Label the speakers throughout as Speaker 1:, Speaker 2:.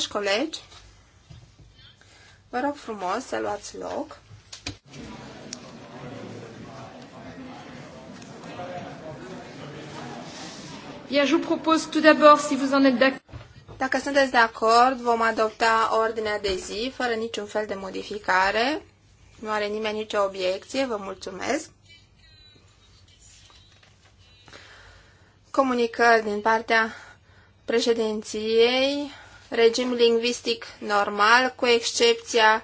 Speaker 1: Dragi colegi, vă rog frumos să luați loc. Bien, je vous propose tout d'abord, si vous en êtes d'accord. Dacă sunteți de acord, vom adopta ordinea de zi fără niciun fel de modificare. Nu are nimeni nicio obiecție, vă mulțumesc. Comunicări din partea președinției regim lingvistic normal, cu excepția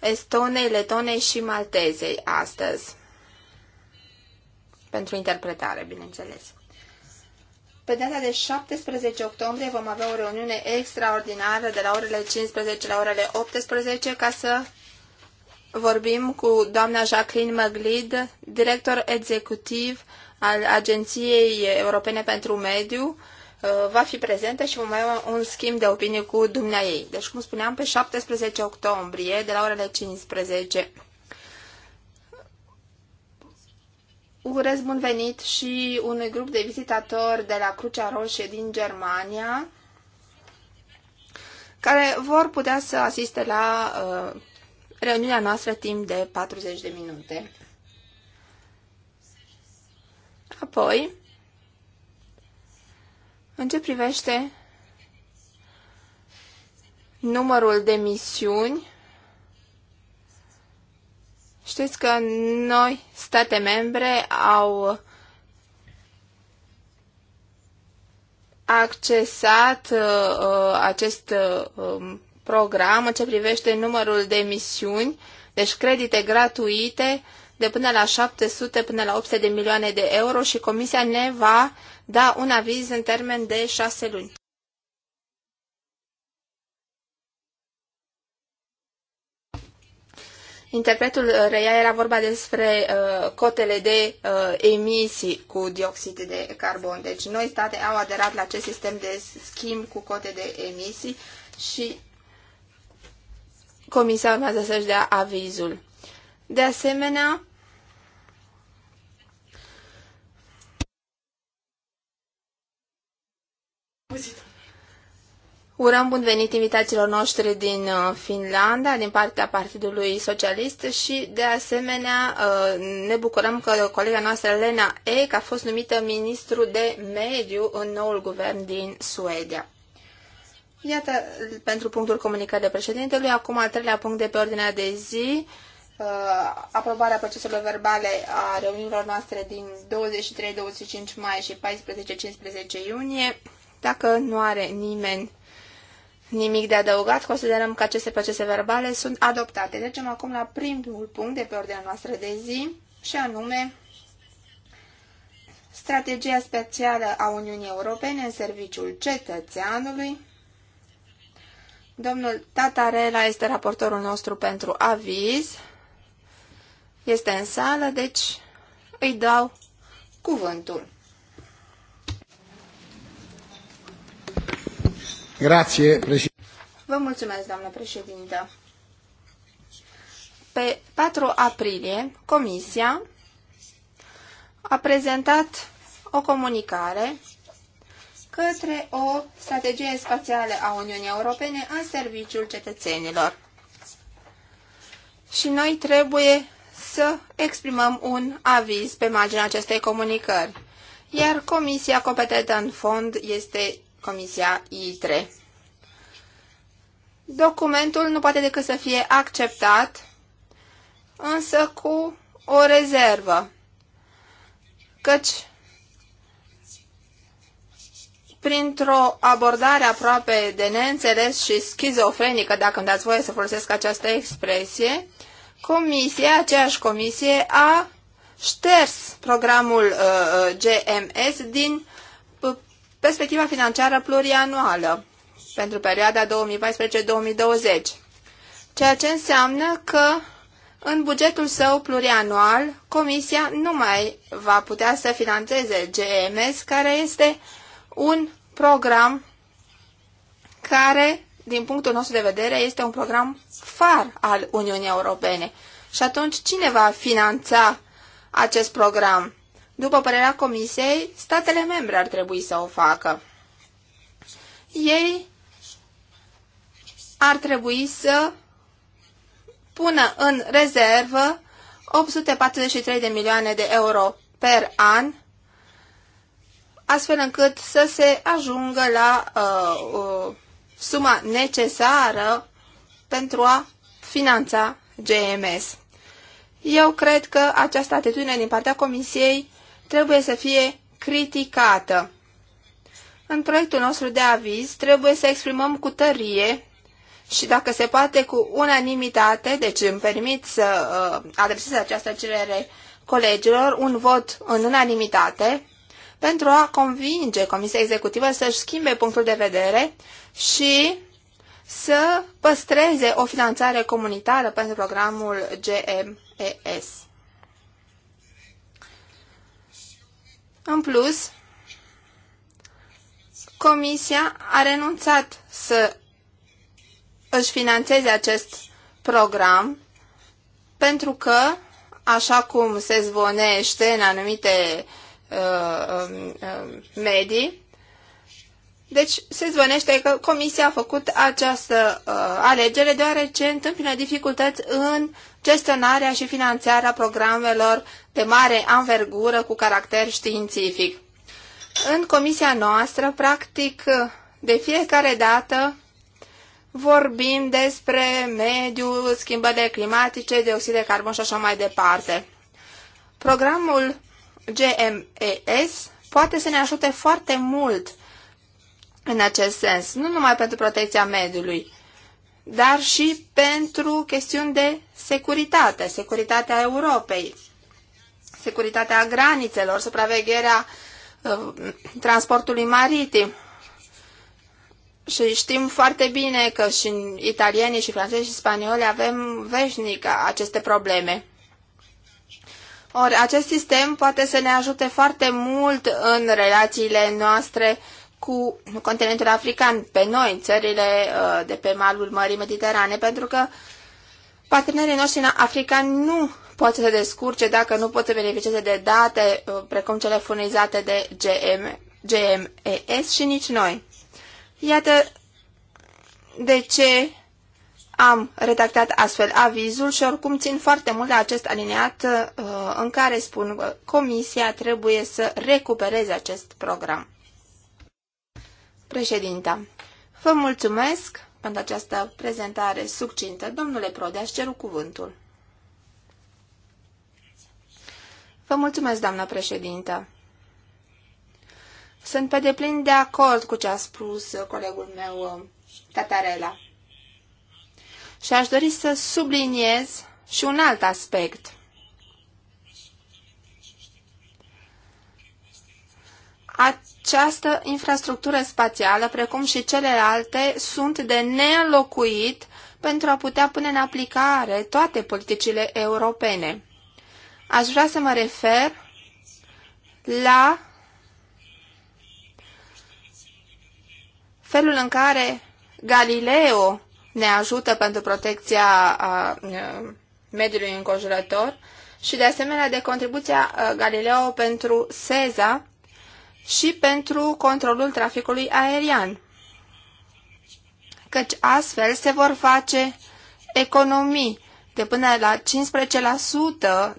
Speaker 1: estonei, letonei și maltezei astăzi. Pentru interpretare, bineînțeles. Pe data de 17 octombrie vom avea o reuniune extraordinară de la orele 15 la orele 18 ca să vorbim cu doamna Jacqueline Măglid, director executiv al Agenției Europene pentru Mediu, Uh, va fi prezentă și vom avea un schimb de opinie cu dumnea ei. Deci, cum spuneam, pe 17 octombrie, de la orele 15. Urez bun venit și unui grup de vizitatori de la Crucea Roșie din Germania, care vor putea să asiste la uh, reuniunea noastră timp de 40 de minute. Apoi, în ce privește numărul de misiuni, știți că noi, state membre, au accesat uh, uh acest uh, um, program în ce privește numărul de misiuni, deci credite gratuite de până la 700 până la 800 de milioane de euro și Comisia ne va da un aviz în termen de șase luni. Interpretul uh, reia era vorba despre uh, cotele de uh, emisii cu dioxid de carbon. Deci noi state au aderat la acest sistem de schimb cu cote de emisii și comisia urmează să-și dea avizul. De asemenea, Urăm bun venit invitațiilor noștri din uh, Finlanda, din partea Partidului Socialist și, de asemenea, uh, ne bucurăm că colega noastră, Lena Ek, a fost numită ministru de mediu în noul guvern din Suedia. Iată, pentru punctul comunicat de președintelui, acum al treilea punct de pe ordinea de zi, uh, aprobarea proceselor verbale a reuniunilor noastre din 23-25 mai și 14-15 iunie, dacă nu are nimeni nimic de adăugat, considerăm că aceste procese verbale sunt adoptate. Mergem acum la primul punct de pe ordinea noastră de zi, și anume strategia specială a Uniunii Europene în serviciul cetățeanului. Domnul Tatarela este raportorul nostru pentru aviz. Este în sală, deci îi dau cuvântul.
Speaker 2: Grație, președinte.
Speaker 1: Vă mulțumesc, doamnă președintă. Pe 4 aprilie, Comisia a prezentat o comunicare către o strategie spațială a Uniunii Europene în serviciul cetățenilor. Și noi trebuie să exprimăm un aviz pe marginea acestei comunicări, iar comisia competentă în fond este Comisia ITRE. Documentul nu poate decât să fie acceptat, însă cu o rezervă, căci printr-o abordare aproape de neînțeles și schizofrenică, dacă îmi dați voie să folosesc această expresie, Comisia aceeași comisie a șters programul uh, uh GMS din Perspectiva financiară plurianuală pentru perioada 2014-2020, ceea ce înseamnă că în bugetul său plurianual, Comisia nu mai va putea să financeze GMS, care este un program care, din punctul nostru de vedere, este un program far al Uniunii Europene. Și atunci, cine va finanța acest program? După părerea Comisiei, statele membre ar trebui să o facă. Ei ar trebui să pună în rezervă 843 de milioane de euro per an, astfel încât să se ajungă la uh, uh, suma necesară pentru a finanța GMS. Eu cred că această atitudine din partea Comisiei trebuie să fie criticată. În proiectul nostru de aviz trebuie să exprimăm cu tărie și dacă se poate cu unanimitate, deci îmi permit să uh, adresez această cerere colegilor, un vot în unanimitate pentru a convinge Comisia Executivă să-și schimbe punctul de vedere și să păstreze o finanțare comunitară pentru programul GMES. În plus, Comisia a renunțat să își financeze acest program pentru că, așa cum se zvonește în anumite uh, uh, medii, deci se zvonește că Comisia a făcut această uh, alegere deoarece întâmpină dificultăți în gestionarea și finanțarea programelor de mare anvergură cu caracter științific. În comisia noastră, practic, de fiecare dată vorbim despre mediu, schimbările climatice, dioxid de carbon și așa mai departe. Programul GMES poate să ne ajute foarte mult în acest sens, nu numai pentru protecția mediului, dar și pentru chestiuni de securitate, securitatea Europei, securitatea granițelor, supravegherea uh, transportului maritim. Și știm foarte bine că și italienii și francezi și spanioli avem veșnic aceste probleme. Ori acest sistem poate să ne ajute foarte mult în relațiile noastre cu continentul african, pe noi, țările uh, de pe malul Mării Mediterane, pentru că partenerii noștri africani nu pot să se descurce dacă nu pot să beneficieze de date uh, precum cele furnizate de GM, GMES și nici noi. Iată de ce am redactat astfel avizul și oricum țin foarte mult la acest alineat uh, în care spun că Comisia trebuie să recupereze acest program. Președinta, vă mulțumesc pentru această prezentare succintă. Domnule Prodea, aș ceru cuvântul. Vă mulțumesc, doamnă președintă. Sunt pe deplin de acord cu ce a spus colegul meu, Tatarela. Și aș dori să subliniez și un alt aspect. A această infrastructură spațială, precum și celelalte, sunt de neînlocuit pentru a putea pune în aplicare toate politicile europene. Aș vrea să mă refer la felul în care Galileo ne ajută pentru protecția a, mediului înconjurător și de asemenea de contribuția Galileo pentru SEZA, și pentru controlul traficului aerian, căci astfel se vor face economii de până la 15% uh,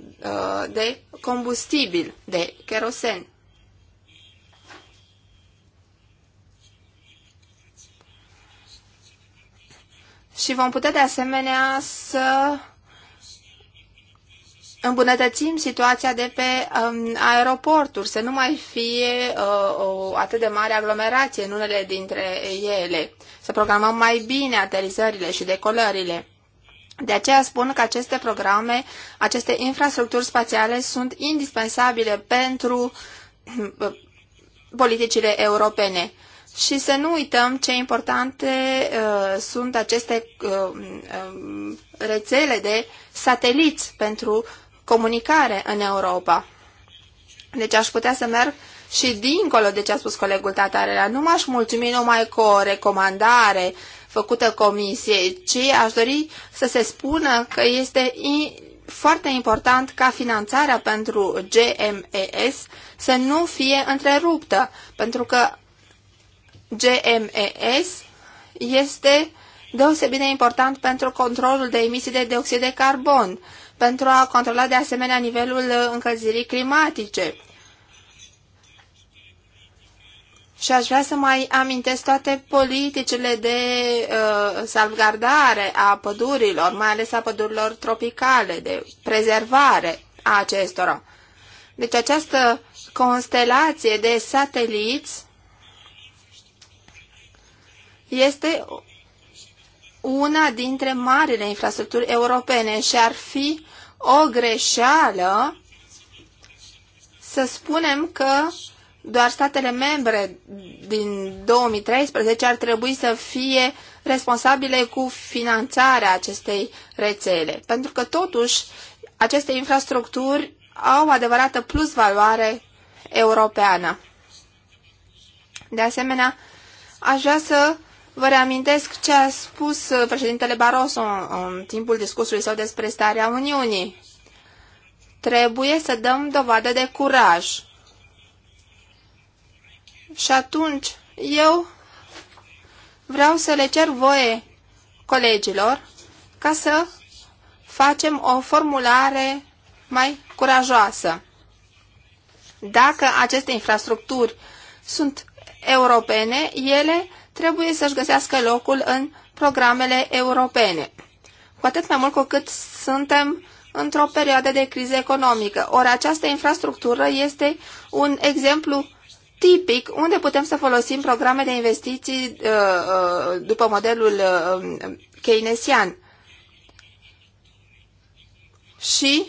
Speaker 1: de combustibil, de kerosen. Și vom putea de asemenea să îmbunătățim situația de pe um, aeroporturi, să nu mai fie uh, o atât de mare aglomerație în unele dintre ele, să programăm mai bine aterizările și decolările. De aceea spun că aceste programe, aceste infrastructuri spațiale sunt indispensabile pentru uh, politicile europene. Și să nu uităm ce importante uh, sunt aceste uh, uh, rețele de sateliți pentru comunicare în Europa. Deci aș putea să merg și dincolo de ce a spus colegul Tatarela. Nu m-aș mulțumi numai cu o recomandare făcută comisiei, ci aș dori să se spună că este foarte important ca finanțarea pentru GMES să nu fie întreruptă, pentru că GMES este deosebit de important pentru controlul de emisii de dioxid de carbon pentru a controla de asemenea nivelul uh, încălzirii climatice. Și aș vrea să mai amintesc toate politicile de uh, salvgardare a pădurilor, mai ales a pădurilor tropicale, de prezervare a acestora. Deci această constelație de sateliți este una dintre marile infrastructuri europene și ar fi o greșeală să spunem că doar statele membre din 2013 ar trebui să fie responsabile cu finanțarea acestei rețele, pentru că totuși aceste infrastructuri au adevărată plus valoare europeană. De asemenea, aș vrea să Vă reamintesc ce a spus uh, președintele Barroso în timpul discursului său despre starea Uniunii. Trebuie să dăm dovadă de curaj. Și atunci eu vreau să le cer voie colegilor ca să facem o formulare mai curajoasă. Dacă aceste infrastructuri sunt europene, ele trebuie să-și găsească locul în programele europene. Cu atât mai mult cu cât suntem într-o perioadă de criză economică. Ori această infrastructură este un exemplu tipic unde putem să folosim programe de investiții uh, uh, după modelul uh, um, keynesian. Și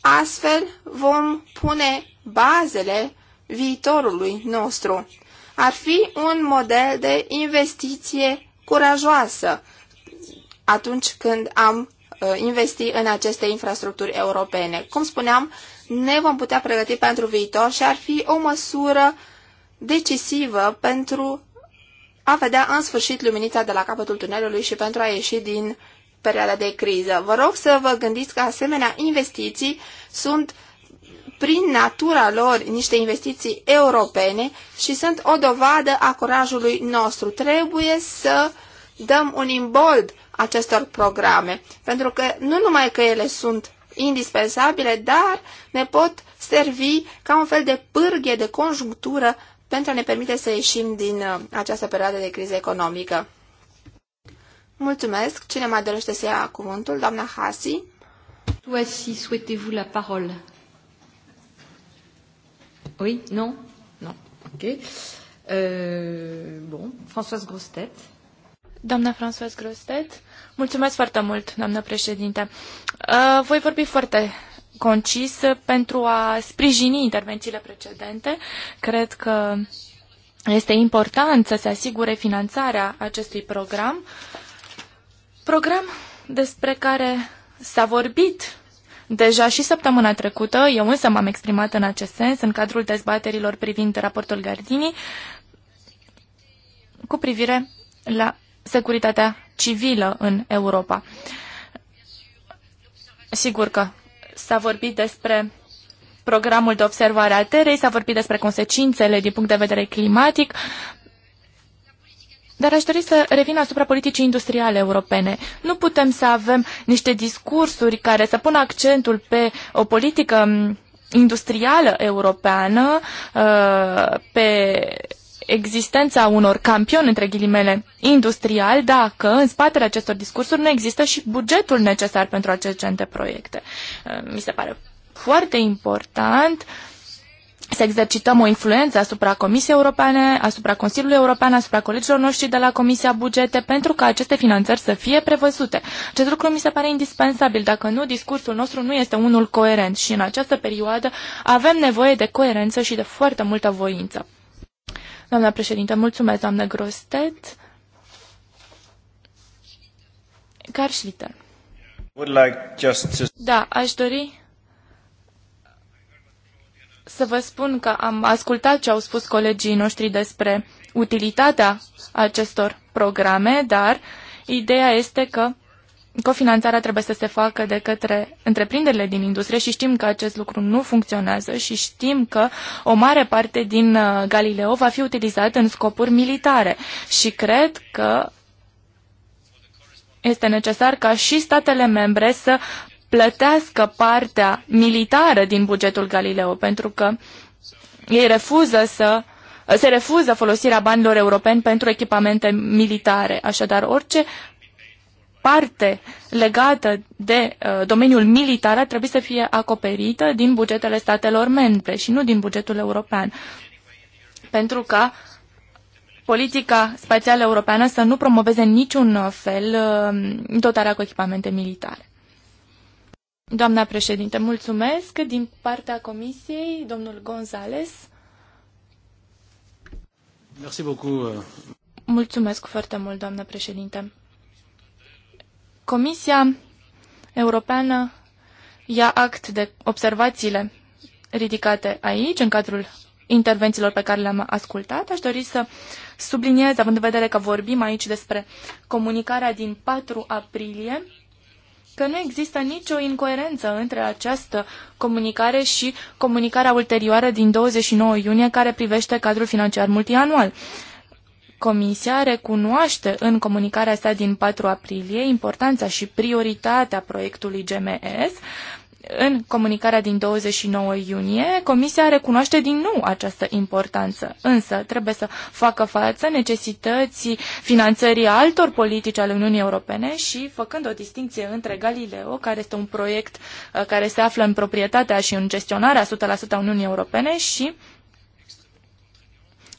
Speaker 1: astfel vom pune bazele viitorului nostru ar fi un model de investiție curajoasă atunci când am uh, investi în aceste infrastructuri europene. Cum spuneam, ne vom putea pregăti pentru viitor și ar fi o măsură decisivă pentru a vedea în sfârșit luminița de la capătul tunelului și pentru a ieși din perioada de criză. Vă rog să vă gândiți că asemenea investiții sunt prin natura lor niște investiții europene și sunt o dovadă a curajului nostru. Trebuie să dăm un imbold acestor programe, pentru că nu numai că ele sunt indispensabile, dar ne pot servi ca un fel de pârghie de conjunctură pentru a ne permite să ieșim din uh, această perioadă de criză economică. Mulțumesc. Cine mai dorește să ia cuvântul? Doamna Hasi. Hasi, souhaitez-vous la parole?
Speaker 3: Oui Non Non. Ok. Euh, bon, Françoise Grostet. Doamna Françoise Grostet. Mulțumesc foarte mult, doamna președinte. Uh, voi vorbi foarte concis pentru a sprijini intervențiile precedente. Cred că este important să se asigure finanțarea acestui program. Program despre care s-a vorbit Deja și săptămâna trecută, eu însă m-am exprimat în acest sens, în cadrul dezbaterilor privind raportul Gardini, cu privire la securitatea civilă în Europa. Sigur că s-a vorbit despre programul de observare a Terei, s-a vorbit despre consecințele din punct de vedere climatic, dar aș dori să revin asupra politicii industriale europene. Nu putem să avem niște discursuri care să pună accentul pe o politică mm, industrială europeană, uh, pe existența unor campioni, între ghilimele, industrial, dacă în spatele acestor discursuri nu există și bugetul necesar pentru aceste proiecte. Uh, mi se pare foarte important uh, să exercităm o influență asupra Comisiei Europene, asupra Consiliului European, asupra colegilor noștri de la Comisia Bugete, pentru ca aceste finanțări să fie prevăzute. Acest lucru mi se pare indispensabil. Dacă nu, discursul nostru nu este unul coerent și în această perioadă avem nevoie de coerență și de foarte multă voință. Doamna președintă, mulțumesc, doamnă Grostet. Carl Like to... Da, aș dori să vă spun că am ascultat ce au spus colegii noștri despre utilitatea acestor programe, dar ideea este că cofinanțarea trebuie să se facă de către întreprinderile din industrie și știm că acest lucru nu funcționează și știm că o mare parte din uh, Galileo va fi utilizat în scopuri militare și cred că este necesar ca și statele membre să plătească partea militară din bugetul Galileo, pentru că ei refuză să se refuză folosirea banilor europeni pentru echipamente militare. Așadar, orice parte legată de uh, domeniul militar ar trebui să fie acoperită din bugetele statelor membre și nu din bugetul european. Pentru ca politica spațială europeană să nu promoveze niciun fel uh, dotarea cu echipamente militare. Doamna președinte, mulțumesc. Din partea comisiei, domnul Gonzales.
Speaker 2: Merci beaucoup. Uh.
Speaker 3: Mulțumesc foarte mult, doamnă președinte. Comisia Europeană ia act de observațiile ridicate aici, în cadrul intervențiilor pe care le-am ascultat. Aș dori să subliniez, având în vedere că vorbim aici despre comunicarea din 4 aprilie, că nu există nicio incoerență între această comunicare și comunicarea ulterioară din 29 iunie care privește cadrul financiar multianual. Comisia recunoaște în comunicarea sa din 4 aprilie importanța și prioritatea proiectului GMS, în comunicarea din 29 iunie, Comisia recunoaște din nou această importanță, însă trebuie să facă față necesității finanțării altor politici ale Uniunii Europene și făcând o distinție între Galileo, care este un proiect uh, care se află în proprietatea și în gestionarea 100% a Uniunii Europene și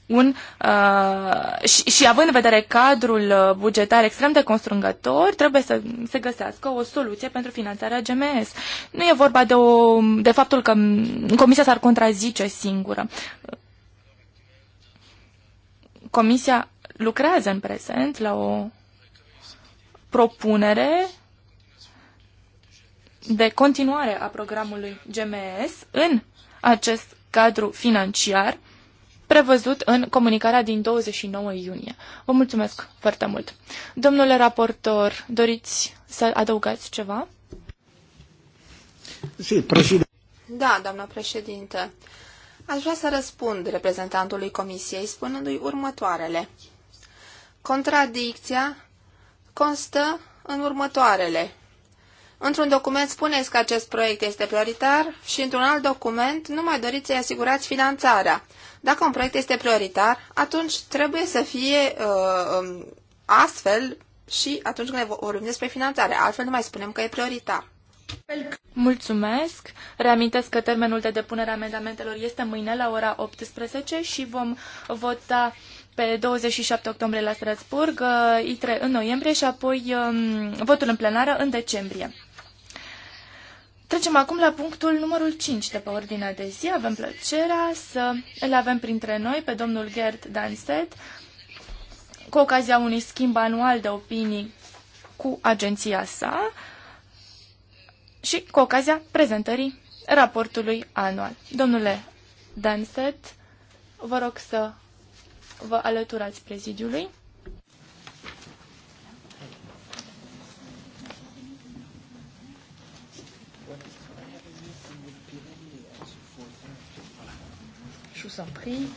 Speaker 3: un uh, și, și având în vedere cadrul uh, bugetar extrem de constrângător, trebuie să se găsească o soluție pentru finanțarea GMS. Nu e vorba de, o, de faptul că Comisia s-ar contrazice singură. Comisia lucrează în prezent la o propunere de continuare a programului GMS în acest cadru financiar prevăzut în comunicarea din 29 iunie. Vă mulțumesc foarte mult. Domnule raportor, doriți să adăugați ceva?
Speaker 2: Si, președinte.
Speaker 1: Da, doamna președinte. Aș vrea să răspund reprezentantului comisiei spunându-i următoarele. Contradicția constă în următoarele. Într-un document spuneți că acest proiect este prioritar și într-un alt document nu mai doriți să-i asigurați finanțarea. Dacă un proiect este prioritar, atunci trebuie să fie uh, um, astfel și atunci când vorbim despre finanțare. Altfel nu mai spunem că e prioritar.
Speaker 3: Mulțumesc! Reamintesc că termenul de depunere a amendamentelor este mâine la ora 18 și vom vota pe 27 octombrie la Strasburg, uh, ITRE în noiembrie și apoi um, votul în plenară în decembrie. Trecem acum la punctul numărul 5 de pe ordinea de zi. Avem plăcerea să îl avem printre noi pe domnul Gerd Danset cu ocazia unui schimb anual de opinii cu agenția sa și cu ocazia prezentării raportului anual. Domnule Danset, vă rog să vă alăturați prezidiului.
Speaker 1: vous en prie.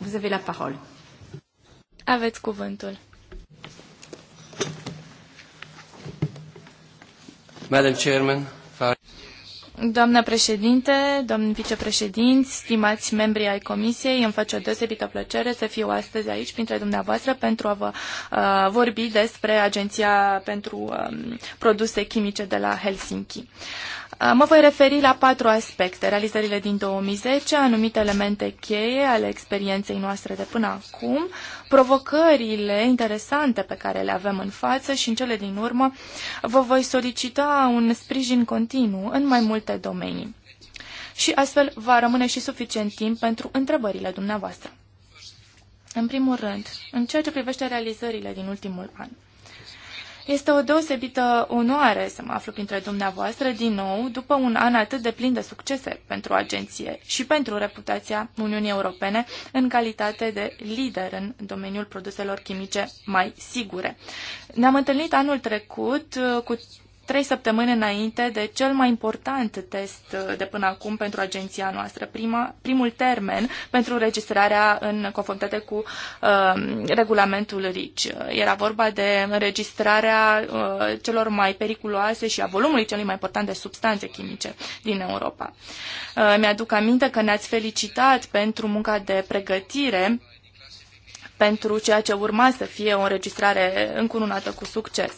Speaker 1: Vous avez la parole.
Speaker 3: Avec cuvântul.
Speaker 2: Madam Chairman,
Speaker 3: Doamnă președinte, domn vicepreședinți, stimați membri ai comisiei, îmi face o deosebită plăcere să fiu astăzi aici printre dumneavoastră pentru a vă uh, vorbi despre Agenția pentru um, Produse Chimice de la Helsinki. Uh, Ah, mă voi referi la patru aspecte. Realizările din 2010, anumite elemente cheie ale experienței noastre de până acum, provocările interesante pe care le avem în față și în cele din urmă vă voi solicita un sprijin continuu în mai multe domenii. Și astfel va rămâne și suficient timp pentru întrebările dumneavoastră. În primul rând, în ceea ce privește realizările din ultimul an. Este o deosebită onoare să mă aflu printre dumneavoastră din nou după un an atât de plin de succese pentru agenție și pentru reputația Uniunii Europene în calitate de lider în domeniul produselor chimice mai sigure. Ne-am întâlnit anul trecut uh, cu trei săptămâni înainte de cel mai important test de până acum pentru agenția noastră, prima, primul termen pentru registrarea în conformitate cu uh, regulamentul RICI. Era vorba de înregistrarea uh, celor mai periculoase și a volumului celui mai important de substanțe chimice din Europa. Uh, mi-aduc aminte că ne-ați felicitat pentru munca de pregătire pentru ceea ce urma să fie o înregistrare încununată cu succes.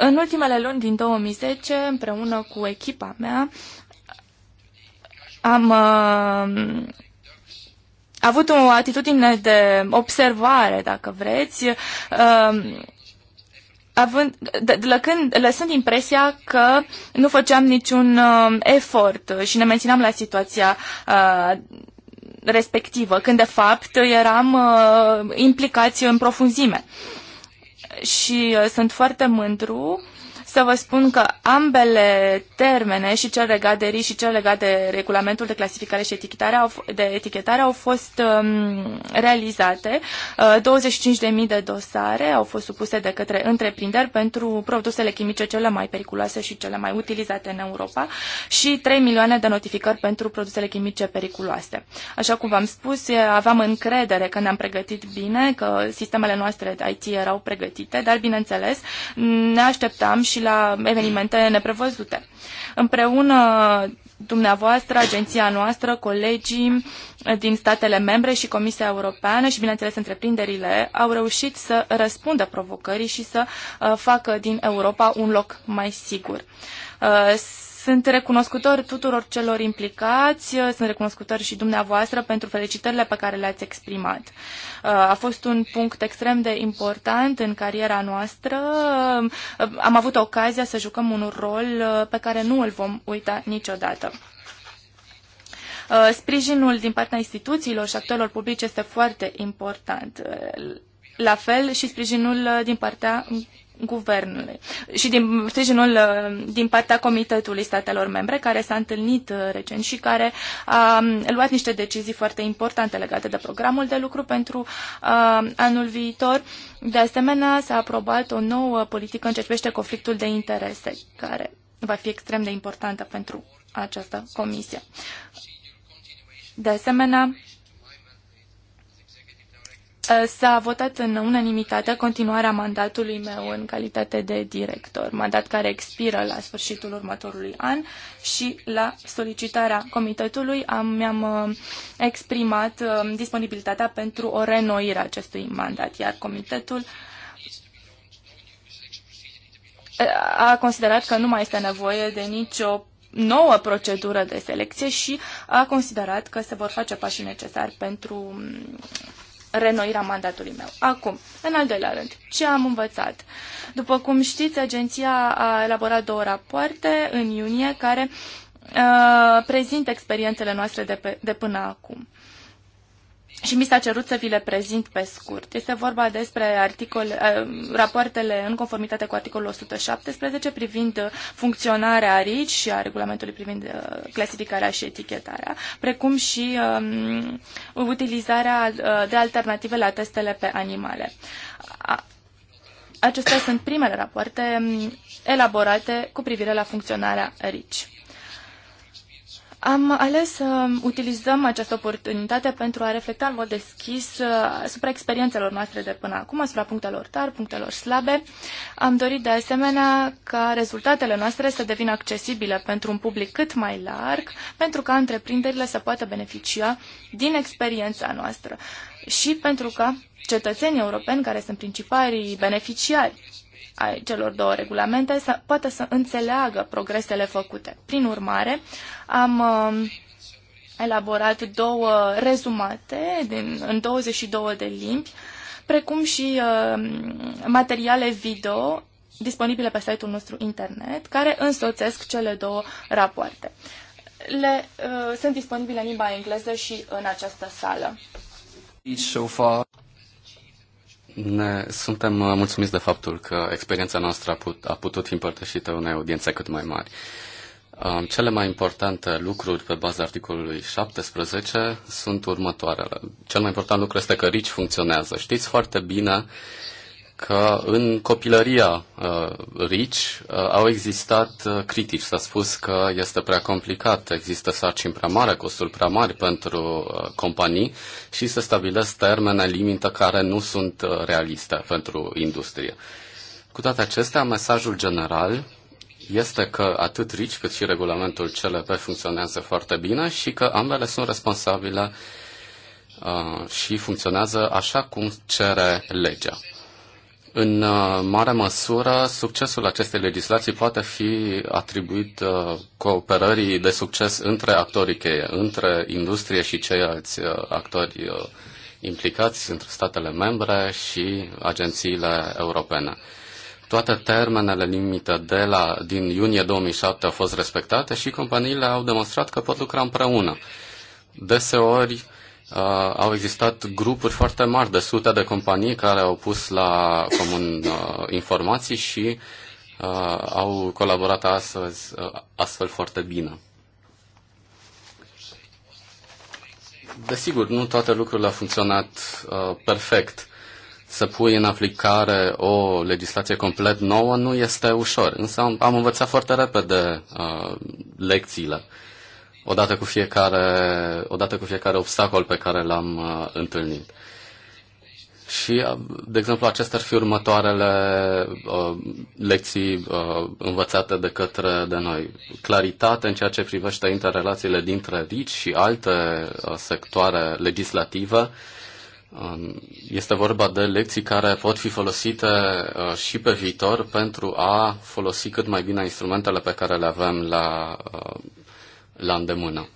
Speaker 3: În ultimele luni din 2010, împreună cu echipa mea, am uh, avut o atitudine de observare, dacă vreți, uh, având, lăcând, lăsând impresia că nu făceam niciun uh, efort și ne mențineam la situația uh, respectivă, când de fapt eram uh, implicați în profunzime. Uh, și uh, sunt foarte mândru să vă spun că ambele termene, și cel legat de ris și cel legat de regulamentul de clasificare și etichetare, au, de etichetare, au fost um, realizate. Uh, 25.000 de dosare au fost supuse de către întreprinderi pentru produsele chimice cele mai periculoase și cele mai utilizate în Europa și 3 milioane de notificări pentru produsele chimice periculoase. Așa cum v-am spus, aveam încredere că ne-am pregătit bine, că sistemele noastre IT erau pregătite, dar bineînțeles ne așteptam și la la evenimente neprevăzute. Împreună dumneavoastră, agenția noastră, colegii din statele membre și Comisia Europeană și, bineînțeles, întreprinderile au reușit să răspundă provocării și să uh, facă din Europa un loc mai sigur. Uh, sunt recunoscutor tuturor celor implicați, sunt recunoscutor și dumneavoastră pentru felicitările pe care le-ați exprimat. Uh, a fost un punct extrem de important în cariera noastră. Uh, am avut ocazia să jucăm un rol uh, pe care nu îl vom uita niciodată. Sprijinul din partea instituțiilor și actorilor publici este foarte important. La fel și sprijinul din partea guvernului și din sprijinul uh, din partea Comitetului Statelor Membre, care s-a întâlnit uh, recent și care a um, luat niște decizii foarte importante legate de programul de lucru pentru uh, anul viitor. De asemenea, s-a aprobat o nouă politică în ce privește conflictul de interese, care va fi extrem de importantă pentru această comisie. De asemenea, Uh, s-a votat în unanimitate continuarea mandatului meu în calitate de director, mandat care expiră la sfârșitul următorului an și la solicitarea comitetului am, mi-am uh, exprimat uh, disponibilitatea pentru o renoire a acestui mandat, iar comitetul a considerat că nu mai este nevoie de nicio nouă procedură de selecție și a considerat că se vor face pașii necesari pentru um, renoirea mandatului meu. Acum, în al doilea rând, ce am învățat? După cum știți, agenția a elaborat două rapoarte în iunie care uh, prezintă experiențele noastre de, pe, de până acum și mi s-a cerut să vi le prezint pe scurt. Este vorba despre articol, eh, rapoartele în conformitate cu articolul 117 privind eh, funcționarea RIC și a regulamentului privind eh, clasificarea și etichetarea, precum și um, utilizarea de alternative la testele pe animale. Acestea sunt primele rapoarte mm, elaborate cu privire la funcționarea RIC. Am ales să utilizăm această oportunitate pentru a reflecta în mod deschis uh, asupra experiențelor noastre de până acum, asupra punctelor tari, punctelor slabe. Am dorit de asemenea ca rezultatele noastre să devină accesibile pentru un public cât mai larg, pentru ca întreprinderile să poată beneficia din experiența noastră și pentru ca cetățenii europeni, care sunt principalii beneficiari ai celor două regulamente să poată să înțeleagă progresele făcute. Prin urmare, am um, elaborat două rezumate din, în 22 de limbi, precum și uh, materiale video disponibile pe site-ul nostru internet, care însoțesc cele două rapoarte. Le uh, sunt disponibile în limba engleză și în această sală.
Speaker 2: Ne suntem uh, mulțumiți de faptul că experiența noastră a, put, a putut fi împărtășită unei audiențe cât mai mari. Um, cele mai importante lucruri pe baza articolului 17 sunt următoarele. Cel mai important lucru este că RICI funcționează. Știți foarte bine că în copilăria uh, Rich uh, au existat uh, critici. S-a spus că este prea complicat, există sarcini prea mari, costuri prea mari pentru uh, companii și se stabilesc termene limită care nu sunt uh, realiste pentru industrie. Cu toate acestea, mesajul general este că atât RICI cât și regulamentul CLP funcționează foarte bine și că ambele sunt responsabile uh, și funcționează așa cum cere legea. În uh, mare măsură, succesul acestei legislații poate fi atribuit uh, cooperării de succes între actorii cheie, între industrie și ceilalți uh, actori implicați, între statele membre și agențiile europene. Toate termenele limită de la, din iunie 2007 au fost respectate și companiile au demonstrat că pot lucra împreună. Deseori, uh, au existat grupuri foarte mari de sute de companii care au pus la comun uh, informații și uh, au colaborat astăzi, uh, astfel foarte bine. Desigur, nu toate lucrurile au funcționat uh, perfect. Să pui în aplicare o legislație complet nouă nu este ușor, însă am, am învățat foarte repede uh, lecțiile. Uh, odată cu fiecare, odată cu fiecare obstacol pe care l-am uh, întâlnit. Și, uh, de exemplu, acestea ar fi următoarele uh, lecții uh, învățate de către de noi. Claritate în ceea ce privește interrelațiile dintre RICI și alte uh, sectoare legislative. Um, este vorba de lecții care pot fi folosite uh, și pe viitor pentru a folosi cât mai bine instrumentele pe care le avem la la îndemână.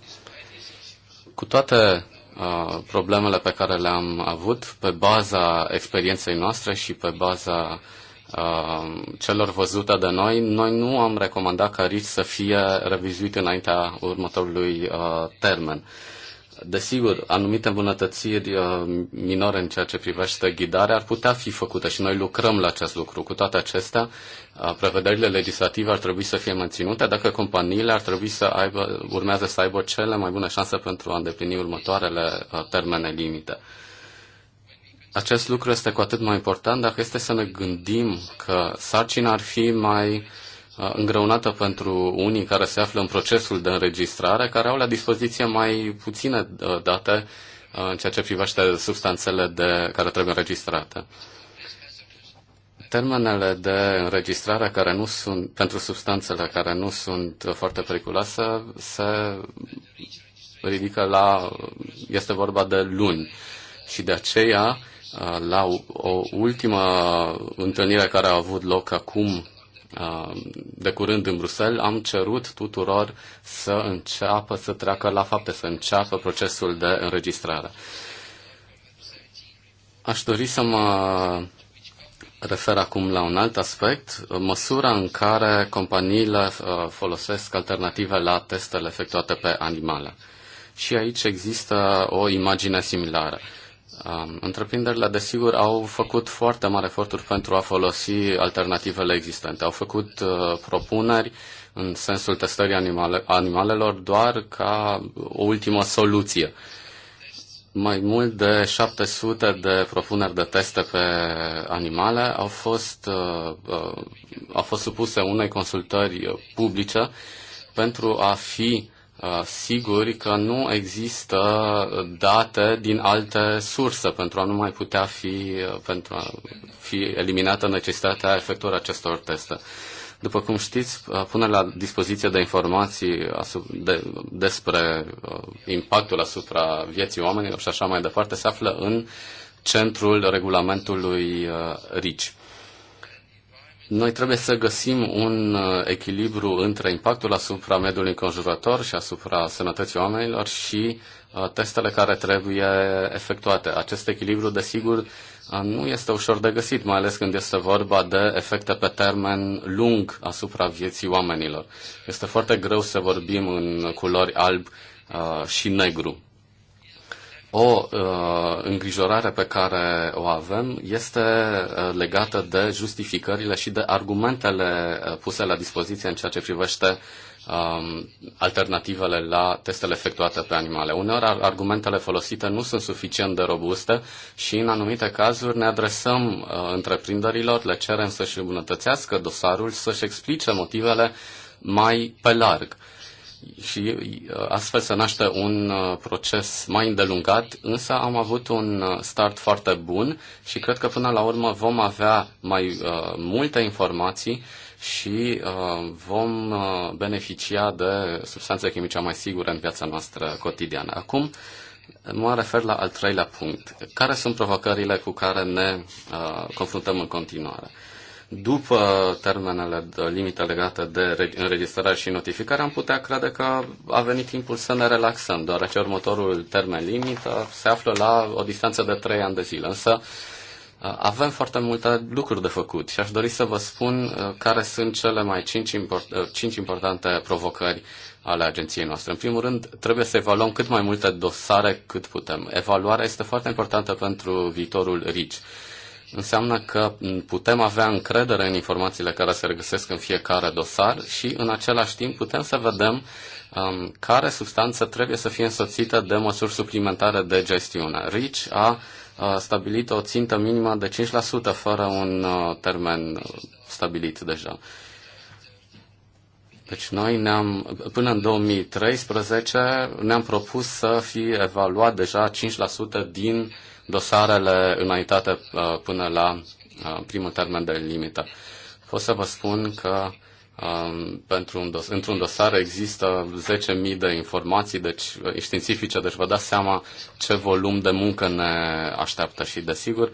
Speaker 2: Cu toate uh, problemele pe care le-am avut, pe baza experienței noastre și pe baza uh, celor văzute de noi, noi nu am recomandat ca RIS să fie revizuit înaintea următorului uh, termen. Uh, Desigur, anumite îmbunătățiri uh, minore în ceea ce privește ghidarea ar putea fi făcute și noi lucrăm la acest lucru. Cu toate acestea, uh, prevederile legislative ar trebui să fie menținute dacă companiile ar trebui să aibă, urmează să aibă cele mai bune șanse pentru a îndeplini următoarele uh, termene limite. Acest lucru este cu atât mai important dacă este să ne gândim că sarcina ar fi mai îngreunată pentru unii care se află în procesul de înregistrare, care au la dispoziție mai puține date în ceea ce privește substanțele de, care trebuie înregistrate. Termenele de înregistrare care nu sunt, pentru substanțele care nu sunt foarte periculoase se ridică la, este vorba de luni. Și de aceea, la o ultimă întâlnire care a avut loc acum Uh, de curând în Bruxelles, am cerut tuturor să înceapă să treacă la fapte, să înceapă procesul de înregistrare. Aș dori să mă refer acum la un alt aspect, măsura în care companiile uh, folosesc alternative la testele efectuate pe animale. Și aici există o imagine similară. Um, întreprinderile, desigur, au făcut foarte mari eforturi pentru a folosi alternativele existente. Au făcut uh, propuneri în sensul testării animale, animalelor doar ca o ultimă soluție. Mai mult de 700 de propuneri de teste pe animale au fost, uh, uh, au fost supuse unei consultări publice pentru a fi Uh, siguri că nu există date din alte surse pentru a nu mai putea fi, uh, pentru a fi eliminată necesitatea efectuării acestor teste. După cum știți, uh, pune la dispoziție de informații de, despre impactul asupra vieții oamenilor și așa mai departe se află în centrul regulamentului RICI. Noi trebuie să găsim un uh, echilibru între impactul asupra mediului înconjurător și asupra sănătății oamenilor și uh, testele care trebuie efectuate. Acest echilibru, desigur, uh, nu este ușor de găsit, mai ales când este vorba de efecte pe termen lung asupra vieții oamenilor. Este foarte greu să vorbim în culori alb și negru o uh, îngrijorare pe care o avem este uh, legată de justificările și de argumentele uh, puse la dispoziție în ceea ce privește um, alternativele la testele efectuate pe animale. Uneori argumentele folosite nu sunt suficient de robuste și în anumite cazuri ne adresăm uh, întreprinderilor, le cerem să-și îmbunătățească dosarul, să-și explice motivele mai pe larg. Uh, și uh, astfel se naște un uh, proces mai îndelungat, însă am avut un uh, start foarte bun și cred că până la urmă vom avea mai multe informații și vom beneficia de substanțe chimice mai sigure în viața noastră cotidiană. Acum mă refer la al treilea punct. Care sunt provocările cu care ne confruntăm în continuare? după termenele de limită legate de înregistrare și notificare, am putea crede că a venit timpul să ne relaxăm, deoarece următorul termen limită se află la o distanță de 3 ani de zile. Însă avem foarte multe lucruri de făcut și aș dori să vă spun care sunt cele mai 5, import- 5 importante provocări ale agenției noastre. În primul rând, trebuie să evaluăm cât mai multe dosare cât putem. Evaluarea este foarte importantă pentru viitorul RICI înseamnă că putem avea încredere în informațiile care se regăsesc în fiecare dosar și în același timp putem să vedem um, care substanță trebuie să fie însoțită de măsuri suplimentare de gestiune. RICH a a stabilit o țintă minimă de 5% fără un uh, termen stabilit deja. Deci noi ne-am, până în 2013 ne-am propus să fie evaluat deja 5% din uh, dosarele înaintate uh, până la uh, primul termen de limită. Pot să vă spun că um, pentru un dos- într-un dosar există 10.000 de informații deci, uh, științifice, deci vă dați seama ce volum de muncă ne așteaptă și, desigur,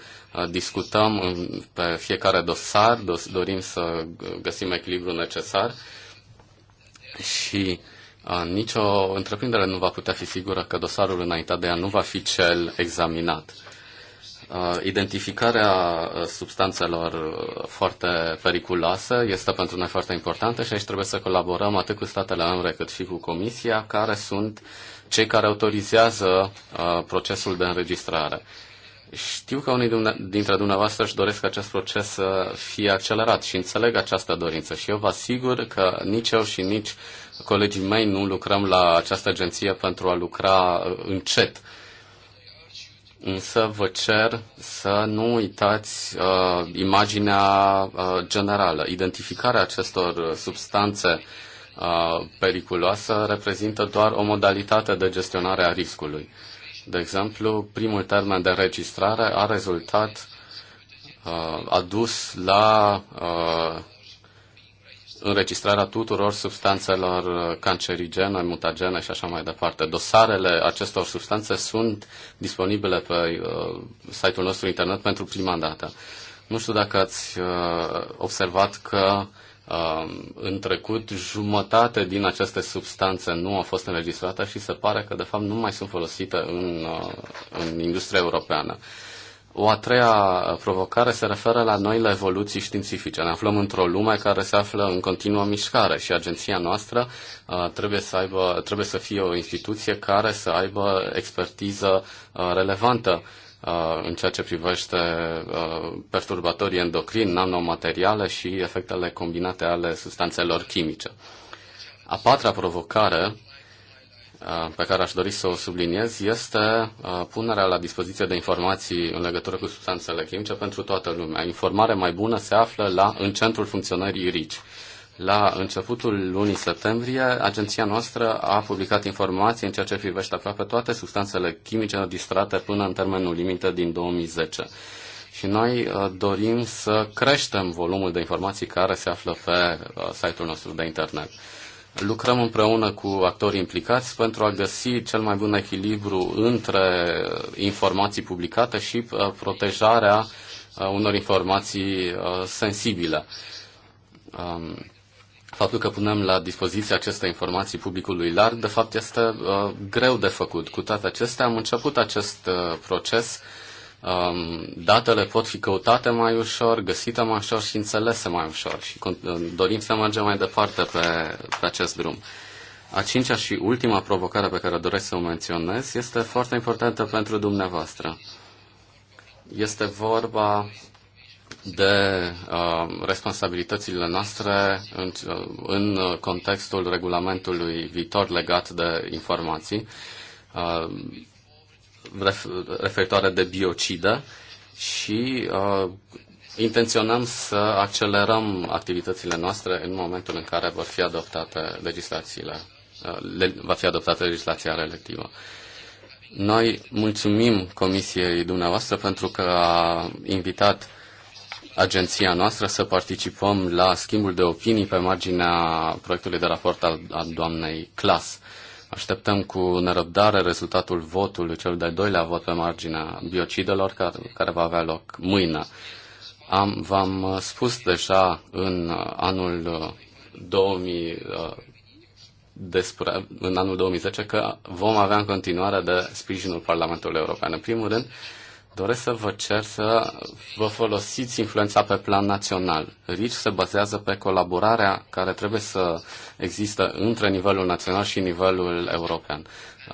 Speaker 2: discutăm pe fiecare dosar, dorim să găsim echilibrul necesar și uh, nicio întreprindere nu va putea fi sigură că dosarul înaintat de ea nu va fi cel examinat. Identificarea substanțelor foarte periculoase este pentru noi foarte importantă și aici trebuie să colaborăm atât cu statele membre cât și cu Comisia, care sunt cei care autorizează procesul de înregistrare. Știu că unii dintre dumneavoastră își doresc acest proces să fie accelerat și înțeleg această dorință și eu vă asigur că nici eu și nici colegii mei nu lucrăm la această agenție pentru a lucra uh, încet. Însă vă cer să nu uitați uh, imaginea uh, generală. Identificarea acestor uh, substanțe uh, periculoase reprezintă doar o modalitate de gestionare a riscului. De exemplu, primul termen de registrare a rezultat uh, adus la uh, înregistrarea tuturor substanțelor cancerigene, mutagene și așa mai departe. Dosarele acestor substanțe sunt disponibile pe uh, site-ul nostru internet pentru prima dată. Nu știu dacă ați uh, observat că uh, în trecut jumătate din aceste substanțe nu au fost înregistrate și se pare că de fapt nu mai sunt folosite în, uh, în industria europeană. Uh, o a treia provocare se referă la noile evoluții științifice. Ne aflăm într-o lume care se află în continuă mișcare și agenția noastră uh, trebuie, să aibă, trebuie să fie o instituție care să aibă expertiză uh, relevantă uh, în ceea ce privește uh, perturbatorii endocrini, nanomateriale și efectele combinate ale substanțelor chimice. A patra provocare Uh, pe care aș dori să o subliniez este uh, punerea la dispoziție de informații în legătură cu substanțele chimice pentru toată lumea. Informare mai bună se află la, în centrul funcționării RICI. La începutul lunii septembrie, agenția noastră a publicat informații în ceea ce privește aproape toate substanțele chimice registrate până în termenul limită din 2010. Și noi uh, dorim să creștem volumul de informații care se află pe site-ul nostru de internet. Lucrăm împreună cu actorii implicați pentru a găsi cel mai bun echilibru între informații publicate și uh, protejarea uh, unor informații uh, sensibile. Um, faptul că punem la dispoziție aceste informații publicului larg, de fapt, este greu de făcut. Cu toate acestea, am început acest proces Um, datele pot fi căutate mai ușor, găsite mai ușor și înțelese mai ușor și um, dorim să mergem mai departe pe, pe acest drum. A cincea și ultima provocare pe care doresc să o menționez este foarte importantă pentru dumneavoastră. Este vorba de uh, responsabilitățile noastre în, în contextul regulamentului viitor legat de informații. Uh, referitoare de biocidă și uh, intenționăm să accelerăm activitățile noastre în momentul în care vor fi adoptate legislațiile, uh, le, va fi adoptată legislația relativă. Noi mulțumim Comisiei dumneavoastră pentru că a invitat agenția noastră să participăm la schimbul de opinii pe marginea proiectului de raport al, al doamnei Clas. Așteptăm cu nerăbdare rezultatul votului, cel de-al doilea vot pe marginea biocidelor, care, care va avea loc mâine. Am, v-am uh, spus deja în uh, anul 2000, uh, despre, în anul 2010 că vom avea în continuare de sprijinul Parlamentului European. În primul rând, doresc să vă cer să vă folosiți influența pe plan național. RICI se bazează pe colaborarea care trebuie să există între nivelul național și nivelul european.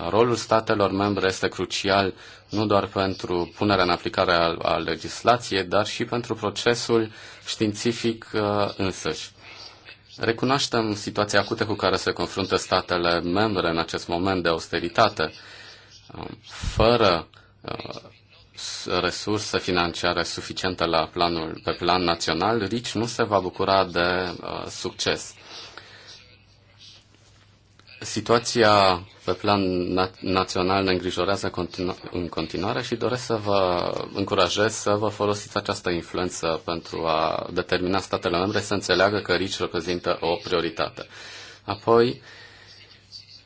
Speaker 2: Rolul statelor membre este crucial nu doar pentru punerea în aplicare a, a legislației, dar și pentru procesul științific uh, însăși. Recunoaștem situația acută cu care se confruntă statele membre în acest moment de austeritate. Um, fără uh, resursă financiară suficientă la planul, pe plan național, RICI nu se va bucura de uh, succes. Situația pe plan na- național ne îngrijorează continu- în continuare și doresc să vă încurajez să vă folosiți această influență pentru a determina statele membre să înțeleagă că RICI reprezintă o prioritate. Apoi,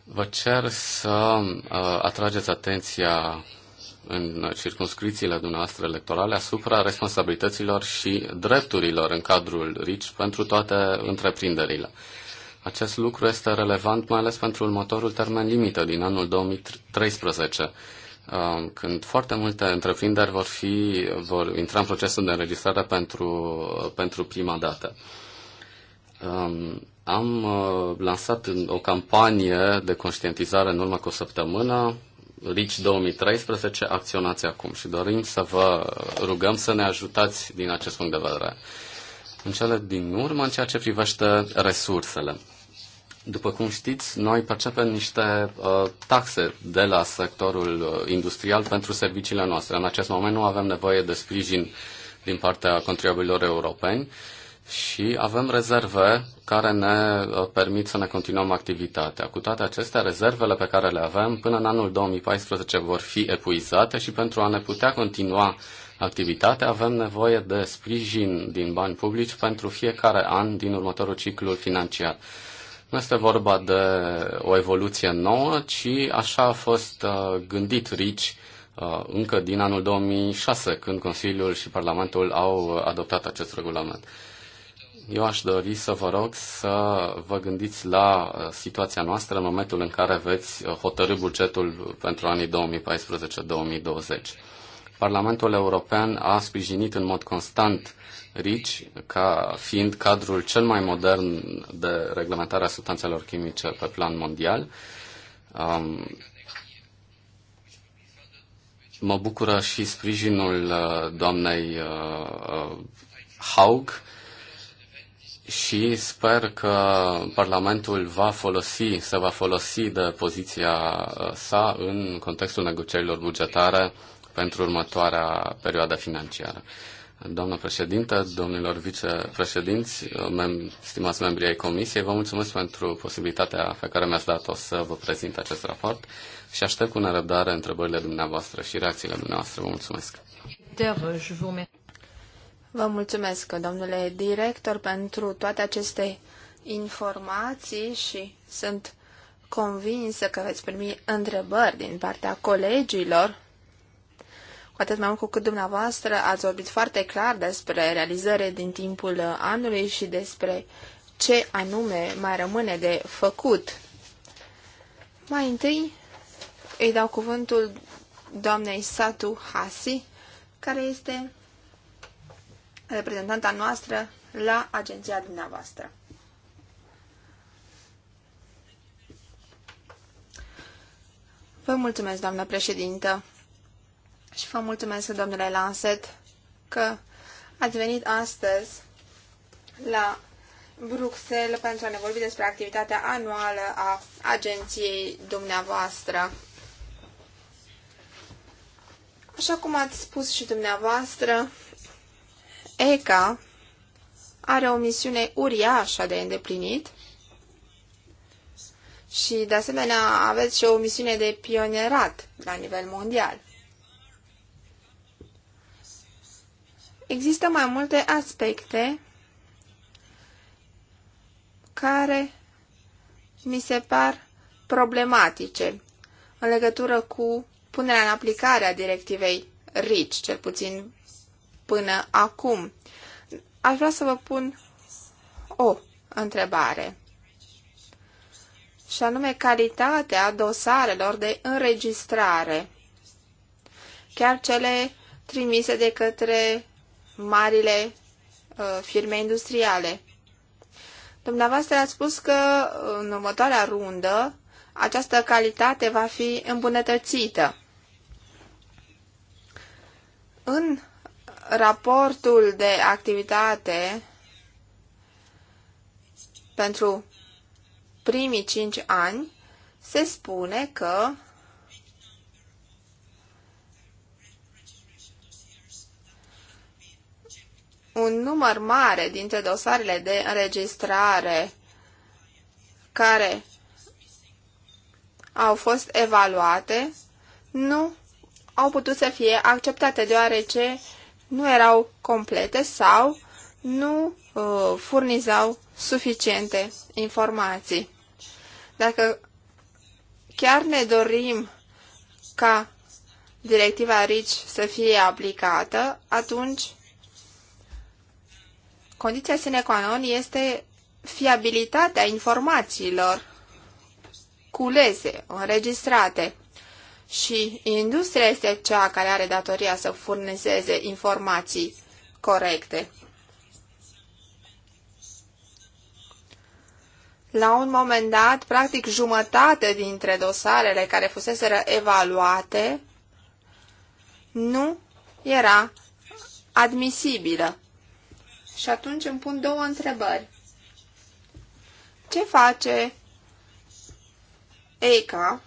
Speaker 2: vă cer să uh, atrageți atenția în circunscripțiile dumneavoastră electorale asupra responsabilităților și drepturilor în cadrul RICI pentru toate întreprinderile. Acest lucru este relevant mai ales pentru următorul termen limită din anul 2013, uh, când foarte multe întreprinderi vor, fi, vor intra în procesul de înregistrare pentru, uh, pentru prima dată. Um, am uh, lansat o campanie de conștientizare în urmă cu o săptămână RICI 2013 acționați acum și dorim să vă rugăm să ne ajutați din acest punct de vedere. În cele din urmă, în ceea ce privește resursele. După cum știți, noi percepem niște uh, taxe de la sectorul uh, industrial pentru serviciile noastre. În acest moment nu avem nevoie de sprijin din partea contribuabililor europeni. Uh, și avem rezerve care ne uh, permit să ne continuăm activitatea. Cu toate acestea, rezervele pe care le avem până în anul 2014 vor fi epuizate și pentru a ne putea continua activitatea avem nevoie de sprijin din bani publici pentru fiecare an din următorul ciclu financiar. Nu este vorba de o evoluție nouă, ci așa a fost uh, gândit RICI uh, încă din anul 2006, când Consiliul și Parlamentul au adoptat acest regulament eu aș dori să vă rog să vă gândiți la uh, situația noastră în momentul în care veți uh, hotărâ bugetul pentru anii 2014-2020. Parlamentul European a sprijinit în mod constant RICI ca fiind cadrul cel mai modern de reglementare a substanțelor chimice pe plan mondial. Um, mă bucură și sprijinul uh, doamnei uh, Haug, și sper că Parlamentul va folosi, se va folosi de poziția uh, sa în contextul negocierilor bugetare pentru următoarea perioadă financiară. Doamnă președintă, domnilor vicepreședinți, uh, mem- stimați membri ai Comisiei, vă mulțumesc pentru posibilitatea pe care mi-ați dat-o să vă prezint acest raport și aștept cu nerăbdare întrebările dumneavoastră și reacțiile dumneavoastră. Vă mulțumesc!
Speaker 1: Vă mulțumesc, domnule director, pentru toate aceste informații și sunt convinsă că veți primi întrebări din partea colegilor, cu atât mai mult cu cât dumneavoastră ați vorbit foarte clar despre realizări din timpul anului și despre ce anume mai rămâne de făcut. Mai întâi îi dau cuvântul doamnei Satu Hasi, care este reprezentanta noastră la agenția dumneavoastră. Vă mulțumesc, doamnă președintă, și vă mulțumesc, domnule Lanset, că ați venit astăzi la Bruxelles pentru a ne vorbi despre activitatea anuală a agenției dumneavoastră. Așa cum ați spus și dumneavoastră, ECA are o misiune uriașă de îndeplinit și, de asemenea, aveți și o misiune de pionerat la nivel mondial. Există mai multe aspecte care mi se par problematice în legătură cu punerea în aplicare a directivei RICI, cel puțin până acum. Aș vrea să vă pun o întrebare. Și anume calitatea dosarelor de înregistrare, chiar cele trimise de către marile uh, firme industriale. Dumneavoastră ați spus că în următoarea rundă această calitate va fi îmbunătățită. În raportul de activitate pentru primii cinci ani se spune că un număr mare dintre dosarele de înregistrare care au fost evaluate nu au putut să fie acceptate, deoarece nu erau complete sau nu uh, furnizau suficiente informații. Dacă chiar ne dorim ca directiva RICI să fie aplicată, atunci condiția sine qua non este fiabilitatea informațiilor culese, înregistrate și industria este cea care are datoria să furnizeze informații corecte. La un moment dat, practic jumătate dintre dosarele care fuseseră evaluate nu era admisibilă. Și atunci îmi pun două întrebări. Ce face ECA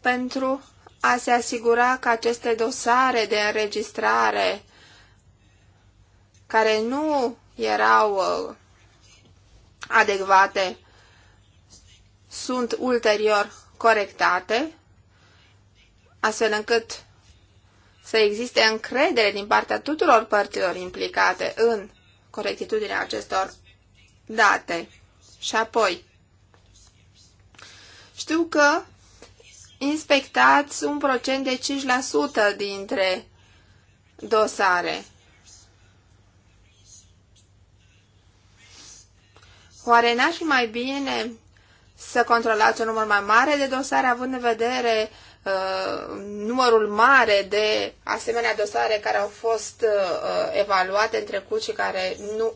Speaker 1: pentru a se asigura că aceste dosare de înregistrare care nu erau uh, adecvate sunt ulterior corectate, astfel încât să existe încredere din partea tuturor părților implicate în corectitudinea acestor date. Și apoi, știu că inspectați un procent de 5% dintre dosare. Oare n-ar fi mai bine să controlați un număr mai mare de dosare, având în vedere uh, numărul mare de asemenea dosare care au fost uh, evaluate în trecut și care, nu,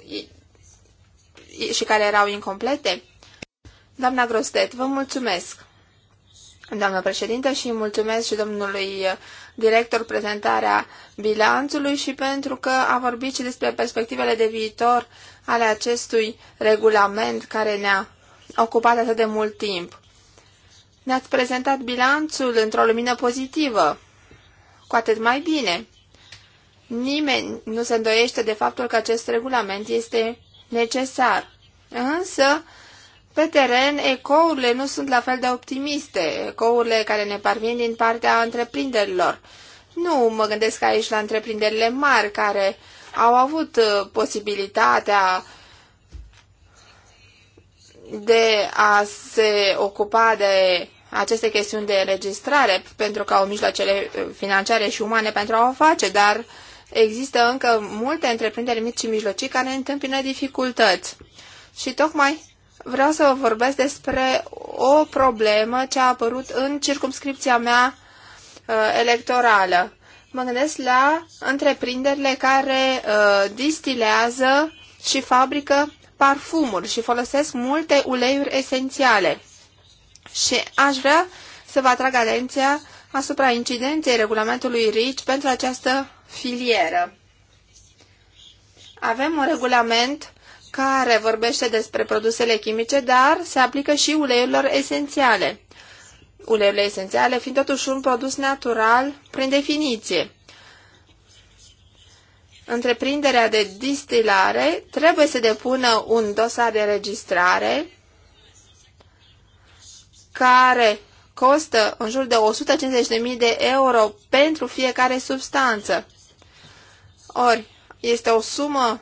Speaker 1: și care erau incomplete? Doamna Grostet, vă mulțumesc! doamnă președinte, și mulțumesc și domnului director prezentarea bilanțului și pentru că a vorbit și despre perspectivele de viitor ale acestui regulament care ne-a ocupat atât de mult timp. Ne-ați prezentat bilanțul într-o lumină pozitivă, cu atât mai bine. Nimeni nu se îndoiește de faptul că acest regulament este necesar. Însă, pe teren, ecourile nu sunt la fel de optimiste, ecourile care ne parvin din partea întreprinderilor. Nu mă gândesc aici la întreprinderile mari care au avut uh, posibilitatea de a se ocupa de aceste chestiuni de înregistrare pentru că au mijloacele uh, financiare și umane pentru a o face, dar există încă multe întreprinderi mici și mijlocii care întâmpină dificultăți. Și tocmai vreau să vă vorbesc despre o problemă ce a apărut în circumscripția mea uh, electorală. Mă gândesc la întreprinderile care uh, distilează și fabrică parfumuri și folosesc multe uleiuri esențiale. Și aș vrea să vă atrag atenția asupra incidenței regulamentului RICI pentru această filieră. Avem un regulament care vorbește despre produsele chimice, dar se aplică și uleiurilor esențiale. Uleiurile esențiale fiind totuși un produs natural prin definiție. Întreprinderea de distilare trebuie să depună un dosar de registrare care costă în jur de 150.000 de euro pentru fiecare substanță. Ori, este o sumă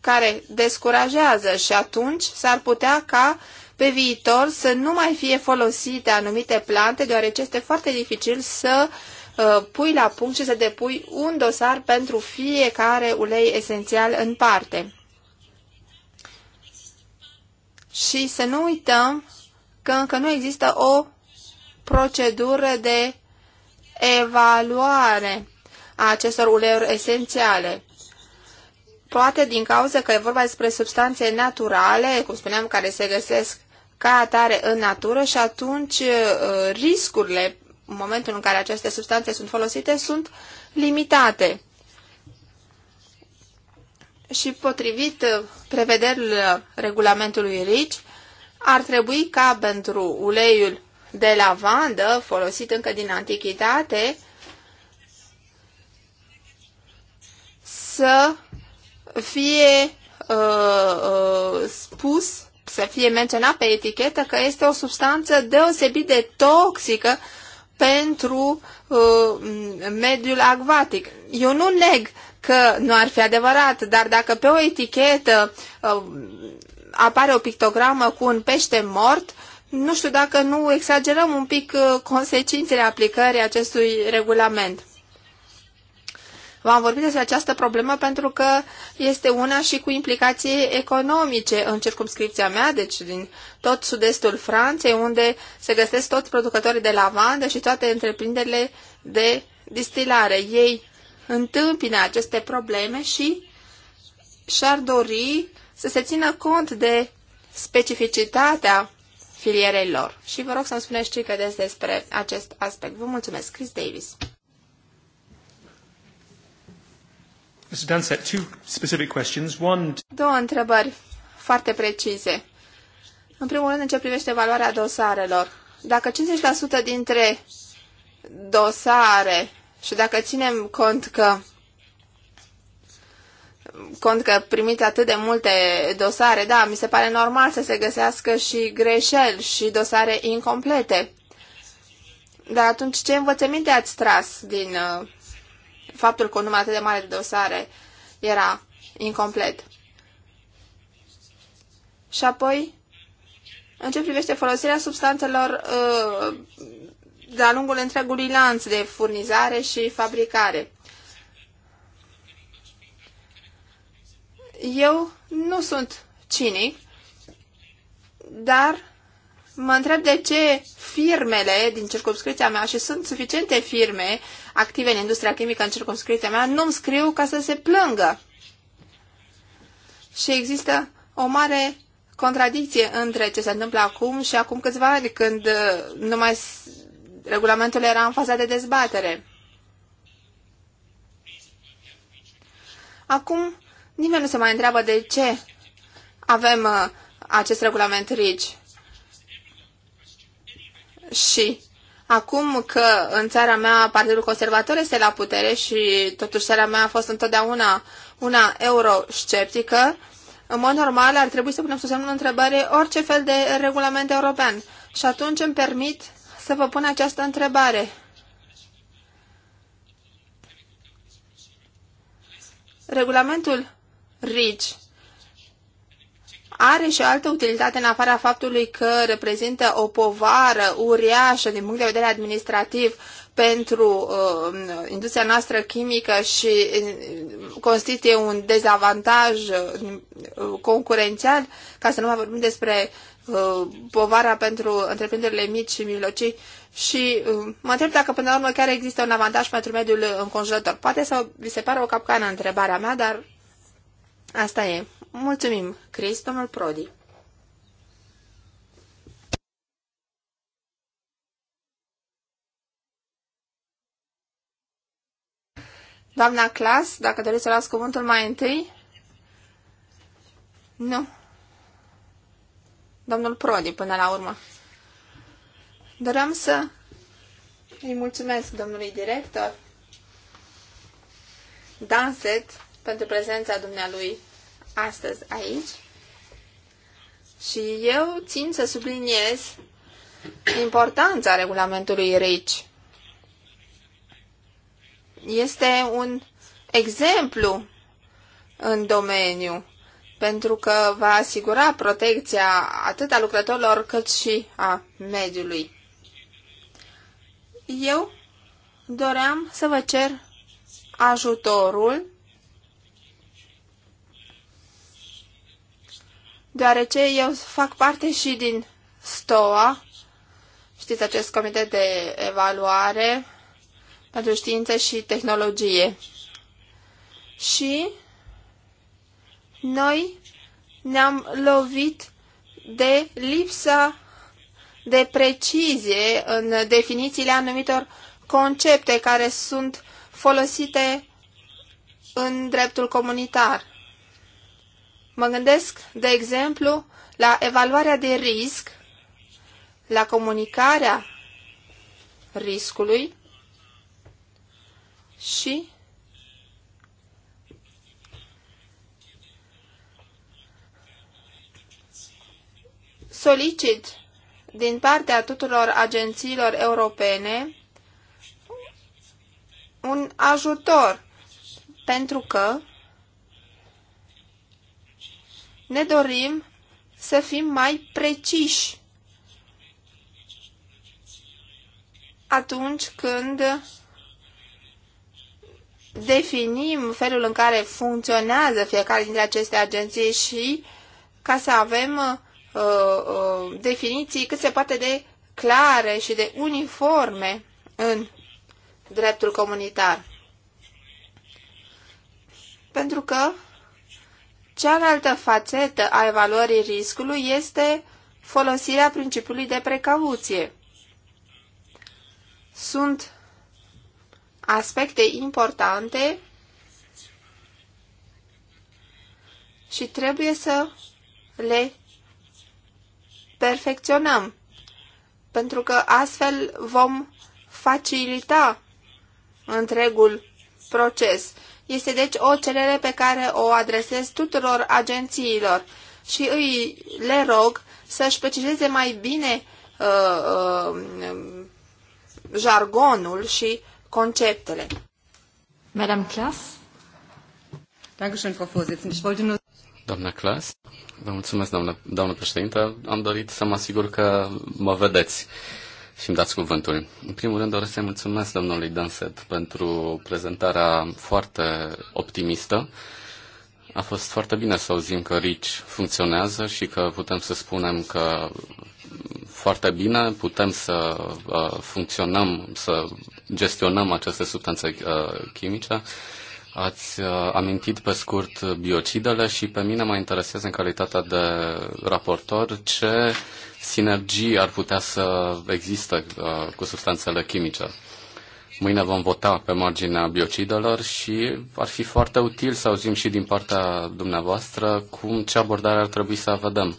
Speaker 1: care descurajează și atunci s-ar putea ca pe viitor să nu mai fie folosite anumite plante, deoarece este foarte dificil să uh, pui la punct și să depui un dosar pentru fiecare ulei esențial în parte. Și să nu uităm că încă nu există o procedură de evaluare a acestor uleiuri esențiale poate din cauza că e vorba despre substanțe naturale, cum spuneam, care se găsesc ca atare în natură și atunci uh, riscurile în momentul în care aceste substanțe sunt folosite sunt limitate. Și potrivit uh, prevederilor regulamentului RICI, ar trebui ca pentru uleiul de lavandă, folosit încă din antichitate, să fie uh, uh, spus, să fie menționat pe etichetă că este o substanță deosebit de toxică pentru uh, mediul acvatic. Eu nu neg că nu ar fi adevărat, dar dacă pe o etichetă uh, apare o pictogramă cu un pește mort, nu știu dacă nu exagerăm un pic uh, consecințele aplicării acestui regulament. V-am vorbit despre această problemă pentru că este una și cu implicații economice în circumscripția mea, deci din tot sud-estul Franței, unde se găsesc toți producătorii de lavandă și toate întreprinderile de distilare. Ei întâmpină aceste probleme și și-ar dori să se țină cont de specificitatea filierei lor. Și vă rog să-mi spuneți ce credeți despre acest aspect. Vă mulțumesc, Chris Davis.
Speaker 3: Mr. Dansett, two specific questions. One...
Speaker 1: Două întrebări foarte precise. În primul rând, în ce privește valoarea dosarelor. Dacă 50% dintre dosare și dacă ținem cont că cont că primiți atât de multe dosare, da, mi se pare normal să se găsească și greșeli și dosare incomplete. Dar atunci ce învățăminte ați tras din uh, faptul că un număr atât de mare de dosare era incomplet. Și apoi, în ce privește folosirea substanțelor uh, de-a lungul întregului lanț de furnizare și fabricare. Eu nu sunt cinic, dar mă întreb de ce firmele din circumscripția mea, și sunt suficiente firme active în industria chimică în circumscripția mea, nu-mi scriu ca să se plângă. Și există o mare contradicție între ce se întâmplă acum și acum câțiva ani, când uh, numai regulamentul era în faza de dezbatere. Acum nimeni nu se mai întreabă de ce avem uh, acest regulament RIGI. Și acum că în țara mea Partidul Conservator este la putere și totuși țara mea a fost întotdeauna una eurosceptică, în mod normal ar trebui să punem sub semnul întrebării orice fel de regulament european. Și atunci îmi permit să vă pun această întrebare. Regulamentul RIGI are și o altă utilitate în afara faptului că reprezintă o povară uriașă din punct de vedere administrativ pentru uh, industria noastră chimică și um, constituie un dezavantaj um, concurențial, ca să nu mai vorbim despre uh, povara pentru întreprinderile mici și mijlocii și uh, mă întreb dacă până la urmă chiar există un avantaj pentru mediul înconjurător. Poate să vi se pare o capcană întrebarea mea, dar asta e. Mulțumim, Chris, domnul Prodi. Doamna Clas, dacă doriți să las cuvântul mai întâi? Nu. Domnul Prodi, până la urmă. Doream să îi mulțumesc domnului director Danset pentru prezența dumnealui astăzi aici. Și eu țin să subliniez importanța regulamentului RICI. Este un exemplu în domeniu pentru că va asigura protecția atât a lucrătorilor cât și a mediului. Eu doream să vă cer ajutorul deoarece eu fac parte și din STOA, știți acest comitet de evaluare pentru știință și tehnologie. Și noi ne-am lovit de lipsa de precizie în definițiile anumitor concepte care sunt folosite în dreptul comunitar. Mă gândesc, de exemplu, la evaluarea de risc, la comunicarea riscului și solicit din partea tuturor agențiilor europene un ajutor, pentru că ne dorim să fim mai preciși atunci când definim felul în care funcționează fiecare dintre aceste agenții și ca să avem uh, uh, definiții cât se poate de clare și de uniforme în dreptul comunitar. Pentru că Cealaltă fațetă a evaluării riscului este folosirea principiului de precauție. Sunt aspecte importante și trebuie să le perfecționăm, pentru că astfel vom facilita întregul proces. Este deci o cerere pe care o adresez tuturor agențiilor și îi le rog să-și precizeze mai bine uh, uh, jargonul și conceptele.
Speaker 3: Madame Klaas?
Speaker 1: Dankeschön, Frau Vorsitzende. Ich wollte nur
Speaker 2: Doamna Klaas? vă mulțumesc, doamnă, președinte, președintă. Am dorit să mă asigur că mă vedeți și îmi dați cuvântul. În primul rând doresc să-i mulțumesc domnului Danset pentru prezentarea foarte optimistă. A fost foarte bine să auzim că RICI funcționează și că putem să spunem că foarte bine putem să uh, funcționăm, să gestionăm aceste substanțe uh, chimice Ați uh, amintit pe scurt biocidele și pe mine mă interesează în calitatea de raportor ce sinergii ar putea să existe uh, cu substanțele chimice. Mâine vom vota pe marginea biocidelor și ar fi foarte util să auzim și din partea dumneavoastră cum ce abordare ar trebui să vedem,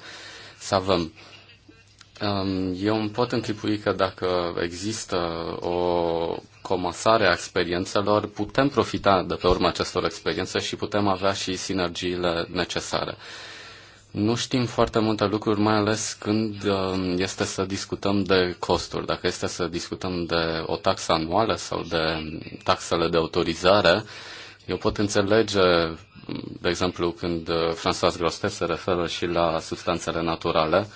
Speaker 2: Să avem. Um, eu îmi pot închipui că dacă există o comasare a experiențelor, putem profita de pe urma acestor experiențe și putem avea și sinergiile necesare. Nu știm foarte multe lucruri, mai ales când um, este să discutăm de costuri. Dacă este să discutăm de o taxă anuală sau de taxele de autorizare, eu pot înțelege, de exemplu, când uh, François Grostet se referă și la substanțele naturale,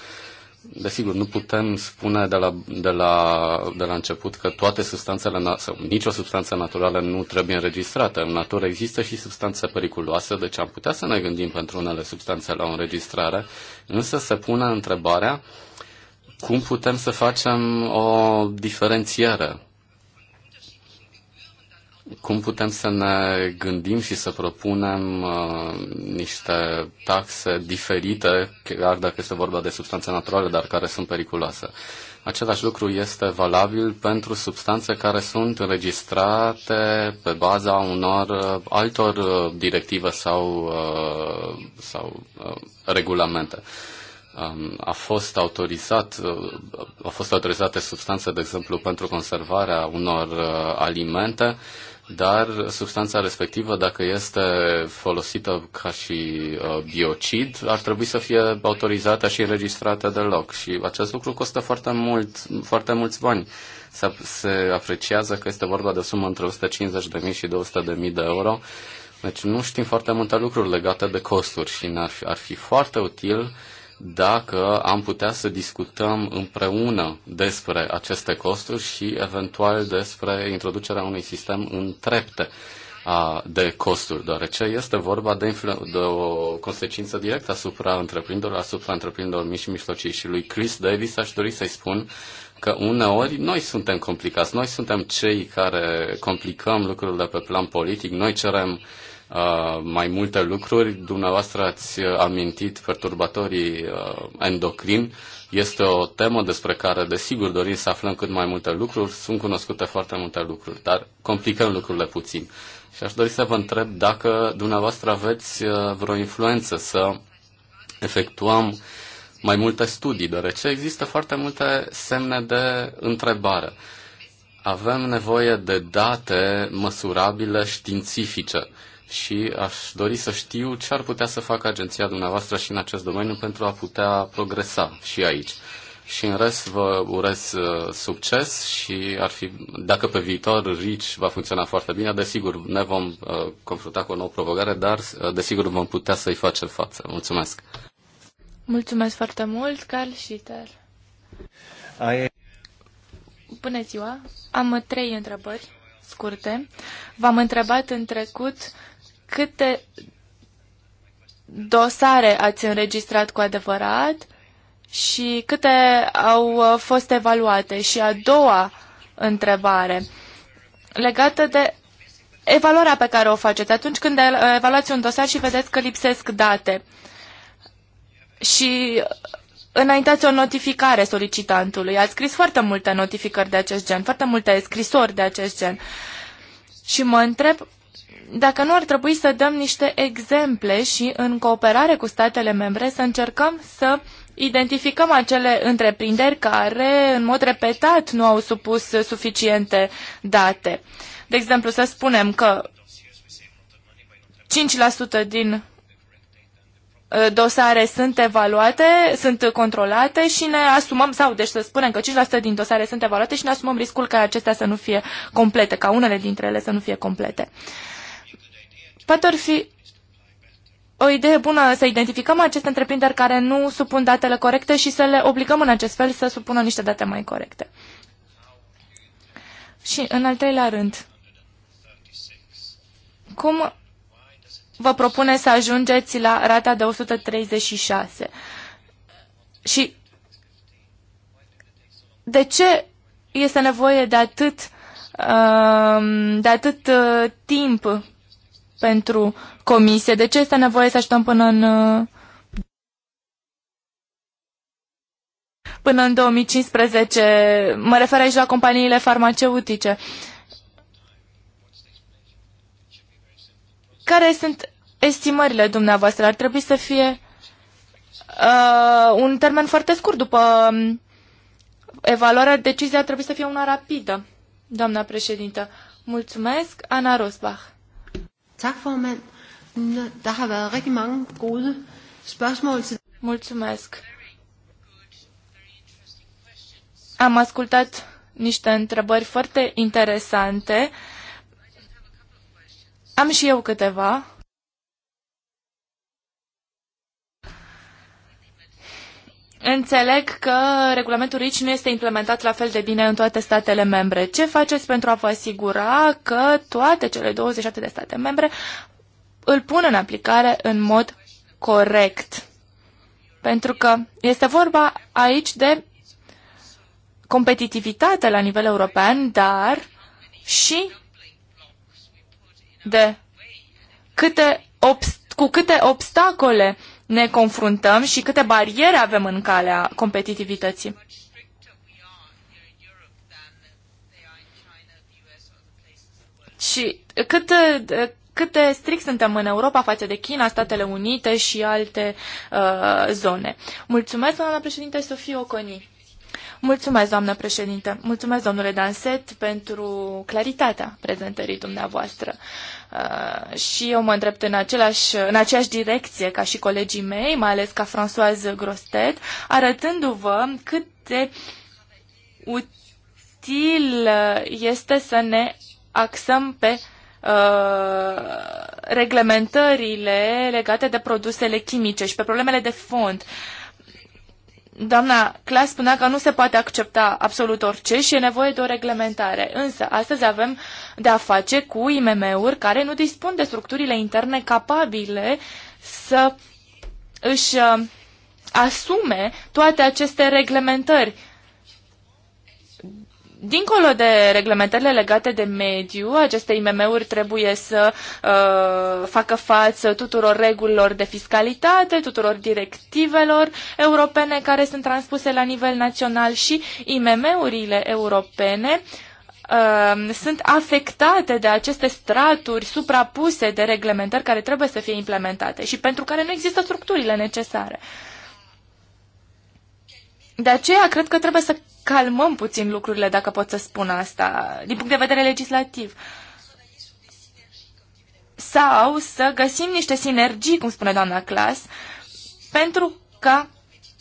Speaker 2: Desigur, nu putem spune de la, de, la, de la început că toate substanțele, sau nicio substanță naturală nu trebuie înregistrată. În natură există și substanțe periculoase, deci am putea să ne gândim pentru unele substanțe la o înregistrare, însă se pune întrebarea cum putem să facem o diferențiere cum putem să ne gândim și să propunem uh, niște taxe diferite, chiar dacă este vorba de substanțe naturale, dar care sunt periculoase? Același lucru este valabil pentru substanțe care sunt înregistrate pe baza unor uh, altor uh, directive sau, uh, sau uh, regulamente um, a fost autorizat, uh, a fost autorizate substanțe, de exemplu, pentru conservarea unor alimente dar substanța respectivă, dacă este folosită ca și uh, biocid, ar trebui să fie autorizată și înregistrată deloc. Și acest lucru costă foarte, mult, foarte mulți bani. Se, se apreciază că este vorba de o sumă între 150.000 și 200.000 de euro. Deci nu știm foarte multe lucruri legate de costuri și ar fi, ar fi foarte util dacă am putea să discutăm împreună despre aceste costuri și eventual despre introducerea unui sistem în trepte de costuri, deoarece este vorba de, de o consecință directă asupra întreprinderilor, asupra întreprinderilor mici și mijlocii. Și lui Chris Davis aș dori să-i spun că uneori noi suntem complicați, noi suntem cei care complicăm lucrurile pe plan politic, noi cerem uh, Uh, mai multe lucruri. Dumneavoastră ați uh, amintit perturbatorii uh, endocrini. Este o temă despre care, desigur, dorim să aflăm cât mai multe lucruri. Sunt cunoscute foarte multe lucruri, dar complicăm lucrurile puțin. Și aș dori să vă întreb dacă dumneavoastră aveți uh, vreo influență să efectuăm mai multe studii, deoarece există foarte multe semne de întrebare. Avem nevoie de date măsurabile științifice și aș dori să știu ce ar putea să facă agenția dumneavoastră și în acest domeniu pentru a putea progresa și aici. Și în rest vă urez uh, succes și ar fi, dacă pe viitor RICI va funcționa foarte bine, desigur ne vom uh, confrunta cu o nouă provocare, dar uh, desigur vom putea să-i facem față. Mulțumesc!
Speaker 3: Mulțumesc foarte mult, Carl Schitter! Ai... Bună ziua! Am trei întrebări scurte. V-am întrebat în trecut câte dosare ați înregistrat cu adevărat și câte au uh, fost evaluate. Și a doua întrebare legată de evaluarea pe care o faceți atunci când uh, evaluați un dosar și vedeți că lipsesc date și uh, înaintați o notificare solicitantului. Ați scris foarte multe notificări de acest gen, foarte multe scrisori de acest gen. Și mă întreb dacă nu ar trebui să dăm niște exemple și în cooperare cu statele membre să încercăm să identificăm acele întreprinderi care în mod repetat nu au supus suficiente date. De exemplu, să spunem că 5% din Uh, dosare sunt evaluate, sunt controlate și ne asumăm, sau deci să spunem că 5% din dosare sunt evaluate și ne asumăm riscul ca acestea să nu fie complete, ca unele dintre ele să nu fie complete. Poate ar fi o idee bună să identificăm aceste întreprinderi care nu supun datele corecte și să le obligăm în acest fel să supună niște date mai corecte. Și în al treilea rând, cum vă propune să ajungeți la rata de 136. Și de ce este nevoie de atât, um, de atât uh, timp pentru comisie? De ce este nevoie să așteptăm până în uh, până în 2015? Mă refer aici la companiile farmaceutice. Uh, Care sunt estimările dumneavoastră? Ar trebui să fie uh, un termen foarte scurt după um, evaluarea decizia ar trebui să fie una rapidă. Doamna președintă, mulțumesc. Ana Rosbach. Mulțumesc. Am ascultat niște întrebări foarte interesante. Am și eu câteva. Înțeleg că regulamentul RICI nu este implementat la fel de bine în toate statele membre. Ce faceți pentru a vă asigura că toate cele 27 de state membre îl pun în aplicare în mod corect? Pentru că este vorba aici de competitivitate la nivel european, dar și de câte cu câte obstacole ne confruntăm și câte bariere avem în calea competitivității. Și cât, cât de strict suntem în Europa față de China, Statele Unite și alte uh, zone. Mulțumesc, doamna președinte Sofie Oconi. Mulțumesc, doamnă președinte. Mulțumesc, domnule Danset, pentru claritatea prezentării dumneavoastră. Uh, și eu mă îndrept în, același, în aceeași direcție ca și colegii mei, mai ales ca Françoise Grostet, arătându-vă cât de util este să ne axăm pe uh, reglementările legate de produsele chimice și pe problemele de fond. Uh, Doamna Clas spunea că nu se poate accepta absolut orice și e nevoie de o reglementare, însă astăzi avem de a face cu IMM-uri care nu dispun de structurile interne capabile să își uh, asume toate aceste reglementări Dincolo de reglementările legate de mediu, aceste IMM-uri trebuie să uh, facă față tuturor regulilor de fiscalitate, tuturor directivelor europene care sunt transpuse la nivel național și IMM-urile europene uh, sunt afectate de aceste straturi suprapuse de reglementări care trebuie să fie implementate și pentru care nu există structurile necesare. Uh, de aceea cred că trebuie să calmăm puțin lucrurile, dacă pot să spun asta, din punct de vedere legislativ. Sau să găsim niște sinergii, cum spune doamna Clas, pentru ca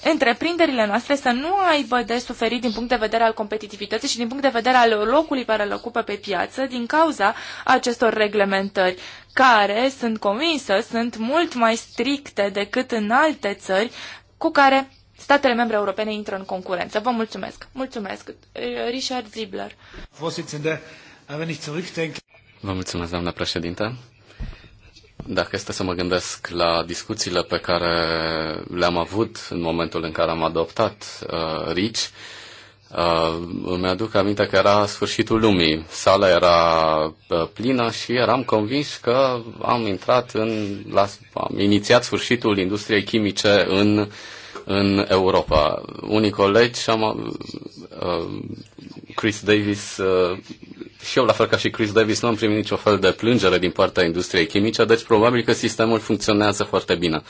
Speaker 3: întreprinderile noastre să nu aibă de suferit din punct de vedere al competitivității și din punct de vedere al locului care îl ocupă pe piață din cauza acestor reglementări care, sunt convinsă, sunt mult mai stricte decât în alte țări cu care statele membre europene intră în concurență. Vă mulțumesc. Mulțumesc. Richard Zibler. Eh,
Speaker 2: Vă mulțumesc, doamna președintă. Dacă este să mă gândesc la discuțiile pe care le-am avut în momentul în care am adoptat uh, eh, RICI, Uh, eh, îmi aduc aminte că era sfârșitul lumii. Sala era plină și eram convins că am intrat în, la, am inițiat sfârșitul industriei chimice în în Europa. Unii colegi, am, uh, Chris Davis, uh, și eu la fel ca și Chris Davis, nu am primit nicio fel de plângere din partea industriei chimice, deci probabil că sistemul funcționează foarte bine.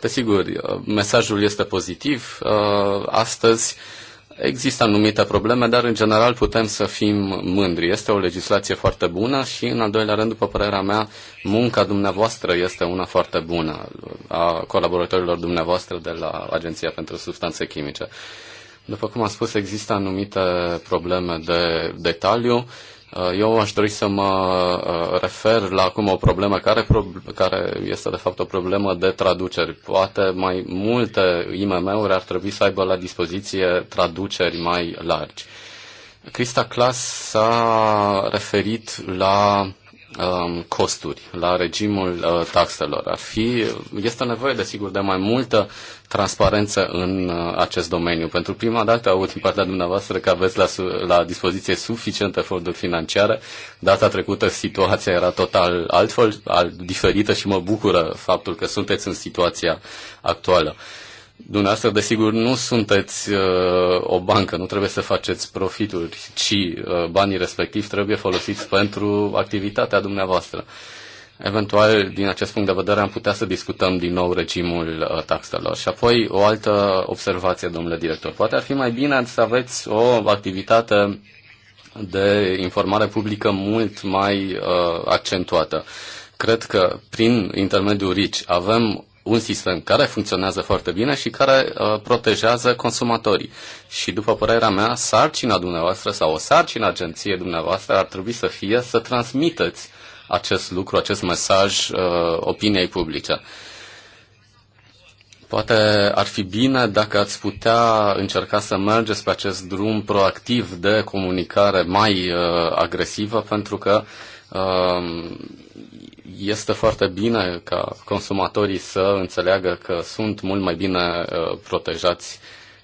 Speaker 2: Desigur, uh, mesajul este pozitiv. Uh, astăzi Există anumite probleme, dar în general putem să fim mândri. Este o legislație foarte bună și, în al doilea rând, după părerea mea, munca dumneavoastră este una foarte bună a colaboratorilor dumneavoastră de la Agenția pentru Substanțe Chimice. După cum am spus, există anumite probleme de detaliu Uh, eu aș dori să mă uh, refer la acum o problemă care, care este de fapt o problemă de traduceri. Poate mai multe IMM-uri ar trebui să aibă la dispoziție traduceri mai largi. Crista Clas s-a referit la Um, costuri, la regimul uh, taxelor. Ar fi, este nevoie, desigur, de mai multă transparență în uh, acest domeniu. Pentru prima dată aud din partea dumneavoastră că aveți la, la dispoziție suficiente fonduri financiare. Data trecută situația era total altfel, alt, diferită și mă bucură faptul că sunteți în situația actuală. Uh, Dumneavoastră, desigur, nu sunteți uh, o bancă, nu trebuie să faceți profituri, ci uh, banii respectivi trebuie folosiți pentru activitatea dumneavoastră. Eventual, din acest punct de vedere, am putea să discutăm din nou regimul uh, taxelor. Și apoi, o altă observație, domnule director. Poate ar fi mai bine să aveți o activitate de informare publică mult mai uh, accentuată. Cred că prin intermediul RICI avem un sistem care funcționează foarte bine și care uh, protejează consumatorii. Și după părerea mea, sarcina dumneavoastră sau o sarcină agenției dumneavoastră ar trebui să fie să transmiteți acest lucru, acest mesaj uh, opiniei publice. Poate ar fi bine dacă ați putea încerca să mergeți pe acest drum proactiv de comunicare mai uh, agresivă, pentru că uh, este foarte bine ca consumatorii să înțeleagă că sunt mult mai bine uh, protejați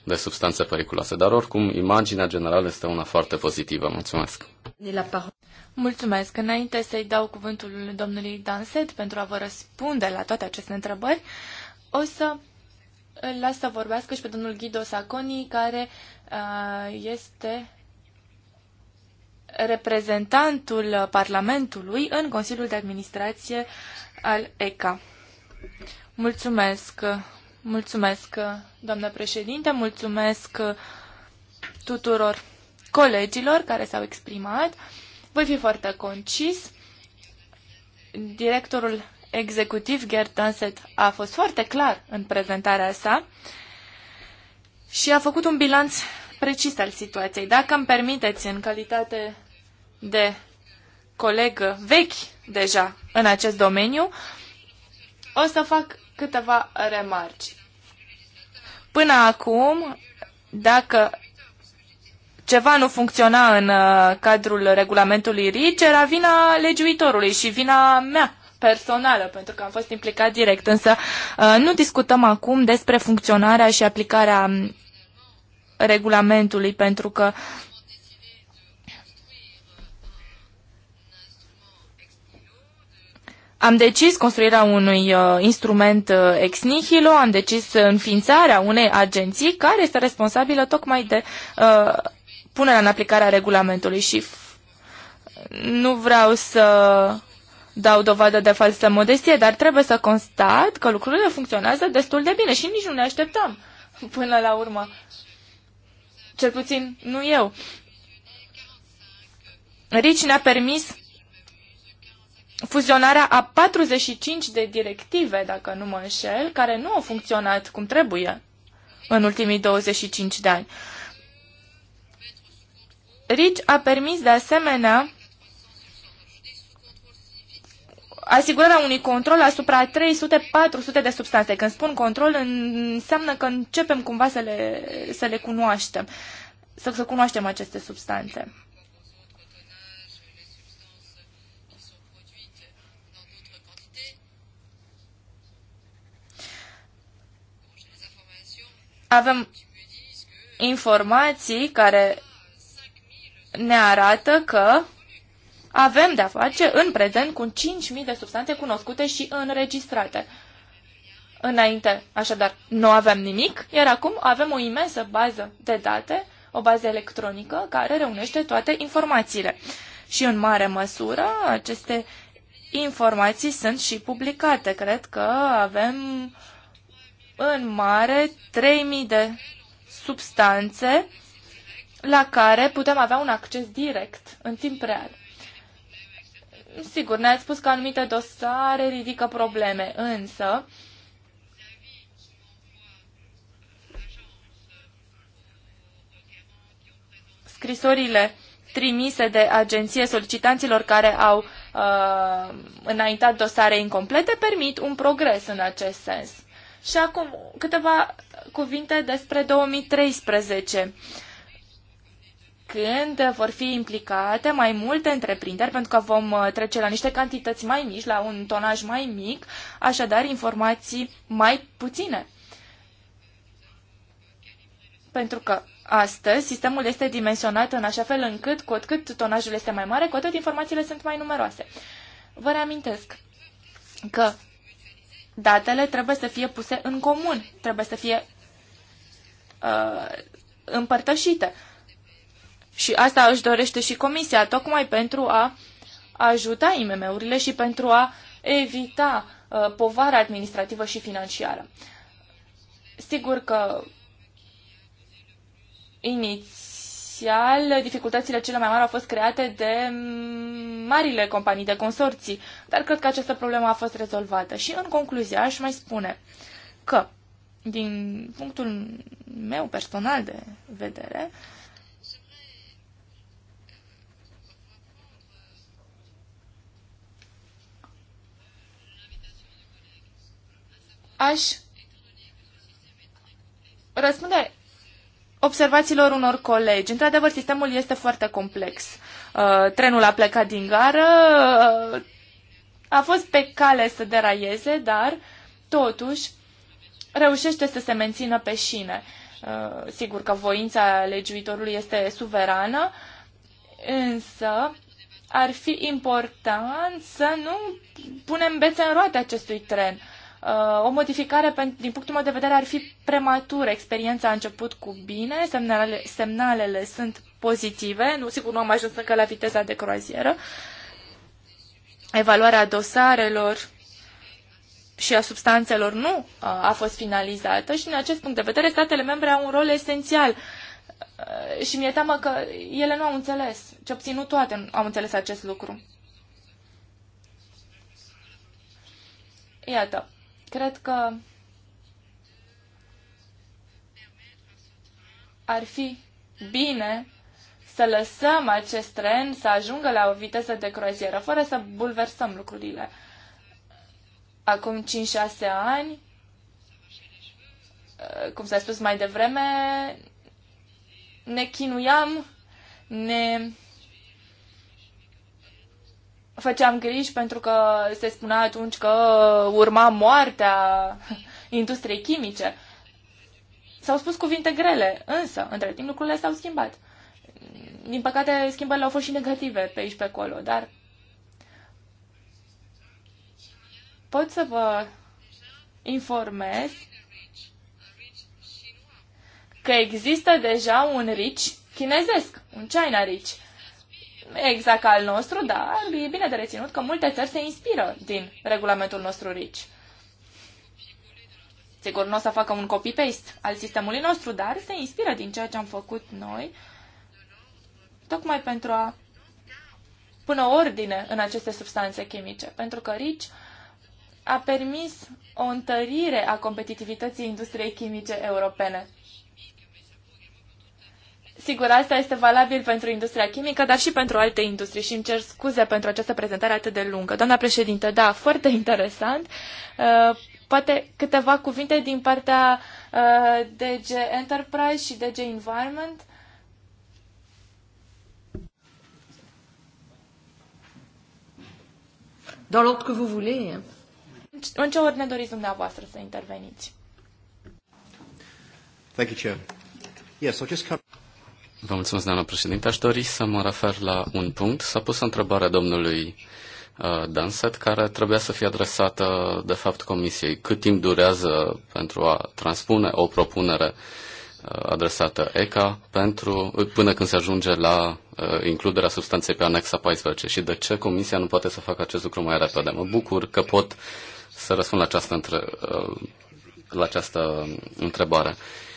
Speaker 2: de substanțe periculoase, dar oricum imaginea generală este una foarte pozitivă. Mulțumesc!
Speaker 3: Mulțumesc! Înainte să-i dau cuvântul domnului Danset pentru a vă răspunde la toate aceste întrebări, o să îl las să vorbească și pe domnul Guido Saconi, care uh, este reprezentantul Parlamentului în Consiliul de Administrație al ECA. Mulțumesc, mulțumesc, doamnă președinte, mulțumesc tuturor colegilor care s-au exprimat. Voi fi foarte concis. Directorul executiv Gerd Danset a fost foarte clar în prezentarea sa și a făcut un bilanț precis al situației. Dacă îmi permiteți, în calitate de coleg vechi deja în acest domeniu, o să fac câteva remarci. Până acum, dacă ceva nu funcționa în uh, cadrul regulamentului RIC, era vina legiuitorului și vina mea personală, pentru că am fost implicat direct. Însă uh, nu discutăm acum despre funcționarea și aplicarea um, regulamentului, pentru că Am decis construirea unui uh, instrument uh, ex nihilo, am decis înființarea unei agenții care este responsabilă tocmai de uh, punerea în aplicare a regulamentului și nu vreau să dau dovadă de falsă modestie, dar trebuie să constat că lucrurile funcționează destul de bine și nici nu ne așteptăm până la urmă. Cel puțin nu eu. Rich ne-a permis fuzionarea a 45 de directive, dacă nu mă înșel, care nu au funcționat cum trebuie în ultimii 25 de ani. Rich a permis de asemenea asigurarea unui control asupra 300-400 de substanțe. Când spun control, înseamnă că începem cumva să le, să le cunoaștem, să, să cunoaștem aceste substanțe. Avem informații care ne arată că avem de-a face în prezent cu 5.000 de substanțe cunoscute și înregistrate. Înainte, așadar, nu avem nimic, iar acum avem o imensă bază de date, o bază electronică care reunește toate informațiile. Și în mare măsură, aceste informații sunt și publicate. Cred că avem în mare 3000 de substanțe la care putem avea un acces direct în timp real. Sigur, ne-ați spus că anumite dosare ridică probleme, însă scrisorile trimise de agenție solicitanților care au uh, înaintat dosare incomplete permit un progres în acest sens. Și acum câteva cuvinte despre 2013 când vor fi implicate mai multe întreprinderi, pentru că vom uh, trece la niște cantități mai mici, la un tonaj mai mic, așadar informații mai puține. Pentru că astăzi sistemul este dimensionat în așa fel încât, cu cât tonajul este mai mare, cu atât informațiile sunt mai numeroase. Vă reamintesc că datele trebuie să fie puse în comun, trebuie să fie uh, împărtășite. Și asta își dorește și Comisia, tocmai pentru a ajuta IMM-urile și pentru a evita uh, povara administrativă și financiară. Sigur că inițial dificultățile cele mai mari au fost create de marile companii, de consorții, dar cred că această problemă a fost rezolvată. Și în concluzie aș mai spune că, din punctul meu personal de vedere, uh, aș răspunde observațiilor unor colegi. Într-adevăr, sistemul este foarte complex. Uh, trenul a plecat din gară, uh, a fost pe cale să deraieze, dar totuși reușește să se mențină pe șine. Uh, sigur că voința legiuitorului este suverană, însă ar fi important să nu punem bețe în roate acestui tren. Uh, Uh, o modificare, din punctul meu de vedere, ar fi prematură. Experiența a început cu bine, semnalele, semnalele sunt pozitive, nu, sigur nu am ajuns încă la viteza de croazieră. Evaluarea dosarelor și a substanțelor nu uh, a fost finalizată și, în acest punct de vedere, statele membre au un rol esențial uh, și mi-e teamă că ele nu au înțeles, ce obțin nu toate au înțeles acest lucru. Iată, Cred că ar fi bine să lăsăm acest tren să ajungă la o viteză de croazieră, fără să bulversăm lucrurile. Acum 5-6 ani, uh, cum s-a spus mai devreme, ne chinuiam, ne făceam griji pentru că se spunea atunci că urma moartea industriei chimice. S-au spus cuvinte grele, însă, între timp, lucrurile s-au schimbat. Din păcate, schimbările au fost și negative pe aici, pe acolo, dar pot să vă informez că există deja un rici chinezesc, un China rici exact ca al nostru, dar e bine de reținut că multe țări se inspiră din regulamentul nostru RICI. Sigur, nu o să facă un copy-paste al sistemului nostru, dar se inspiră din ceea ce am făcut noi, tocmai pentru a pune ordine în aceste substanțe chimice, pentru că RICI a permis o întărire a competitivității industriei chimice europene. Sigur, asta este valabil pentru industria chimică, dar și pentru alte industrii și îmi cer scuze pentru această prezentare atât de lungă. Doamna președintă, da, foarte interesant. Uh, poate câteva cuvinte din partea uh, DG Enterprise și DG Environment. Dans l'ordre que vous voulez. În ce ordine doriți dumneavoastră să interveniți? Thank you, Chair. Yes, I'll just
Speaker 2: cover... Vă mulțumesc, doamna președinte. Aș dori să mă refer la un punct. S-a pus o întrebare domnului uh, Danset, care trebuia să fie adresată, de fapt, comisiei. Cât timp durează pentru a transpune o propunere uh, adresată ECA pentru, uh, până când se ajunge la uh, includerea substanței pe anexa 14 și de ce Comisia nu poate să facă acest lucru mai repede. Mă bucur că pot să răspund la această, între, uh, la această întrebare. Uh,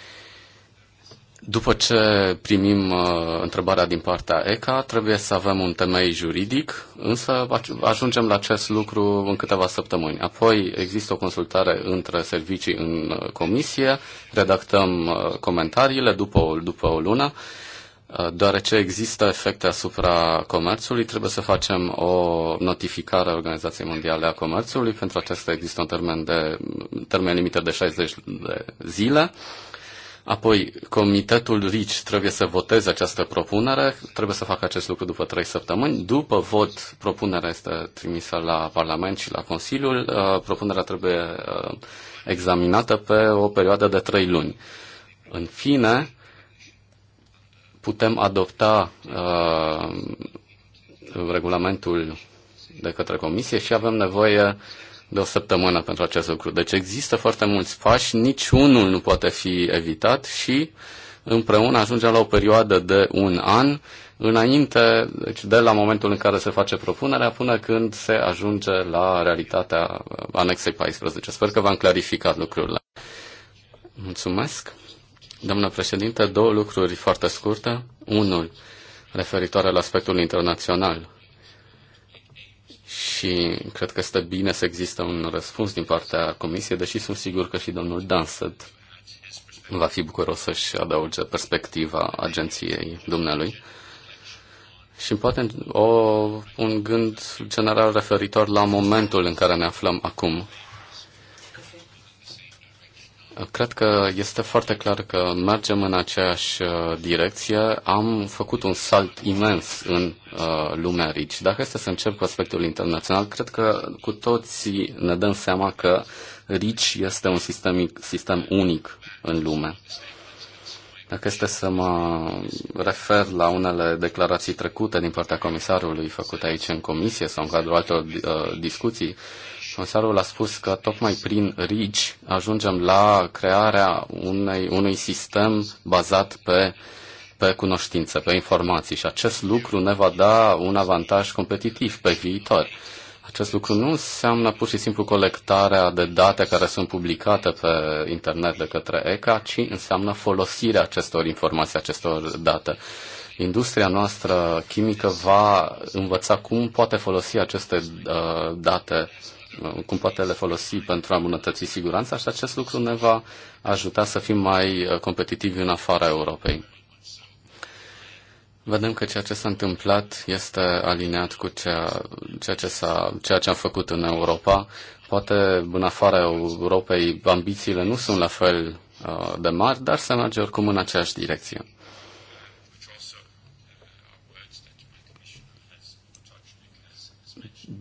Speaker 2: după ce primim uh, întrebarea din partea ECA, trebuie să avem un temei juridic, însă ajungem la acest lucru în câteva săptămâni. Apoi există o consultare între servicii în uh, comisie, redactăm uh, comentariile după o, după o lună. Uh, deoarece există efecte asupra comerțului, trebuie să facem o notificare a Organizației Mondiale a Comerțului. Pentru acesta există un termen, de, termen limită de 60 de zile. Uh, Apoi, comitetul RICI trebuie să voteze această propunere, trebuie să facă acest lucru după trei săptămâni. După vot, propunerea este trimisă la Parlament și la Consiliul. Uh, propunerea trebuie uh, examinată pe o perioadă de trei luni. În fine, putem adopta uh, regulamentul de către Comisie și avem nevoie uh, de o săptămână pentru acest lucru. Deci există foarte mulți pași, niciunul nu poate fi evitat și împreună ajungem la o perioadă de un an înainte, deci de la momentul în care se face propunerea până când se ajunge la realitatea uh, anexei 14. Sper că v-am clarificat lucrurile. Mulțumesc. Doamnă președinte, două lucruri foarte scurte. Unul, referitoare la aspectul internațional și cred că este bine să există un răspuns din partea Comisiei, deși sunt sigur că și domnul Danset va fi bucuros să-și adauge perspectiva agenției dumnealui. Și poate o, un gând general referitor la momentul în care ne aflăm acum. Cred că este foarte clar că mergem în aceeași uh, direcție. Am făcut un salt imens în uh, lumea RICI. Dacă este să încep cu aspectul internațional, cred că cu toții ne dăm seama că RICI este un sistem, sistem unic în lume. Dacă este să mă refer la unele declarații trecute din partea comisarului făcute aici în comisie sau în cadrul altor uh, discuții, uh, Comisarul a spus că tocmai prin RIGI ajungem la crearea unei, unui sistem bazat pe, pe cunoștință, pe informații și acest lucru ne va da un avantaj competitiv pe viitor. Acest lucru nu înseamnă pur și simplu colectarea de date care sunt publicate pe internet de către ECA, ci înseamnă folosirea acestor informații, acestor date industria noastră chimică va învăța cum poate folosi aceste uh, date cum poate le folosi pentru a îmbunătăți siguranța și acest lucru ne va ajuta să fim mai uh, competitivi în afara Europei. Vedem că ceea ce s-a întâmplat este alineat cu ceea, ceea, ce s-a, ceea ce am făcut în Europa. Poate în afara Europei ambițiile nu sunt la fel uh, de mari, dar se merge oricum în aceeași direcție.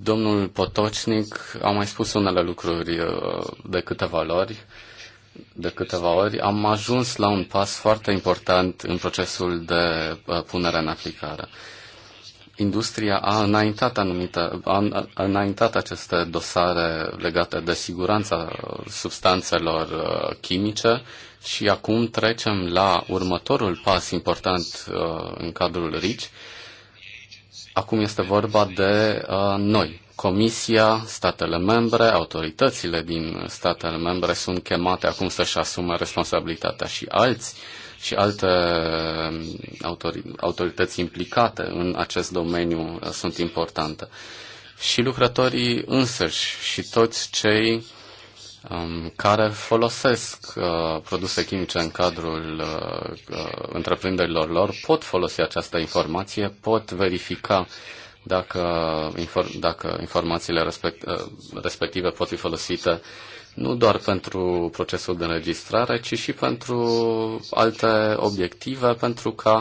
Speaker 2: Domnul Potocnic a mai spus unele lucruri uh, de câteva ori. De câteva ori am ajuns la un pas foarte important în procesul de uh, punere în aplicare. Industria a înaintat, anumite, a înaintat aceste dosare legate de siguranța substanțelor uh, chimice și acum trecem la următorul pas important în cadrul RICI, Acum este vorba de uh, noi. Comisia, statele membre, autoritățile din statele membre sunt chemate acum să-și asume responsabilitatea și alți și alte um, autori- autorități implicate în acest domeniu uh, sunt importante. Și lucrătorii însăși și toți cei um, care folosesc uh, produse chimice în cadrul uh, uh, întreprinderilor lor pot folosi această informație, pot verifica dacă, infor- dacă informațiile respect- uh, respective pot fi folosite nu doar pentru procesul de înregistrare, ci și pentru alte obiective, pentru ca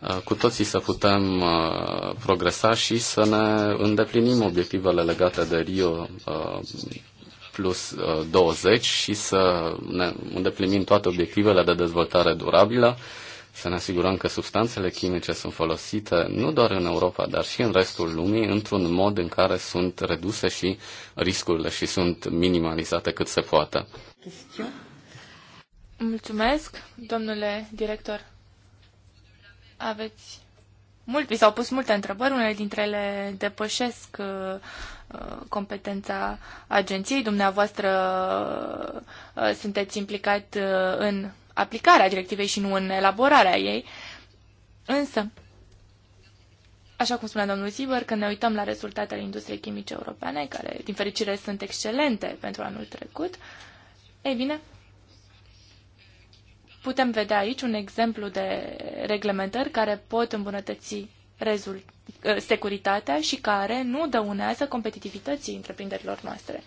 Speaker 2: uh, cu toții să putem uh, progresa și să ne îndeplinim obiectivele legate de Rio plus 20 uh, și să ne îndeplinim toate obiectivele de dezvoltare durabilă, să ne asigurăm că substanțele chimice sunt folosite nu doar în Europa, dar și în restul lumii, într-un mod în care sunt reduse și riscurile și sunt minimalizate cât se poate.
Speaker 3: Mulțumesc, domnule director. Aveți mult, vi s-au pus multe întrebări, unele dintre ele depășesc uh, uh, competența agenției. Dumneavoastră uh, sunteți implicat uh, în aplicarea directivei și nu în elaborarea ei. Însă, așa cum spunea domnul Ziver, când ne uităm la rezultatele industriei chimice europene, care, din fericire, sunt excelente pentru anul trecut, ei bine, Putem vedea aici un exemplu de reglementări care pot îmbunătăți rezult, ă, securitatea și care nu dăunează competitivității întreprinderilor noastre.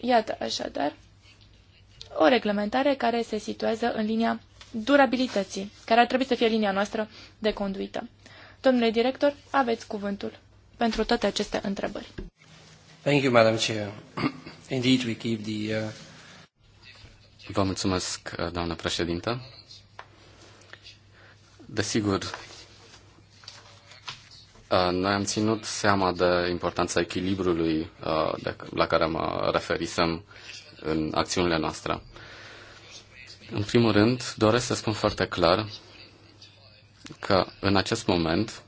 Speaker 3: Iată, așadar, o reglementare care se situează în linia durabilității, care ar trebui să fie linia noastră de conduită. Domnule director, aveți cuvântul pentru toate aceste întrebări. Thank you, Madam Chair. Indeed, we keep the uh,
Speaker 2: Vă mulțumesc, doamnă președintă. Desigur, noi am ținut seama de importanța echilibrului uh, la care mă referisem în acțiunile noastre. În primul rând, doresc să spun foarte clar că în acest moment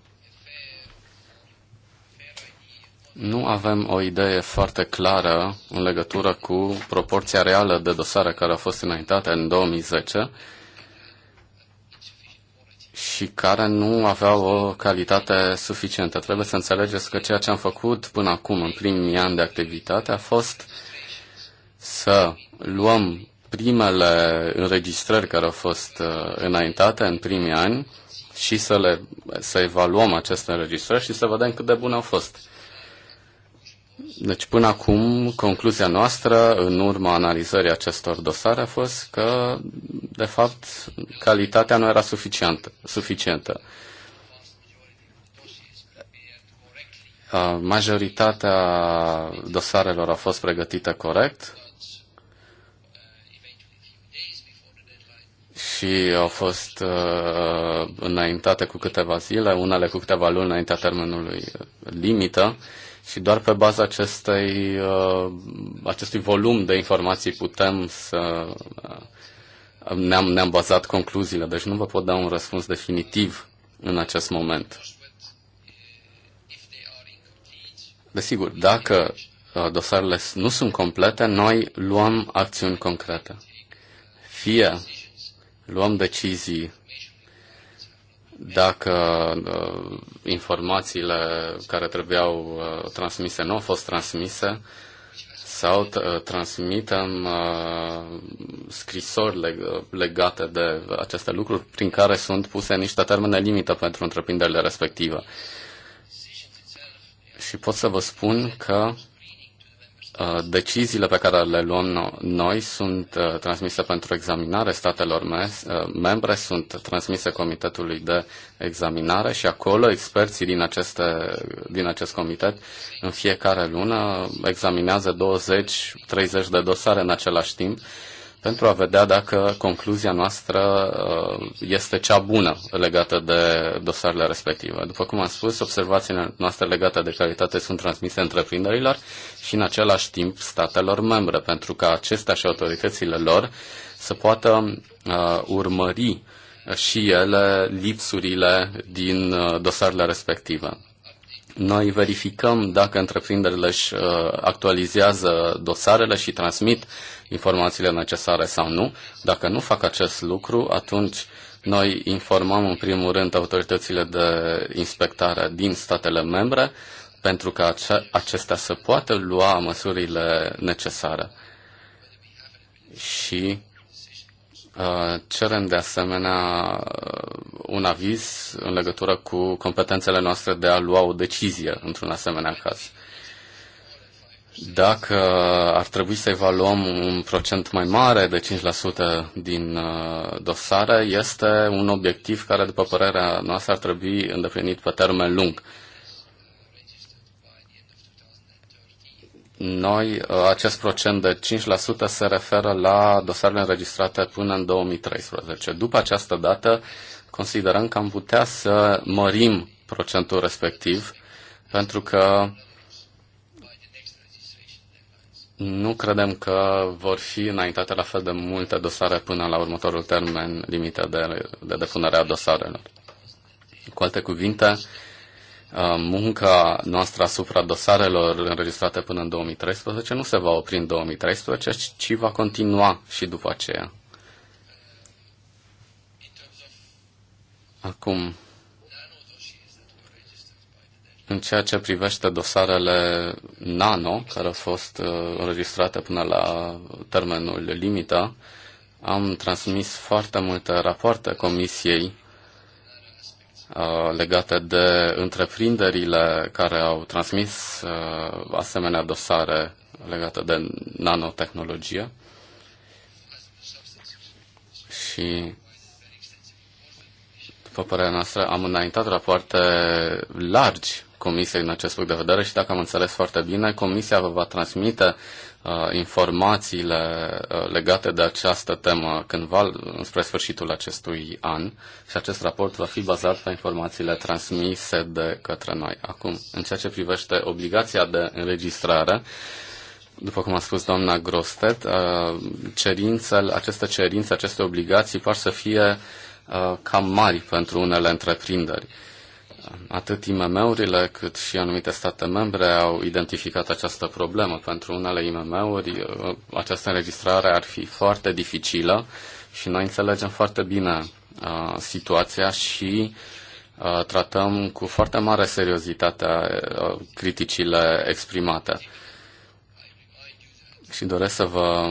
Speaker 2: Nu avem o idee foarte clară în legătură cu proporția reală de dosare care au fost înaintate în 2010 și care nu aveau o calitate suficientă. Trebuie să înțelegeți că ceea ce am făcut până acum, în primii ani de activitate, a fost să luăm primele înregistrări care au fost uh, înaintate în primii ani și să, le, să evaluăm aceste înregistrări și să vedem cât de bune au fost. Deci, până acum, concluzia noastră, în urma analizării acestor dosare, a fost că, de fapt, calitatea nu era suficientă. suficientă. Majoritatea dosarelor a fost pregătită corect și au fost înaintate cu câteva zile, unele cu câteva luni înaintea termenului limită și doar pe baza acestei, uh, acestui volum de informații putem să uh, ne-am, ne-am bazat concluziile, deci nu vă pot da un răspuns definitiv în acest moment. Desigur, dacă uh, dosarele nu sunt complete, noi luăm acțiuni concrete. Fie luăm decizii dacă uh, informațiile care trebuiau uh, transmise nu au fost transmise sau uh, transmitem uh, scrisori leg- uh, legate de aceste lucruri prin care sunt puse niște termene limită pentru întreprinderile respective. Și pot să vă spun că Uh, deciziile pe care le luăm noi sunt uh, transmise pentru examinare statelor uh, membre, sunt transmise Comitetului de Examinare și acolo experții din, aceste, din acest comitet în fiecare lună examinează 20-30 de dosare în același timp pentru a vedea dacă concluzia noastră uh, este cea bună legată de dosarele respective. După cum am spus, observațiile noastre legate de calitate sunt transmise întreprinderilor și în același timp statelor membre, pentru ca acestea și autoritățile lor să poată uh, urmări și ele lipsurile din uh, dosarele respective. Noi verificăm dacă întreprinderile își actualizează dosarele și transmit informațiile necesare sau nu. Dacă nu fac acest lucru, atunci noi informăm în primul rând autoritățile de inspectare din statele membre pentru că acestea să poată lua măsurile necesare. Și uh, cerem de asemenea uh, un aviz în legătură cu competențele noastre de a lua o decizie într-un asemenea caz dacă ar trebui să evaluăm un procent mai mare de 5% din uh, dosare, este un obiectiv care, după părerea noastră, ar trebui îndeplinit pe termen lung. Noi, uh, acest procent de 5% se referă la dosarele înregistrate până în 2013. După această dată, considerăm că am putea să mărim procentul respectiv, pentru că uh, nu credem că vor fi înaintate la fel de multe dosare până la următorul termen limită de, de depunere a dosarelor. Cu alte cuvinte, uh, munca noastră asupra dosarelor înregistrate până în 2013 nu se va opri în 2013, ci va continua și după aceea. Acum, în ceea ce privește dosarele nano, care au fost uh, înregistrate până la termenul limită, am transmis foarte multe rapoarte comisiei uh, legate de întreprinderile care au transmis uh, asemenea dosare legate de nanotehnologie. Și după părerea noastră, am înaintat rapoarte largi Comisia în acest punct de vedere și dacă am înțeles foarte bine, Comisia vă va transmite uh, informațiile uh, legate de această temă cândva spre sfârșitul acestui an și acest raport va fi bazat pe informațiile transmise de către noi. Acum, în ceea ce privește obligația de înregistrare, după cum a spus doamna Grostet, uh, cerințele, aceste cerințe, aceste obligații par să fie uh, cam mari pentru unele întreprinderi. Uh, Atât IMM-urile cât și anumite state membre au identificat această problemă. Pentru unele IMM-uri uh, această înregistrare ar fi foarte dificilă și noi înțelegem foarte bine uh, situația și uh, tratăm cu foarte mare seriozitate uh, criticile exprimate. Și doresc să vă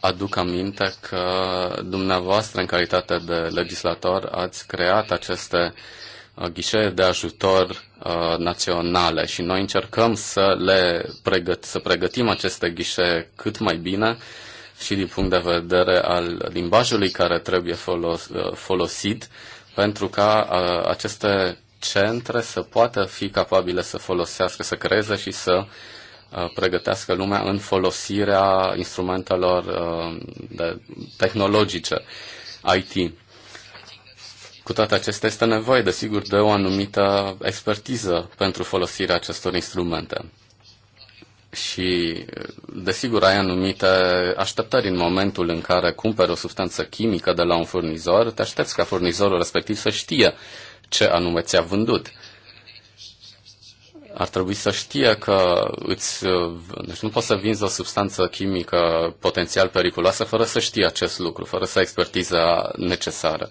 Speaker 2: aduc aminte că dumneavoastră, în calitate de legislator, ați creat aceste uh, ghișee de ajutor uh, naționale și noi încercăm să le pregăt- să pregătim aceste ghișee cât mai bine și din punct de vedere al limbajului care trebuie folos- uh, folosit pentru ca uh, aceste centre să poată fi capabile să folosească, să creeze și să uh, Uh, pregătească lumea în folosirea instrumentelor uh, de, tehnologice, IT. Cu toate acestea este nevoie, desigur, de o anumită expertiză pentru folosirea acestor instrumente. Și, desigur, ai anumite așteptări în momentul în care cumperi o substanță chimică de la un furnizor, te aștepți ca furnizorul respectiv să știe ce anume ți-a vândut ar trebui să știe că îți, deci nu poți să vinzi o substanță chimică potențial periculoasă fără să știi acest lucru, fără să ai expertiza necesară.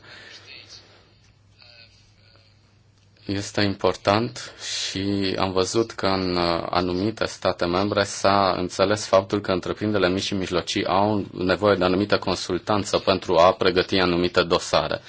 Speaker 2: Este important și am văzut că în anumite state membre s-a înțeles faptul că întreprinderile mici și mijlocii au nevoie de anumită consultanță pentru a pregăti anumite dosare.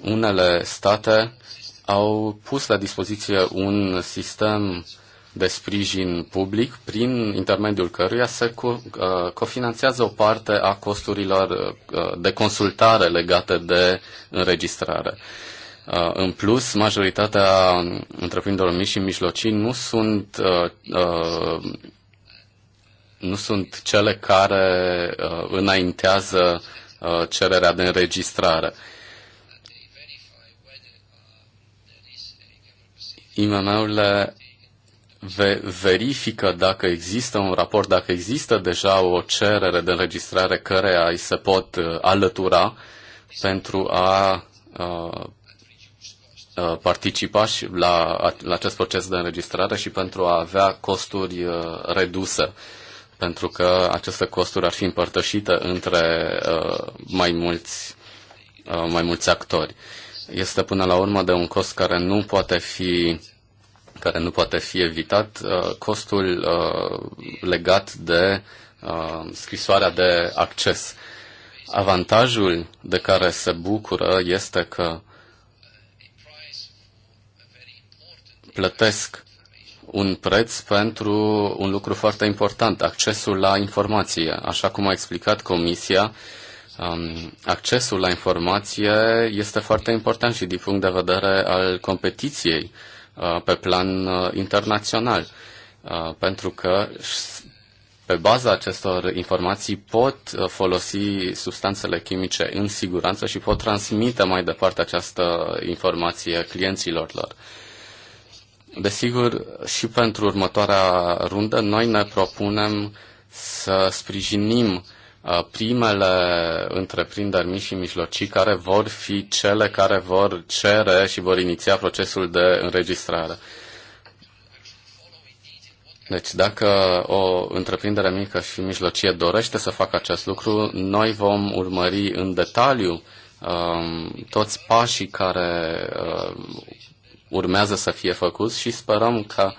Speaker 2: Unele state au pus la dispoziție un sistem de sprijin public prin intermediul căruia se co- uh, cofinanțează o parte a costurilor uh, de consultare legate de înregistrare. Uh, în plus, majoritatea întreprinderilor mici și mijlocii nu sunt, nu sunt cele care înaintează cererea de înregistrare. IMM-urile verifică dacă există un raport, dacă există deja o cerere de înregistrare care îi se pot uh, alătura pentru a, a uh, uh, participa și la, la acest proces de înregistrare și pentru a avea costuri reduse, pentru că aceste costuri ar fi împărtășite între mai mulți, mai mulți actori este până la urmă de un cost care nu poate fi care nu poate fi evitat, uh, costul uh, legat de uh, scrisoarea de acces. Avantajul de care se bucură este că plătesc un preț pentru un lucru foarte important, accesul la informație. Așa cum a explicat Comisia, uh, um, accesul la informație este foarte important și din punct de vedere al competiției uh, pe plan uh, internațional, uh, pentru că pe baza acestor informații pot uh, folosi substanțele chimice în siguranță și pot transmite mai departe această informație clienților lor. Desigur, și pentru următoarea rundă, noi ne propunem să sprijinim uh, Uh, primele întreprinderi mici și mijlocii care vor fi cele care vor cere și vor iniția procesul de înregistrare. Deci dacă o întreprindere mică și mijlocie dorește să facă acest lucru, noi vom urmări în detaliu um, toți pașii care um, urmează să fie făcuți și sperăm că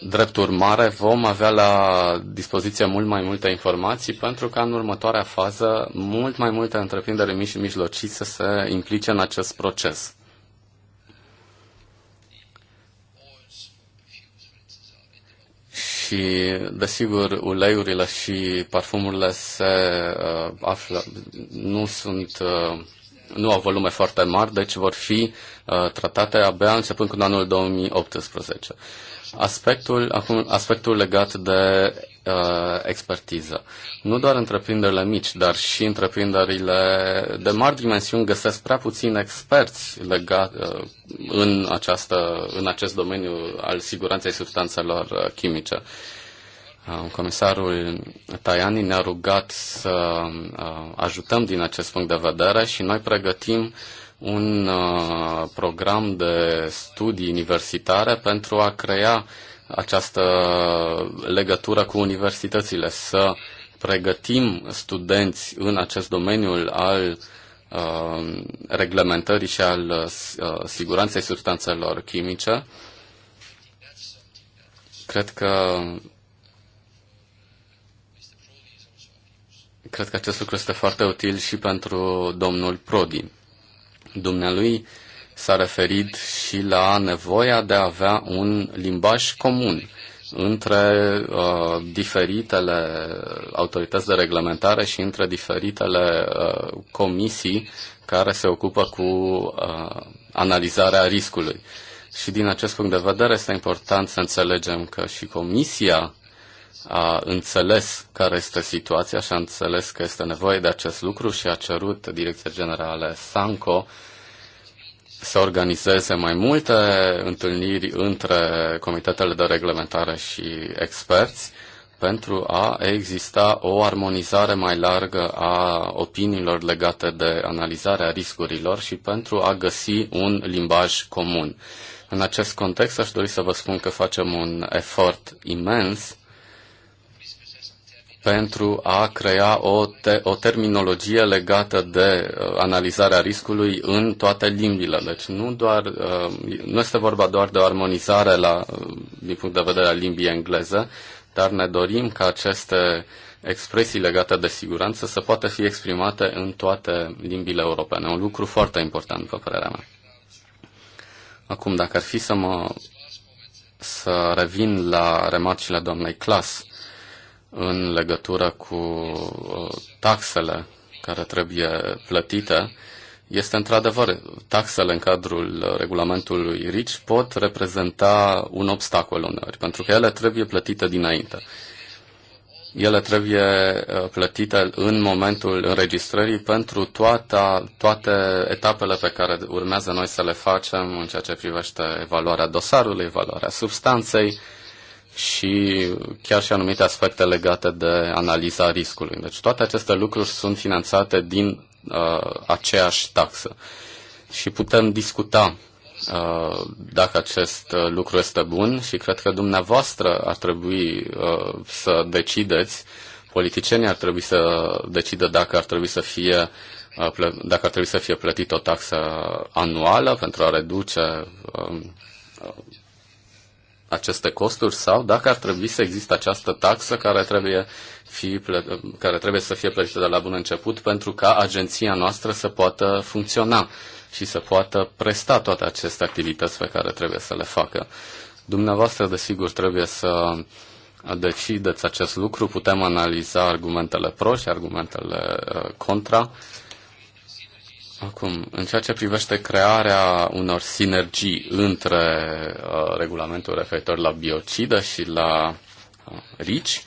Speaker 2: Drept urmare, vom avea la dispoziție mult mai multe informații pentru ca în următoarea fază mult mai multe întreprinderi mici și mijlocii să se implice în acest proces. și, desigur, uleiurile și parfumurile se uh, află, nu sunt uh, nu au volume foarte mari, deci vor fi uh, tratate abia începând cu anul 2018. Aspectul, acum, aspectul legat de uh, expertiză. Nu doar întreprinderile mici, dar și întreprinderile de mari dimensiuni găsesc prea puțini experți legat, uh, în, această, în acest domeniu al siguranței substanțelor uh, chimice. Uh, Uh, comisarul Tajani ne-a rugat să uh, ajutăm din acest punct de vedere și noi pregătim un uh, program de studii universitare pentru a crea această legătură cu universitățile, să pregătim studenți în acest domeniul al reglementării și al siguranței substanțelor chimice. Cred că Cred că acest lucru este foarte util și pentru domnul Prodi. Dumnealui s-a referit și la nevoia de a avea un limbaj comun între uh, diferitele autorități de reglementare și între diferitele uh, comisii care se ocupă cu uh, analizarea riscului. Și din acest punct de vedere este important să înțelegem că și comisia a înțeles care este situația și a înțeles că este nevoie de acest lucru și a cerut Direcția Generală Sanco să organizeze mai multe întâlniri între comitetele de reglementare și experți pentru a exista o armonizare mai largă a opiniilor legate de analizarea riscurilor și pentru a găsi un limbaj comun. În acest context aș dori să vă spun că facem un efort imens pentru a crea o, te- o terminologie legată de uh, analizarea riscului în toate limbile. Deci nu, doar, uh, nu este vorba doar de o armonizare la, uh, din punct de vedere al limbii engleze, dar ne dorim ca aceste expresii legate de siguranță să poată fi exprimate în toate limbile europene. Un lucru foarte important, după părerea mea. Acum, dacă ar fi să mă să revin la remarcile doamnei Clas, în legătură cu uh, taxele care trebuie plătite, este într-adevăr, taxele în cadrul regulamentului RICI pot reprezenta un obstacol uneori, pentru că ele trebuie plătite dinainte. Ele trebuie uh, plătite în momentul înregistrării pentru toata, toate etapele pe care urmează noi să le facem în ceea ce privește evaluarea dosarului, evaluarea substanței, și chiar și anumite aspecte legate de analiza riscului. Deci toate aceste lucruri sunt finanțate din uh, aceeași taxă. Și putem discuta uh, dacă acest uh, lucru este bun și cred că dumneavoastră ar trebui uh, să decideți, politicienii ar trebui să decidă dacă ar trebui să fie uh, dacă ar trebui să fie plătit o taxă anuală pentru a reduce um, aceste costuri sau dacă ar trebui să existe această taxă care trebuie, fi, care trebuie să fie plătită de la bun început pentru ca agenția noastră să poată funcționa și să poată presta toate aceste activități pe care trebuie să le facă. Dumneavoastră, desigur, trebuie să decideți acest lucru, putem analiza argumentele pro și argumentele uh, contra Acum, în ceea ce privește crearea unor sinergii între uh, regulamentul referitor la biocidă și la uh, RICI,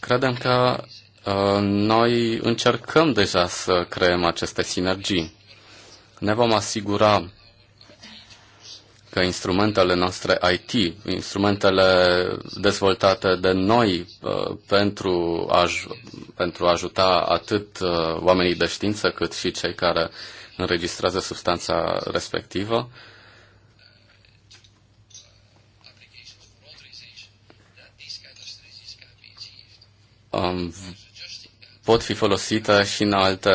Speaker 2: credem că uh, noi încercăm deja să creăm aceste sinergii. Ne vom asigura că instrumentele noastre IT, instrumentele dezvoltate de noi uh, pentru a, pentru a ajuta atât uh, oamenii de știință cât și cei care înregistrează substanța respectivă, um, pot fi folosite și în alte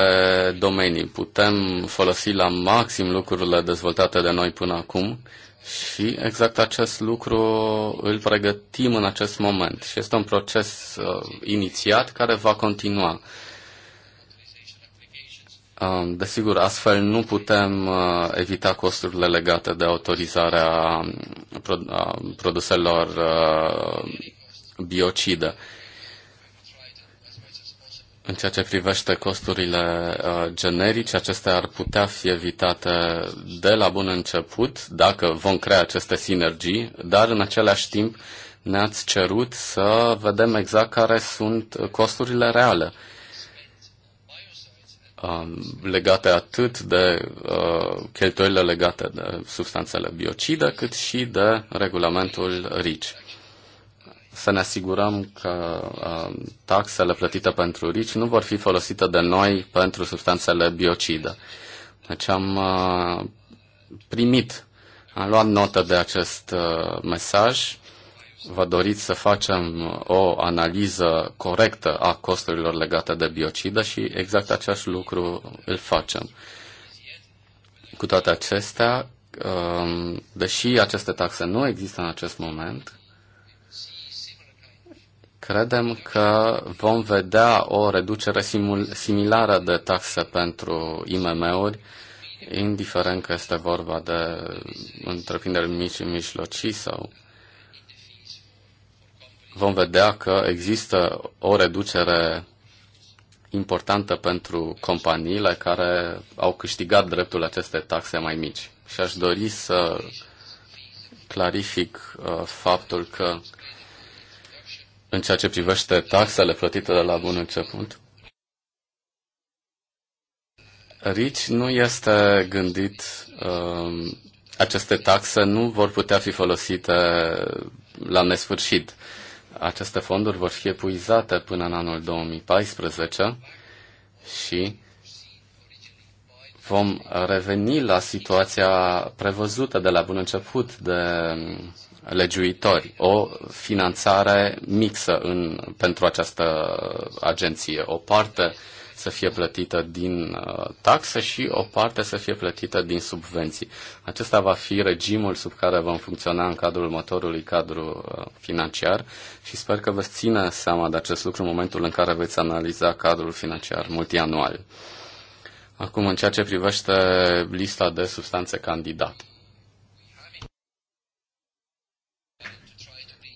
Speaker 2: domenii. Putem folosi la maxim lucrurile dezvoltate de noi până acum și exact acest lucru îl pregătim în acest moment și este un proces uh, inițiat care va continua. Um, desigur, astfel nu putem uh, evita costurile legate de autorizarea um, produselor biocidă. Uh, biocide. În ceea ce privește costurile uh, generice, acestea ar putea fi evitate de la bun început, dacă vom crea aceste sinergii, dar în același timp ne-ați cerut să vedem exact care sunt costurile reale um, legate atât de uh, cheltuielile legate de substanțele biocide, cât și de regulamentul RICI să ne asigurăm că uh, taxele plătite pentru rici nu vor fi folosite de noi pentru substanțele biocide. Deci am uh, primit, am luat notă de acest uh, mesaj. Vă doriți să facem o analiză corectă a costurilor legate de biocidă și exact același lucru îl facem. Cu toate acestea, um, deși aceste taxe nu există în acest moment, Credem că vom vedea o reducere similară de taxe pentru IMM-uri, indiferent că este vorba de întreprinderi mici și mijlocii sau vom vedea că există o reducere importantă pentru companiile care au câștigat dreptul aceste taxe mai mici. Și aș dori să clarific uh, faptul că în ceea ce privește taxele plătite de la bun început, RICI nu este gândit, um, aceste taxe nu vor putea fi folosite la nesfârșit. Aceste fonduri vor fi epuizate până în anul 2014 și vom reveni la situația prevăzută de la bun început de legiuitori, o finanțare mixă în, pentru această agenție. O parte să fie plătită din uh, taxe și o parte să fie plătită din subvenții. Acesta va fi regimul sub care vom funcționa în cadrul următorului cadru uh, financiar și sper că veți ține seama de acest lucru în momentul în care veți analiza cadrul financiar multianual. Acum, în ceea ce privește lista de substanțe candidate.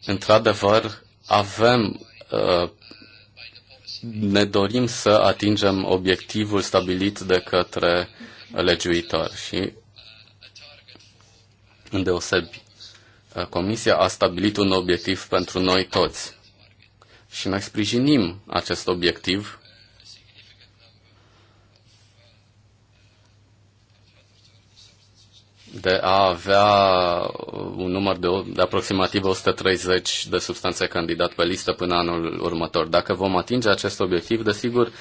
Speaker 2: într-adevăr, avem uh, ne dorim să atingem obiectivul stabilit de către legiuitor și îndeosebi uh, Comisia a stabilit un obiectiv pentru noi toți și noi sprijinim acest obiectiv de a avea un număr de, de aproximativ 130 de substanțe candidat pe listă până anul următor. Dacă vom atinge acest obiectiv, desigur,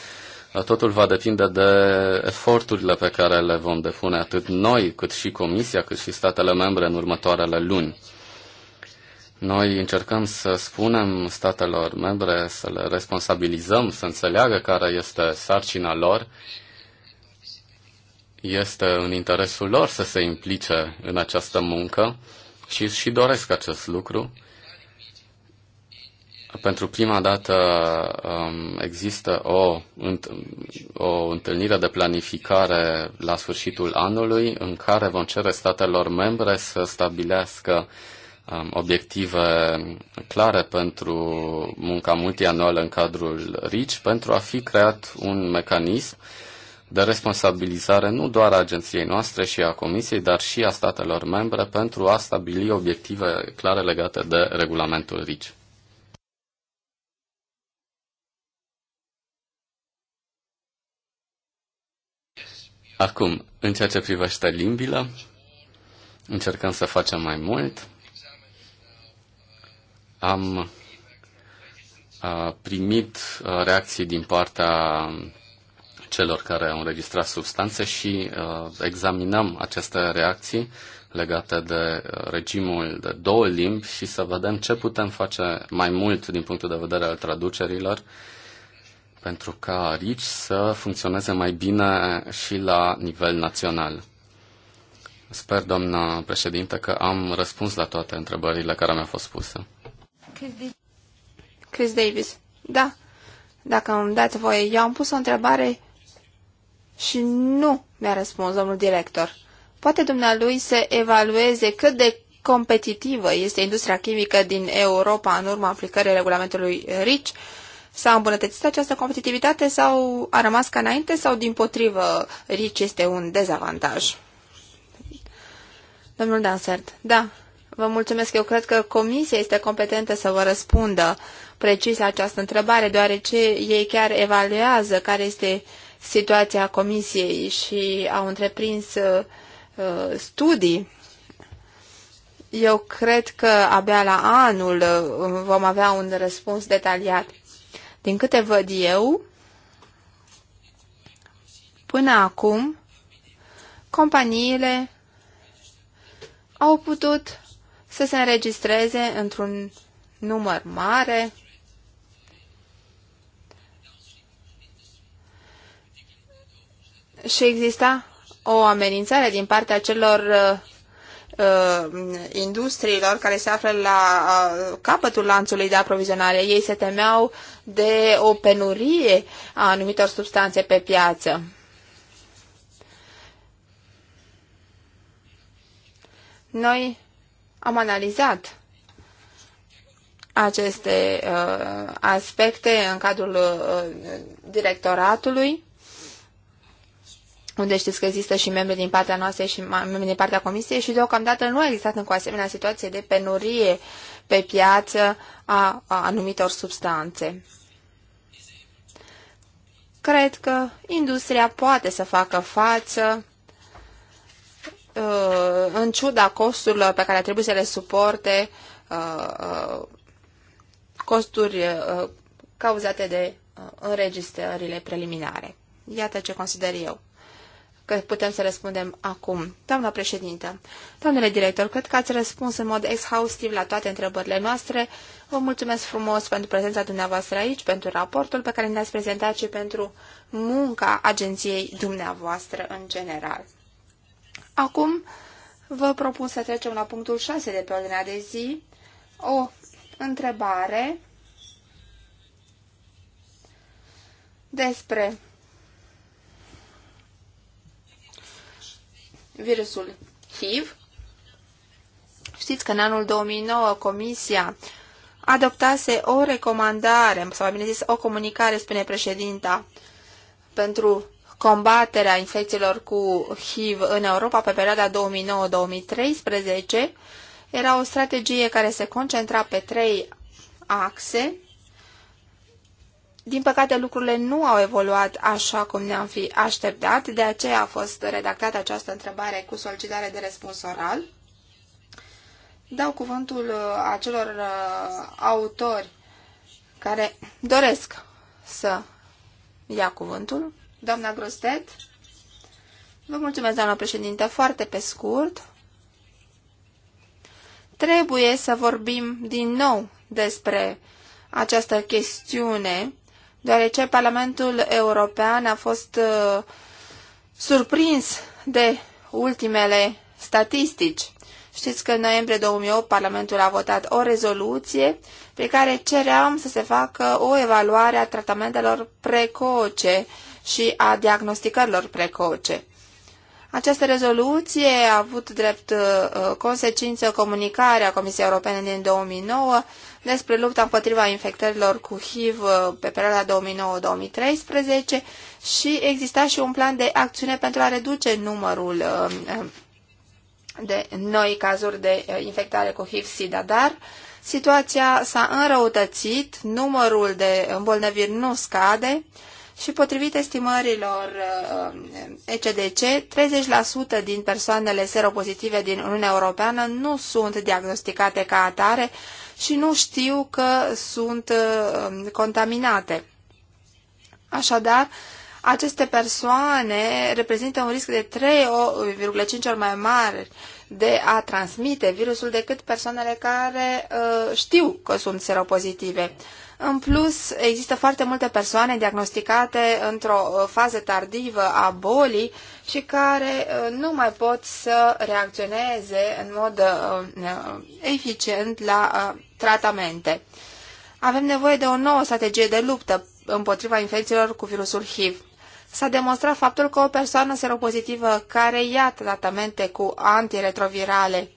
Speaker 2: totul va depinde de eforturile pe care le vom depune atât noi, cât și Comisia, cât și statele membre în următoarele luni. Noi încercăm să spunem statelor membre, să le responsabilizăm, să înțeleagă care este sarcina lor este în interesul lor să se implice în această muncă și și doresc acest lucru. Pentru prima dată um, există o, o întâlnire de planificare la sfârșitul anului în care vom cere statelor membre să stabilească um, obiective clare pentru munca multianuală în cadrul RICI pentru a fi creat un mecanism uh, de responsabilizare nu doar a agenției noastre și a Comisiei, dar și a statelor membre pentru a stabili obiective clare legate de regulamentul RIC. Acum, în ceea ce privește limbile, încercăm să facem mai mult. Am primit reacții din partea celor care au înregistrat substanțe și uh, examinăm aceste reacții legate de uh, regimul de două limbi și să vedem ce putem face mai mult din punctul de vedere al traducerilor pentru ca RICI să funcționeze mai bine și la nivel național. Sper, doamna președinte, că am răspuns la toate întrebările care mi-au fost puse.
Speaker 1: Chris Davis. Da. Dacă îmi dați voie, eu am pus o întrebare și nu mi-a răspuns domnul director. Poate dumnealui să evalueze cât de competitivă este industria chimică din Europa în urma aplicării regulamentului Rich, S-a îmbunătățit această competitivitate sau a rămas ca înainte sau din potrivă Rich este un dezavantaj? Domnul Dansert, da, vă mulțumesc. Eu cred că comisia este competentă să vă răspundă precis la această întrebare, deoarece ei chiar evaluează care este uh, situația comisiei și au întreprins uh, uh, studii, eu cred că abia la anul uh, vom avea un răspuns detaliat. Din câte văd eu, până acum, companiile au putut să se înregistreze într-un număr mare și exista o amenințare din partea celor uh, industriilor care se află la uh, capătul lanțului de aprovizionare. Ei se temeau de o penurie a anumitor substanțe pe piață. Noi am analizat aceste uh, aspecte în cadrul uh, directoratului unde știți că există și membri din partea noastră și membri din partea Comisiei și deocamdată nu a existat încă o asemenea situație de penurie pe piață a, a anumitor substanțe. Cred că industria poate să facă față uh, în ciuda costurilor pe care trebuie să le suporte, uh, uh, costuri cauzate de înregistrările preliminare. Iată ce consider eu că putem să răspundem acum. Doamna președintă, domnule director, cred că ați răspuns în mod exhaustiv la toate întrebările noastre. Vă mulțumesc frumos pentru prezența dumneavoastră aici, pentru raportul pe care ne-ați prezentat și pentru munca agenției dumneavoastră în general. Acum vă propun să trecem la punctul 6 de pe ordinea de zi. O întrebare despre virusul HIV. Știți că în anul 2009 Comisia adoptase o recomandare, sau bine zis, o comunicare, spune președinta, pentru combaterea infecțiilor cu HIV în Europa pe perioada 2009-2013. Era o strategie care se concentra pe trei axe, din păcate, lucrurile nu au evoluat așa cum ne-am fi așteptat, de aceea a fost redactată această întrebare cu solicitare de răspuns oral. Dau cuvântul uh, acelor uh, autori care doresc să ia cuvântul. Doamna Grostet, vă mulțumesc, doamna președinte, foarte pe scurt. Trebuie să vorbim din nou despre această chestiune deoarece Parlamentul European a fost uh, surprins de ultimele statistici. Știți că în noiembrie 2008 Parlamentul a votat o rezoluție pe care ceream să se facă o evaluare a tratamentelor precoce și a diagnosticărilor precoce. Această rezoluție a avut drept uh, consecință comunicarea Comisiei Europene din 2009 despre lupta împotriva infectărilor cu HIV uh, pe perioada 2009-2013 și exista și un plan de acțiune pentru a reduce numărul uh, uh, de noi cazuri de infectare cu HIV-SIDA, dar situația s-a înrăutățit, numărul de îmbolnăviri nu scade și potrivit estimărilor ECDC, 30% din persoanele seropozitive din Uniunea Europeană nu sunt diagnosticate ca atare, și nu știu că sunt uh, contaminate. Așadar, aceste persoane reprezintă un risc de 3,5 ori mai mare de a transmite virusul decât persoanele care uh, știu că sunt seropozitive. În plus, există foarte multe persoane diagnosticate într-o uh, fază tardivă a bolii și care uh, nu mai pot să reacționeze în mod uh, uh, eficient la tratamente. Avem nevoie de o nouă strategie de luptă împotriva infecțiilor cu virusul HIV. S-a demonstrat faptul că o persoană seropozitivă care ia tratamente cu antiretrovirale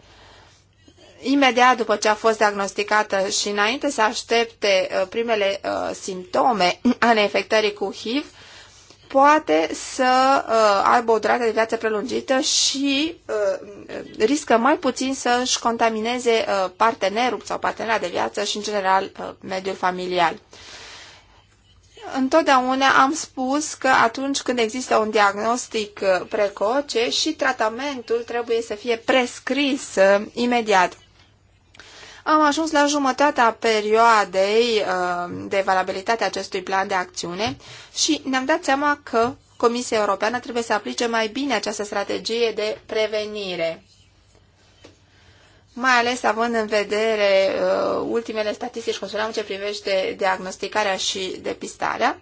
Speaker 1: imediat după ce a fost diagnosticată și înainte să aștepte primele simptome ale infectării cu HIV, poate să uh, aibă o durată de viață prelungită și uh, riscă mai puțin să își contamineze uh, partenerul sau partenera de viață și, în general, uh, mediul familial. Întotdeauna am spus că atunci când există un diagnostic uh, precoce și tratamentul trebuie să fie prescris uh, imediat. Am ajuns la jumătatea perioadei uh, de valabilitate a acestui plan de acțiune și ne-am dat seama că Comisia Europeană trebuie să aplice mai bine această strategie de prevenire mai ales având în vedere uh, ultimele statistici consulare ce privește diagnosticarea și depistarea.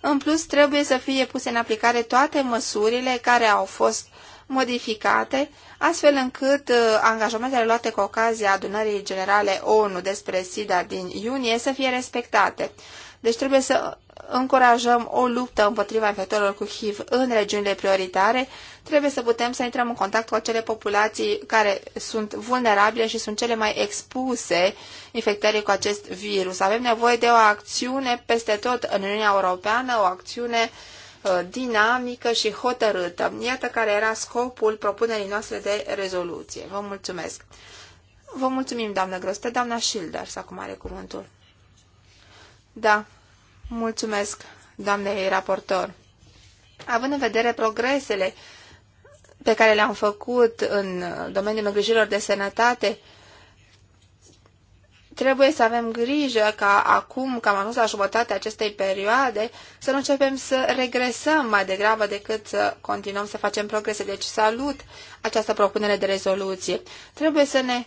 Speaker 1: În plus, trebuie să fie puse în aplicare toate măsurile care au fost modificate astfel încât uh, angajamentele luate cu ocazia adunării generale ONU despre SIDA din iunie să fie respectate. Deci trebuie să încurajăm o luptă împotriva infectorilor cu HIV în regiunile prioritare, trebuie să putem să intrăm în contact cu acele populații care sunt vulnerabile și sunt cele mai expuse infectării cu acest virus. Avem nevoie de o acțiune peste tot în Uniunea Europeană, o acțiune uh, Uh, dinamică și hotărâtă. Iată care era scopul propunerii noastre de rezoluție. Vă mulțumesc. Vă mulțumim, doamnă Grostă. Doamna Schilders acum are cuvântul. Da, mulțumesc, doamnei raportor. Având în vedere progresele pe care le-am făcut în domeniul îngrijirilor de sănătate, Trebuie să avem grijă ca acum, că am ajuns la jumătatea acestei perioade, să nu începem să regresăm mai degrabă decât să continuăm să facem progrese. Deci salut această propunere de rezoluție. Trebuie să ne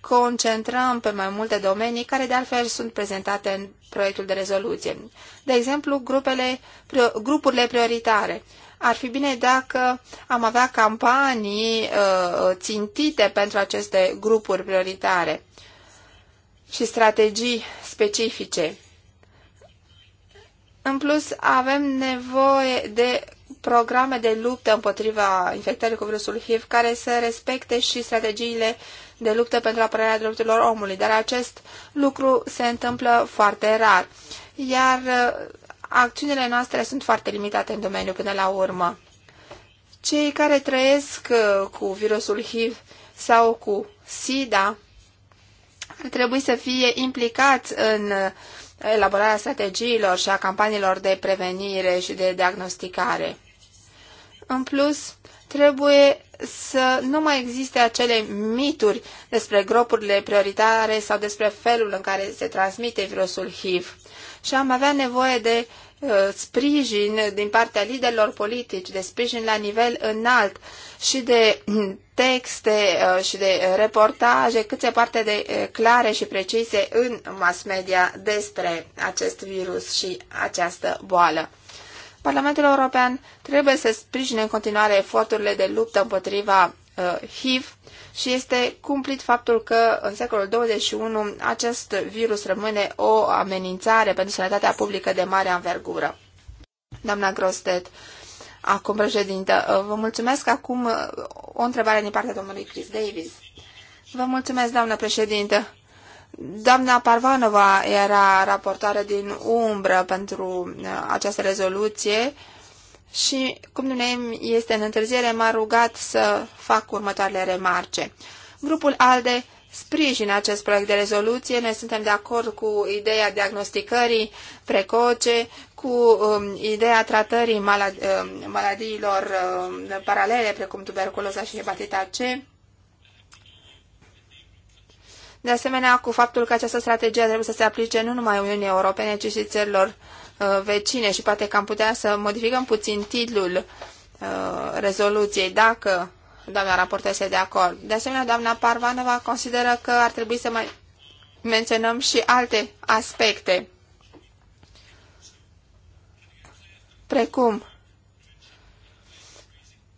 Speaker 1: concentrăm pe mai multe domenii care de altfel sunt prezentate în proiectul de rezoluție. De exemplu, grupele, grupurile prioritare. Ar fi bine dacă am avea campanii uh, țintite pentru aceste grupuri prioritare și strategii specifice. În plus, avem nevoie de programe de luptă împotriva infectării cu virusul HIV care să respecte și strategiile de luptă pentru apărarea drepturilor omului, dar acest lucru se întâmplă foarte rar, iar uh, acțiunile noastre sunt foarte limitate în domeniu până la urmă. Cei care trăiesc uh, cu virusul HIV sau cu SIDA trebuie să fie implicați în uh, elaborarea strategiilor și a campaniilor de prevenire și de diagnosticare. În plus, trebuie să nu mai existe acele mituri despre grupurile prioritare sau despre felul în care se transmite virusul HIV. Și am avea nevoie de uh, sprijin din partea liderilor politici, de sprijin la nivel înalt și de uh, texte uh, și de reportaje cât se poate de uh, clare și precise în mass media despre acest virus și această boală. Parlamentul European trebuie să sprijine în continuare eforturile de luptă împotriva uh, HIV și este cumplit faptul că în secolul 21 acest virus rămâne o amenințare pentru sănătatea publică de mare anvergură. Doamna Grostet, Acum, președintă, uh, vă mulțumesc. Acum uh, o întrebare din partea domnului Chris Davis. Vă mulțumesc, doamnă președintă. Doamna Parvanova era raportoare din umbră pentru uh, această rezoluție și, cum nu este în întârziere, m-a rugat să fac următoarele remarce. Grupul ALDE sprijină acest proiect de rezoluție. Noi suntem de acord cu ideea diagnosticării precoce cu um, ideea tratării malad um, maladiilor um, paralele, precum tuberculoza și hepatita C. De asemenea, cu faptul că această strategie trebuie să se aplice nu numai Uniunii Europene, ci și țărilor uh, vecine și poate că am putea să modificăm puțin titlul uh, rezoluției dacă doamna raportor este de acord. De asemenea, doamna Parvanova consideră că ar trebui să mai menționăm și alte aspecte precum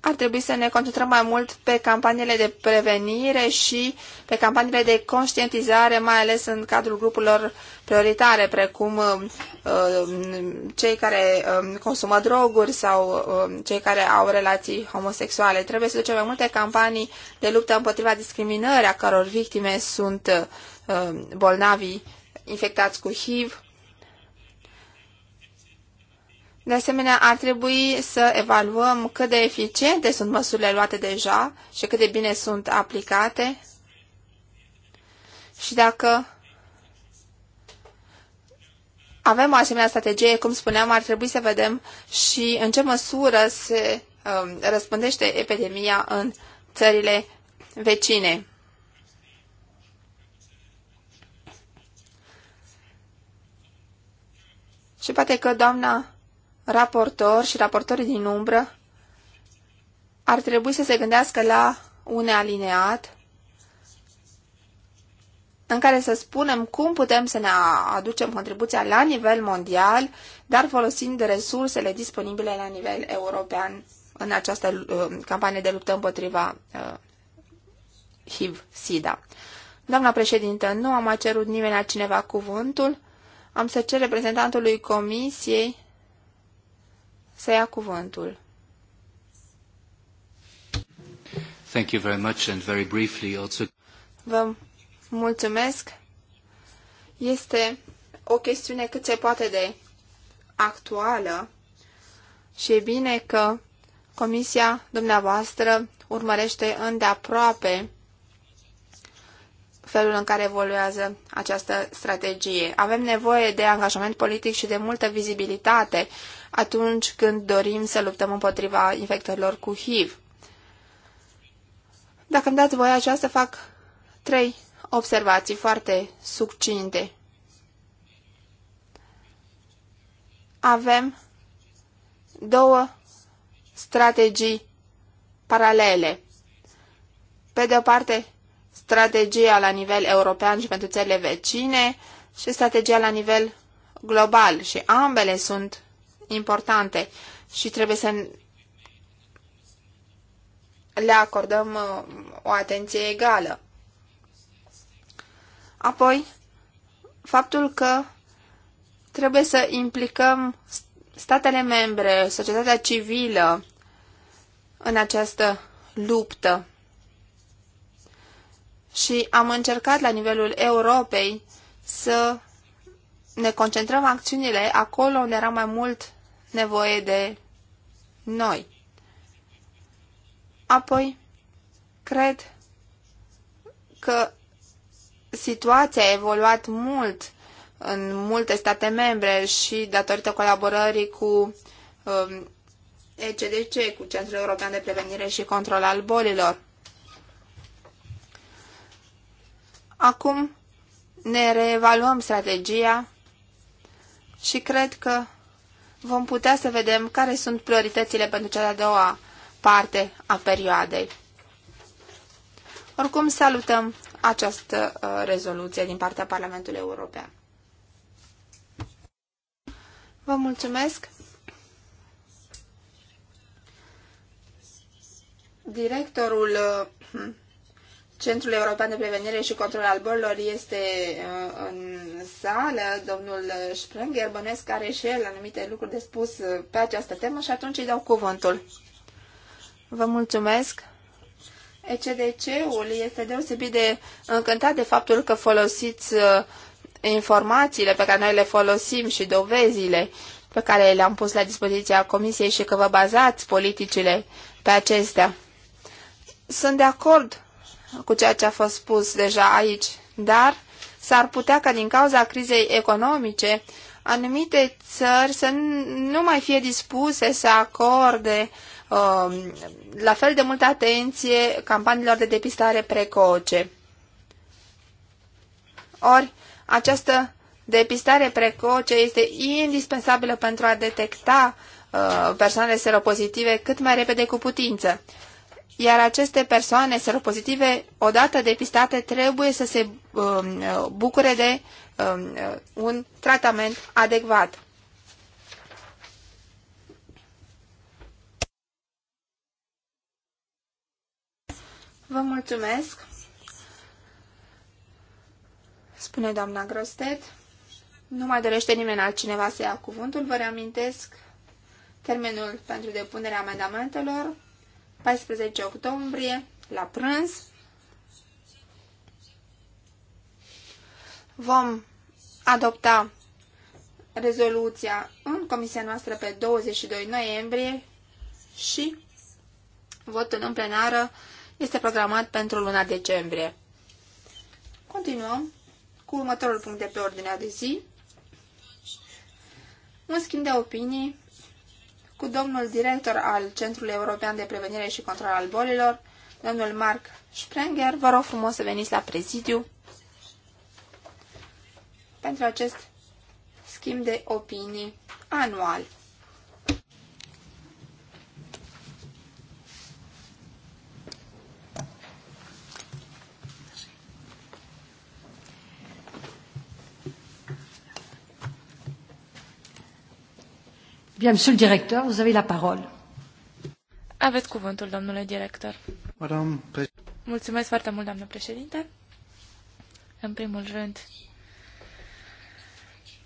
Speaker 1: ar trebui să ne concentrăm mai mult pe campaniile de prevenire și pe campaniile de conștientizare, mai ales în cadrul grupurilor prioritare, precum uh, uh cei care uh, consumă droguri sau uh, cei care au relații homosexuale. Trebuie să ducem mai multe campanii de luptă împotriva discriminării, a căror victime sunt uh, bolnavi infectați cu HIV de asemenea, ar trebui să evaluăm cât de eficiente sunt măsurile luate deja și cât de bine sunt aplicate și dacă avem o asemenea strategie, cum spuneam, ar trebui să vedem și în ce măsură se um, răspândește epidemia în țările vecine. Și poate că doamna raportor și raportorii din umbră ar trebui să se gândească la un alineat în care să spunem cum putem să ne aducem contribuția la nivel mondial, dar folosind resursele disponibile la nivel european în această uh, campanie de luptă împotriva uh, HIV-SIDA. Doamna președintă, nu am mai cerut nimeni la cineva cuvântul. Am să cer reprezentantului comisiei să ia cuvântul.
Speaker 2: Thank you very much and very briefly also.
Speaker 1: Vă mulțumesc. Este o chestiune cât se poate de actuală și e bine că comisia dumneavoastră urmărește îndeaproape felul în care evoluează această strategie. Avem nevoie de angajament politic și de multă vizibilitate atunci când dorim să luptăm împotriva infectărilor cu HIV. Dacă îmi dați voia aceasta, fac trei observații foarte succinte. Avem două strategii paralele. Pe de o parte, strategia la nivel european și pentru țările vecine și strategia la nivel global și ambele sunt importante și trebuie să le acordăm uh, o atenție egală. Apoi, faptul că trebuie să implicăm statele membre, societatea civilă în această luptă. Și am încercat la nivelul Europei să ne concentrăm acțiunile acolo unde era mai mult nevoie de noi. Apoi, cred că situația a evoluat mult în multe state membre și datorită colaborării cu um, ECDC, cu Centrul European de Prevenire și Control al Bolilor. Acum ne reevaluăm strategia și cred că vom putea să vedem care sunt prioritățile pentru cea de-a doua parte a perioadei. Oricum, salutăm această uh, rezoluție din partea Parlamentului European. Vă mulțumesc! Directorul uh, Centrul European de Prevenire și Control al Bolilor este uh, în sală, domnul Sprânger, bănesc are și el anumite lucruri de spus uh, pe această temă și atunci îi dau cuvântul. Vă mulțumesc. ECDC-ul este deosebit de încântat de faptul că folosiți uh, informațiile pe care noi le folosim și dovezile pe care le-am pus la dispoziția Comisiei și că vă bazați politicile pe acestea. Sunt de acord cu ceea ce a fost spus deja aici, dar s-ar putea ca din cauza crizei economice anumite țări să nu mai fie dispuse să acorde uh, la fel de multă atenție campaniilor de depistare precoce. Ori, această depistare precoce este indispensabilă pentru a detecta uh, persoanele seropozitive cât mai repede cu putință iar aceste persoane seropozitive, odată depistate, trebuie să se um, bucure de um, un tratament adecvat. Vă mulțumesc, spune doamna Grostet. Nu mai dorește nimeni altcineva să ia cuvântul. Vă reamintesc termenul pentru depunerea amendamentelor 14 octombrie, la prânz, vom adopta rezoluția în comisia noastră pe 22 noiembrie și votul în plenară este programat pentru luna decembrie. Continuăm cu următorul punct de pe ordinea de zi. Un schimb de opinii cu domnul director al Centrului European de Prevenire și Control al Bolilor, domnul Mark Sprenger. Vă rog frumos să veniți la prezidiu pentru acest schimb de opinii anual. Bien, monsieur le directeur, vous avez la parole.
Speaker 3: Aveți cuvântul, domnule director. Madame... Mulțumesc foarte mult, doamnă președinte. În primul rând,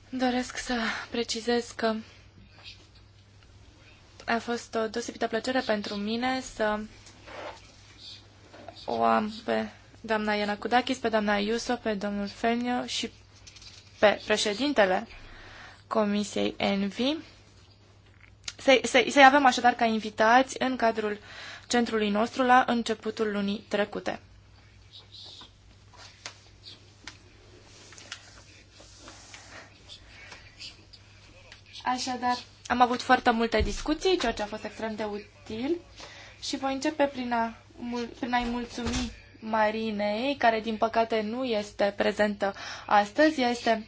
Speaker 3: doresc să precizez că a fost o deosebită plăcere pentru mine să o am pe doamna Iana Kudakis, pe doamna Iuso, pe domnul Fenio și pe președintele Comisiei Envi să-i, să să avem așadar ca invitați în cadrul centrului nostru la începutul lunii trecute. Așadar, am avut foarte multe discuții, ceea ce a fost extrem de util și voi începe prin, a, prin a-i mulțumi Marinei, care din păcate nu este prezentă astăzi. Ea este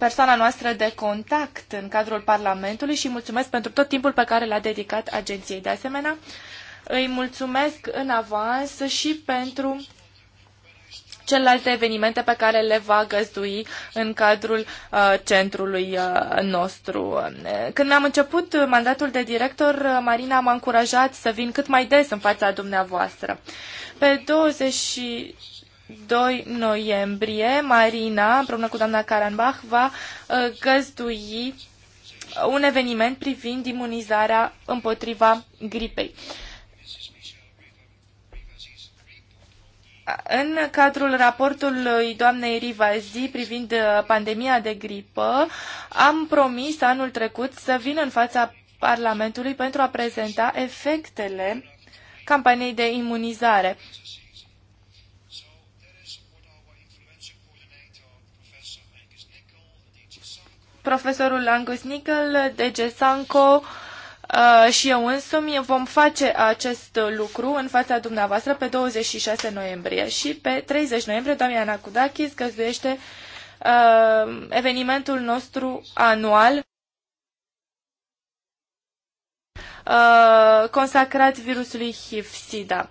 Speaker 3: persoana noastră de contact în cadrul Parlamentului și mulțumesc pentru tot timpul pe care l-a dedicat agenției. De asemenea, îi mulțumesc în avans și pentru celelalte evenimente pe care le va găzdui în cadrul uh, centrului uh, nostru. Când mi-am început mandatul de director, uh, Marina m-a încurajat să vin cât mai des în fața dumneavoastră. Pe 20 2 noiembrie, Marina, împreună cu doamna Karanbach, va uh, găzdui un eveniment privind imunizarea împotriva gripei. În cadrul raportului doamnei Rivazi privind uh, pandemia de gripă, am promis anul trecut să vin în fața Parlamentului pentru a prezenta efectele campaniei de imunizare profesorul Angus Nickel, DG Sanco uh, și eu însumi vom face acest lucru în fața dumneavoastră pe 26 noiembrie și pe 30 noiembrie doamna Ana Kudakis găzduiește uh, evenimentul nostru anual uh, consacrat virusului HIV-SIDA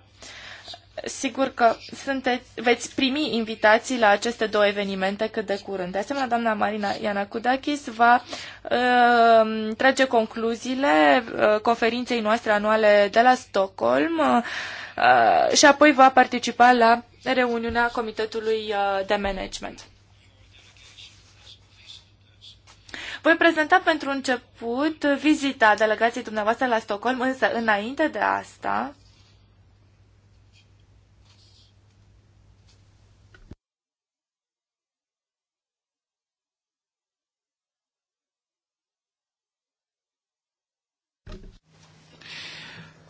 Speaker 3: sigur că sunteți, veți primi invitații la aceste două evenimente cât de curând. De asemenea, doamna Marina Ianacudakis va uh, trage concluziile uh, conferinței noastre anuale de la Stockholm uh, uh și apoi va participa la reuniunea Comitetului uh, de Management. Voi prezenta pentru început vizita delegației dumneavoastră la Stockholm, însă înainte de asta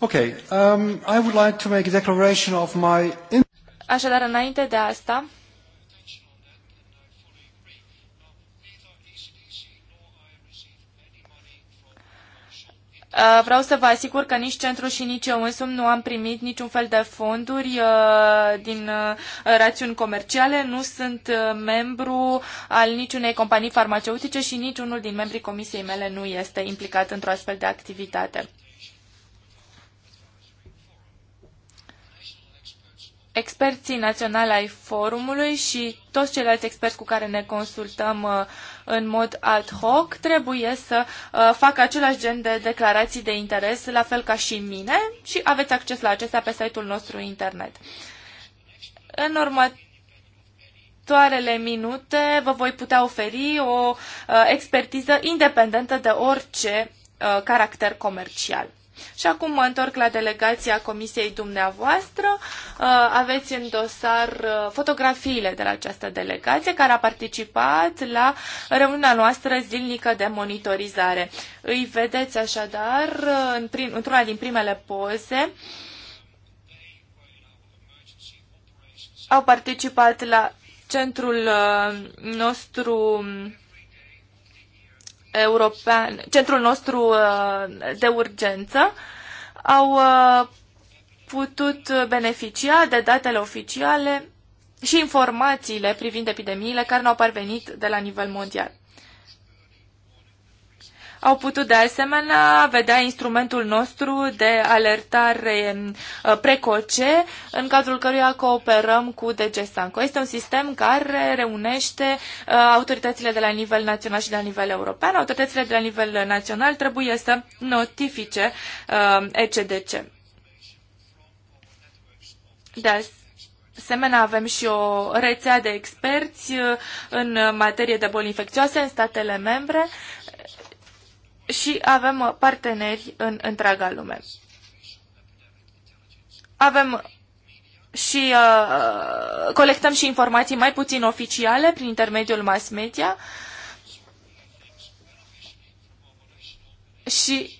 Speaker 3: Okay, um, I would like to make a declaration of my... Așadar, înainte de asta, uh, Vreau să vă asigur că nici centru și nici eu însumi nu am primit niciun fel de fonduri uh, din uh, rațiuni comerciale, nu sunt membru al niciunei companii farmaceutice și niciunul din membrii comisiei mele nu este implicat într-o astfel de activitate. experții naționali ai forumului și toți ceilalți experți cu care ne consultăm uh, în mod ad hoc trebuie să uh, facă același gen de declarații de interes, la fel ca și mine, și aveți acces la acestea pe site-ul nostru internet. În următoarea următoarele minute vă voi putea oferi o uh, expertiză independentă de orice uh, caracter comercial. Și acum mă întorc la delegația comisiei dumneavoastră. Uh, aveți în dosar uh, fotografiile de la această delegație care a participat la reuniunea noastră zilnică de monitorizare. Îi vedeți așadar uh, în prim, într-una din primele poze. Au participat la centrul nostru european, centrul nostru uh, de urgență, au uh, putut beneficia de datele oficiale și informațiile privind epidemiile care ne-au parvenit de la nivel mondial au putut de asemenea vedea instrumentul nostru de alertare uh, precoce, în cadrul căruia cooperăm cu DG Sanco. Este un sistem care reunește uh, autoritățile de la nivel național și de la nivel european. Autoritățile de la nivel național trebuie să notifice uh, ECDC. De asemenea, avem și o rețea de experți în materie de boli infecțioase în statele membre și avem uh, parteneri în întreaga lume. Avem și uh, uh, colectăm și informații mai puțin oficiale prin intermediul mass media și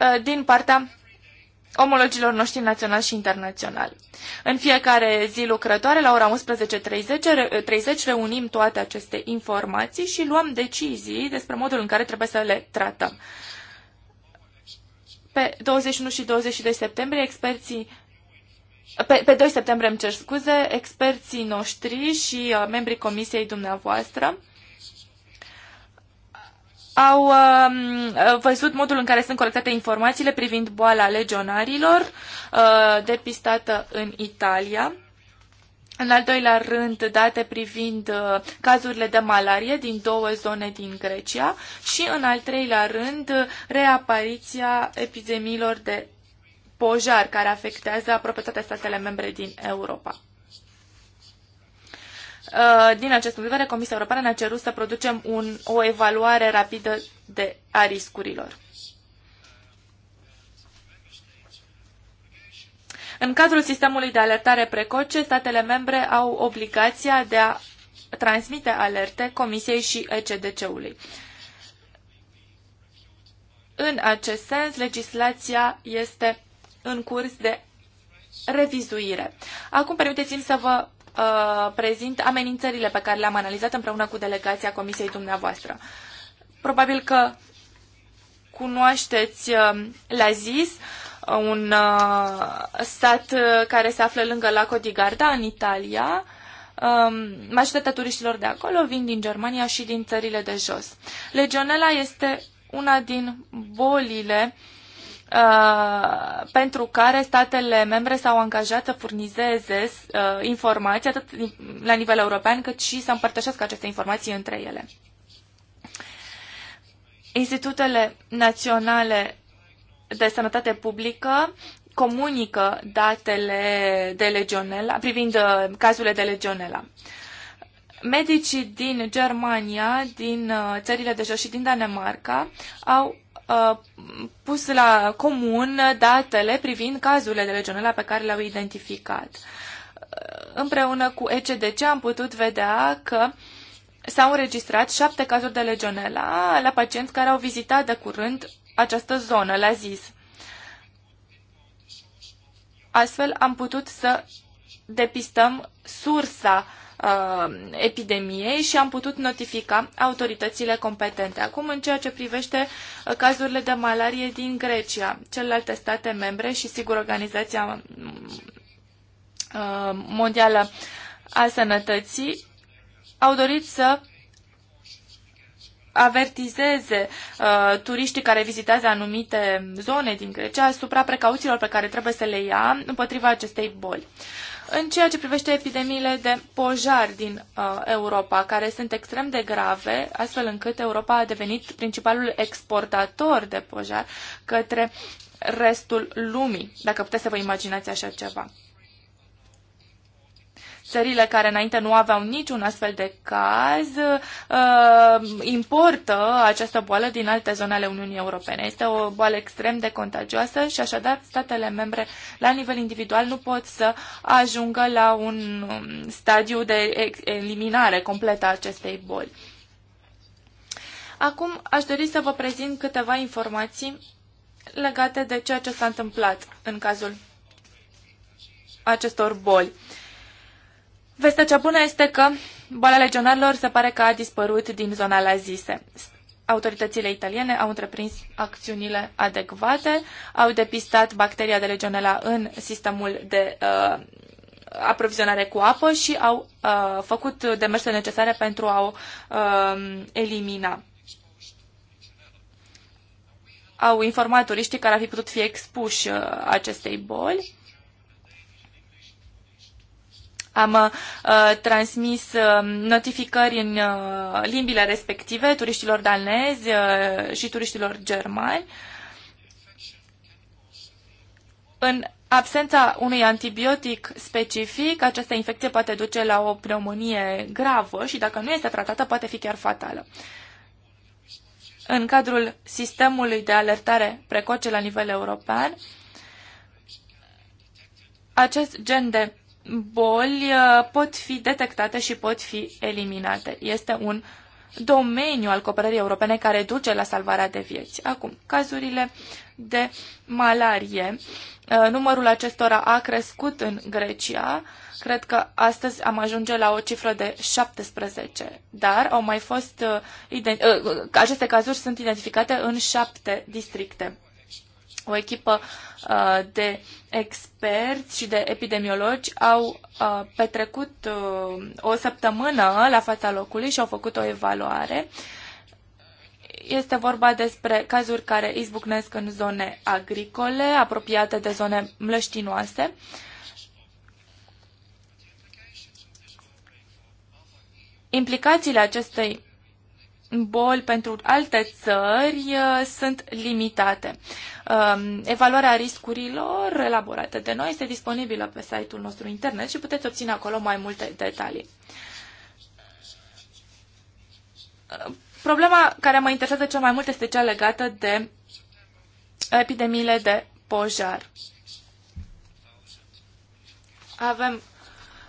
Speaker 3: uh, din partea omologilor noștri naționali și internaționali. În fiecare zi lucrătoare, la ora 11.30, reunim toate aceste informații și luăm decizii despre modul în care trebuie să le tratăm. Pe 21 și 22 septembrie, experții pe, pe 2 septembrie, îmi cer scuze, experții noștri și uh, membrii comisiei dumneavoastră au um, uh, văzut modul în care sunt colectate informațiile privind boala legionarilor uh, depistată în Italia. În al doilea rând, date privind uh, cazurile de malarie din două zone din Grecia și, în al treilea rând, reapariția epidemiilor de pojar care afectează aproape toate statele membre din Europa. Uh, din acest punct de vedere, Comisia Europeană ne-a cerut să producem un, o evaluare rapidă de, a riscurilor. În cadrul sistemului de alertare precoce, statele membre au obligația de a transmite alerte Comisiei și ECDC-ului. În acest sens, legislația este în curs de revizuire. Acum permiteți-mi să vă uh, prezint amenințările pe care le-am analizat împreună cu delegația Comisiei dumneavoastră. Probabil că cunoașteți uh, la zis uh, un uh, stat uh, care se află lângă Laco di Garda, în Italia. Um, majoritatea turiștilor de acolo vin din Germania și din țările de jos. Legionela este una din bolile uh, Uh, pentru care statele membre s-au angajat să furnizeze uh, informații atât la nivel european cât și să împărtășească aceste informații între ele. Institutele naționale de sănătate publică comunică datele de legionela, privind uh, cazurile de legionela. Medicii din Germania, din țările de jos și din Danemarca au pus la comun datele privind cazurile de legionela pe care le-au identificat. Împreună cu ECDC am putut vedea că s-au înregistrat șapte cazuri de legionela la pacienți care au vizitat de curând această zonă, la zis. Astfel am putut să depistăm sursa uh, uh, epidemiei și am putut notifica autoritățile competente. Acum, în ceea ce privește uh, cazurile de malarie din Grecia, celelalte state membre și, sigur, Organizația uh, Mondială a Sănătății au dorit să avertizeze uh, turiștii care vizitează anumite zone din Grecia asupra precauțiilor pe care trebuie să le ia împotriva acestei boli. Uh, în ceea ce privește epidemiile de pojar din uh, Europa, care sunt extrem de grave, astfel încât Europa a devenit principalul exportator de pojar către restul lumii, dacă puteți să vă imaginați așa ceva. Țările care înainte nu aveau niciun astfel de caz uh, importă această boală din alte zone ale Uniunii Europene. Este o boală extrem de contagioasă și așadar statele membre la nivel individual nu pot să ajungă la un stadiu de eliminare completă a acestei boli. Acum aș dori să vă prezint câteva informații legate de ceea ce s-a întâmplat în cazul acestor boli. Vestea cea bună este că boala legionarilor se pare că a dispărut din zona la zise. Autoritățile italiene au întreprins acțiunile adecvate, au depistat bacteria de legionela în sistemul de uh, aprovizionare cu apă și au uh, făcut demersurile necesare pentru a o uh, elimina. Au informat turiștii care ar fi putut fi expuși uh, acestei boli am uh, transmis uh, notificări în uh, limbile respective turiștilor danezi uh, și turiștilor germani. În absența unui antibiotic specific, această infecție poate duce la o pneumonie gravă și dacă nu este tratată, poate fi chiar fatală. În cadrul sistemului de alertare precoce la nivel european, acest gen de boli uh, pot fi detectate și pot fi eliminate. Este un domeniu al cooperării europene care duce la salvarea de vieți. Acum, cazurile de malarie. Uh, numărul acestora a crescut în Grecia. Cred că astăzi am ajunge la o cifră de 17, dar au mai fost. Uh, aceste cazuri sunt identificate în șapte districte o echipă uh, de experți și de epidemiologi au uh, petrecut uh, o săptămână la fața locului și au făcut o evaluare. Este vorba despre cazuri care izbucnesc în zone agricole, apropiate de zone mlăștinoase. Implicațiile acestei boli pentru alte țări uh, sunt limitate. Um, evaluarea riscurilor elaborată de noi este disponibilă pe site-ul nostru internet și puteți obține acolo mai multe detalii. Problema care mă interesează cel mai mult este cea legată de epidemiile de pojar. Avem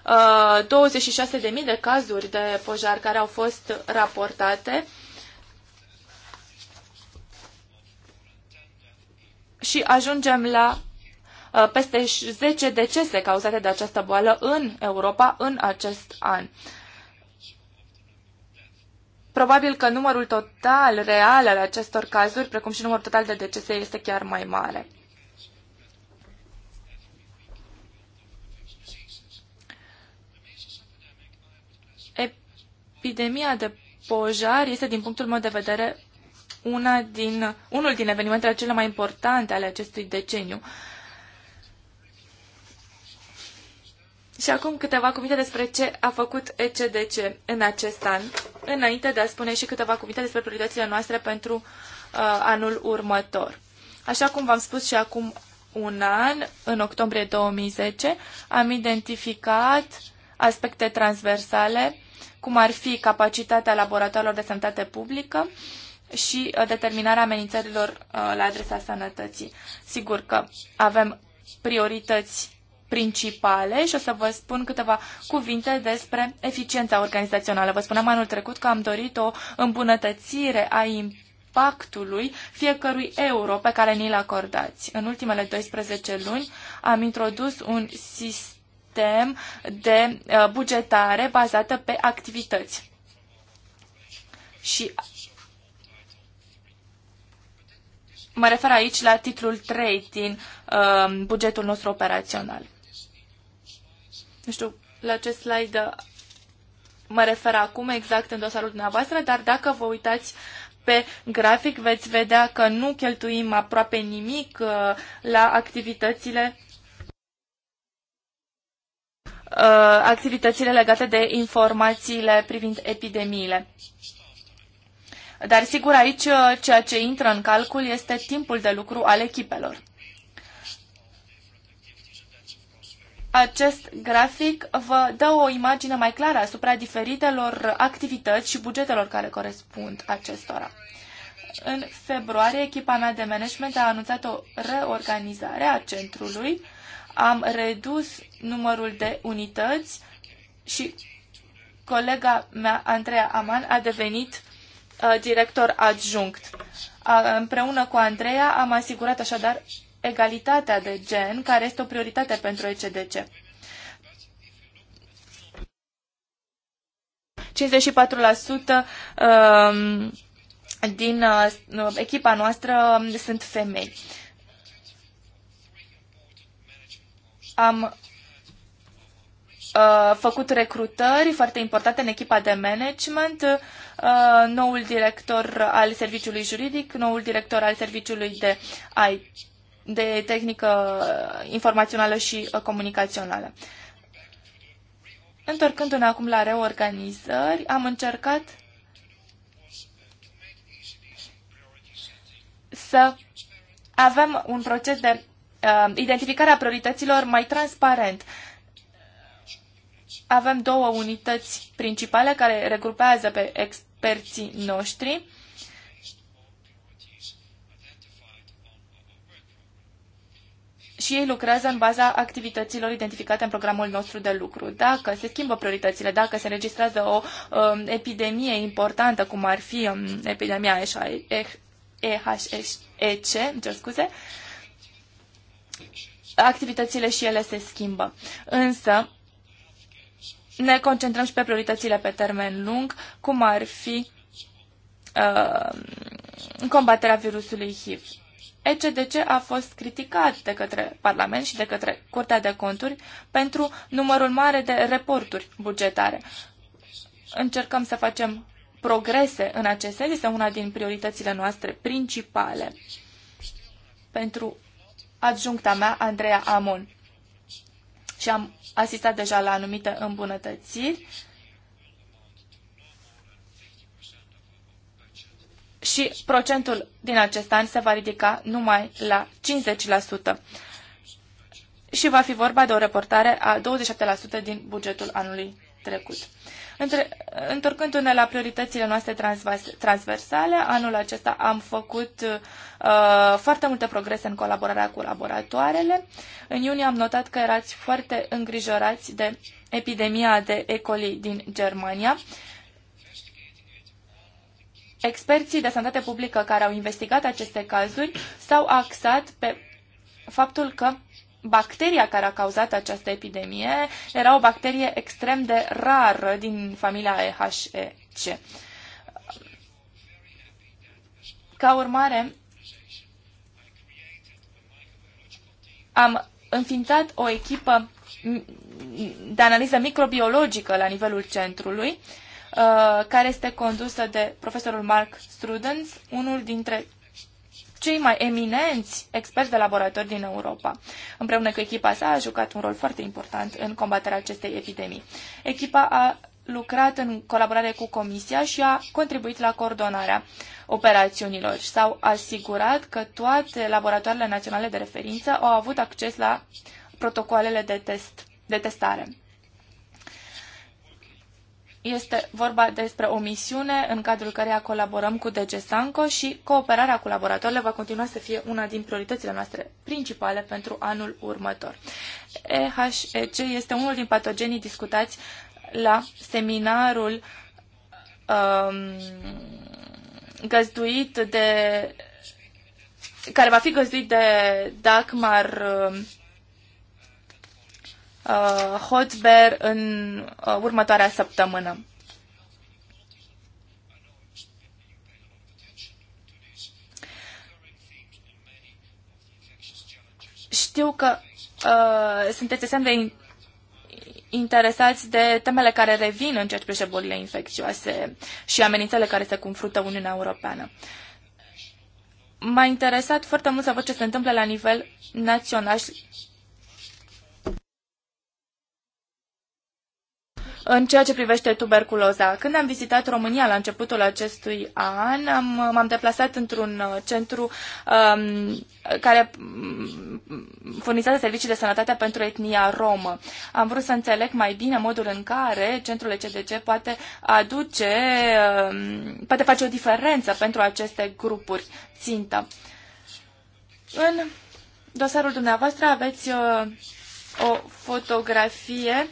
Speaker 3: 26.000 uh, de cazuri de pojar care au fost raportate și ajungem la uh, peste 10 decese cauzate de această boală în Europa în acest an. Probabil că numărul total real al acestor cazuri, precum și numărul total de decese, este chiar mai mare. epidemia de pojar este, din punctul meu de vedere, una din, unul din evenimentele cele mai importante ale acestui deceniu. Și acum câteva cuvinte despre ce a făcut ECDC în acest an, înainte de a spune și câteva cuvinte despre prioritățile noastre pentru uh, anul următor. Așa cum v-am spus și acum un an, în octombrie 2010, am identificat aspecte transversale cum ar fi capacitatea laboratoarelor de sănătate publică și uh, determinarea amenințărilor uh, la adresa sănătății. Sigur că avem priorități principale și o să vă spun câteva cuvinte despre eficiența organizațională. Vă spuneam anul trecut că am dorit o îmbunătățire a impactului fiecărui euro pe care ni-l acordați. În ultimele 12 luni am introdus un sistem sistem de uh, bugetare bazată pe activități. Și mă refer aici la titlul 3 din uh, bugetul nostru operațional. Nu știu la ce slide mă refer acum exact în dosarul dumneavoastră, dar dacă vă uitați pe grafic veți vedea că nu cheltuim aproape nimic uh, la activitățile Uh, activitățile legate de informațiile privind epidemiile. Dar sigur aici uh, ceea ce intră în calcul este timpul de lucru al echipelor. Acest grafic vă dă o imagine mai clară asupra diferitelor activități și bugetelor care corespund acestora. În februarie, echipa mea de management a anunțat o reorganizare a centrului am redus numărul de unități și colega mea, Andreea Aman, a devenit uh, director adjunct. A, împreună cu Andreea am asigurat așadar egalitatea de gen, care este o prioritate pentru ECDC. 54% um, din uh, echipa noastră sunt femei. Am uh, făcut recrutări foarte importante în echipa de management, uh, noul director al serviciului juridic, noul director al serviciului de IT de tehnică informațională și uh, comunicațională. Întorcându-ne acum la reorganizări, am încercat să avem un proces de Um, identificarea priorităților mai transparent. Avem două unități principale care regrupează pe experții noștri. și ei lucrează în baza activităților identificate în programul nostru de lucru. Dacă se schimbă prioritățile, dacă se înregistrează o um, epidemie importantă, cum ar fi um, epidemia EHEC, cer scuze, uh, activitățile și ele se schimbă. Însă, ne concentrăm și pe prioritățile pe termen lung, cum ar fi uh, combaterea virusului HIV. ECDC a fost criticat de către Parlament și de către Curtea de Conturi pentru numărul mare de reporturi bugetare. Încercăm să facem progrese în acest sens, este una din prioritățile noastre principale pentru adjuncta mea, Andreea Amon. Și am asistat deja la anumite îmbunătățiri. Și procentul din acest an se va ridica numai la 50% și va fi vorba de o reportare a 27% din bugetul anului trecut. Întorcându-ne la prioritățile noastre transversale, anul acesta am făcut uh, foarte multe progrese în colaborarea cu laboratoarele. În iunie am notat că erați foarte îngrijorați de epidemia de E. coli din Germania. Experții de sănătate publică care au investigat aceste cazuri s-au axat pe faptul că bacteria care a cauzat această epidemie era o bacterie extrem de rară din familia EHEC. Ca urmare, am înființat o echipă de analiză microbiologică la nivelul centrului, uh, care este condusă de profesorul Mark Strudens, unul dintre cei mai eminenți experți de laborator din Europa. Împreună cu echipa sa a jucat un rol foarte important în combaterea acestei epidemii. Echipa a lucrat în colaborare cu Comisia și a contribuit la coordonarea operațiunilor s-au asigurat că toate laboratoarele naționale de referință au avut acces la protocoalele de test de testare. Este vorba despre o misiune în cadrul căreia colaborăm cu DG Sanco și cooperarea cu laboratoarele va continua să fie una din prioritățile noastre principale pentru anul următor. EHEC este unul din patogenii discutați la seminarul um, găzduit de care va fi găzduit de Dagmar um, uh, Hotber în uh, următoarea săptămână. Știu că uh, sunteți extrem de interesați de temele care revin în ceea ce privește bolile infecțioase și amenințele care se confruntă Uniunea Europeană. M-a interesat foarte mult să văd ce se întâmplă la nivel național și în ceea ce privește tuberculoza. Când am vizitat România la începutul acestui an, am, m-am deplasat într-un uh, centru um, care mm, furnizează servicii de sănătate pentru etnia romă. Am vrut să înțeleg mai bine modul în care centrul ECDC poate aduce, um, poate face o diferență pentru aceste grupuri țintă. În dosarul dumneavoastră aveți uh, o fotografie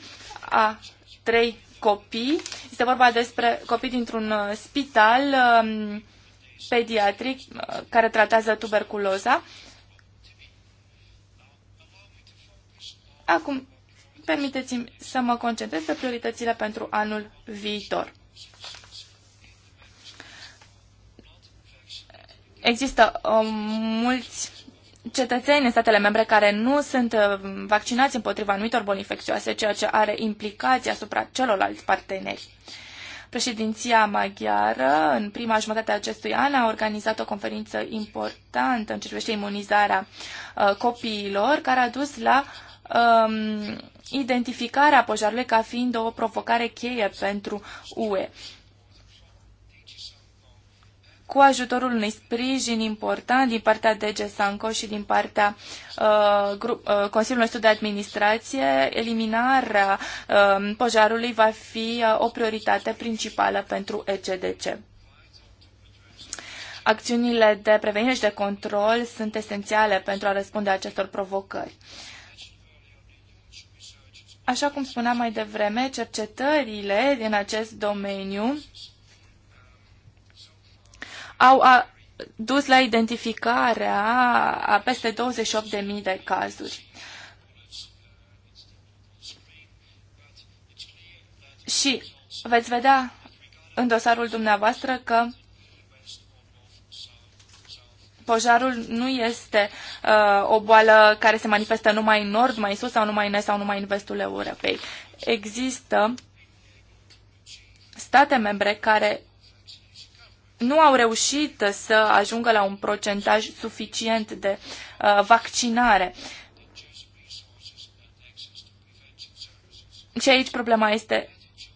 Speaker 3: a trei copii. Este vorba despre copii dintr-un uh, spital um, pediatric uh, care tratează tuberculoza. Acum, permiteți-mi să mă concentrez pe prioritățile pentru anul viitor. Există um, mulți cetățeni în statele membre care nu sunt uh, vaccinați împotriva anumitor boli infecțioase, ceea ce are implicații asupra celorlalți parteneri. Președinția maghiară, în prima jumătate a acestui an, a organizat o conferință importantă în ce privește imunizarea uh, copiilor, care a dus la um, identificarea pojarului ca fiind o provocare cheie pentru UE cu ajutorul unui sprijin important din partea DG Sanco și din partea uh, grup, uh, Consiliului nostru de administrație, eliminarea uh, pojarului va fi uh, o prioritate principală pentru ECDC. Acțiunile de prevenire și de control sunt esențiale pentru a răspunde acestor provocări. Așa cum spuneam mai devreme, cercetările din acest domeniu uh, au a, dus la identificarea a peste 28.000 de cazuri. Și veți vedea în dosarul dumneavoastră că pojarul nu este uh, o boală care se manifestă numai în nord, mai sus sau numai în est sau numai în vestul Europei. Există state membre care nu au reușit să ajungă la un procentaj suficient de uh, vaccinare. Și aici problema este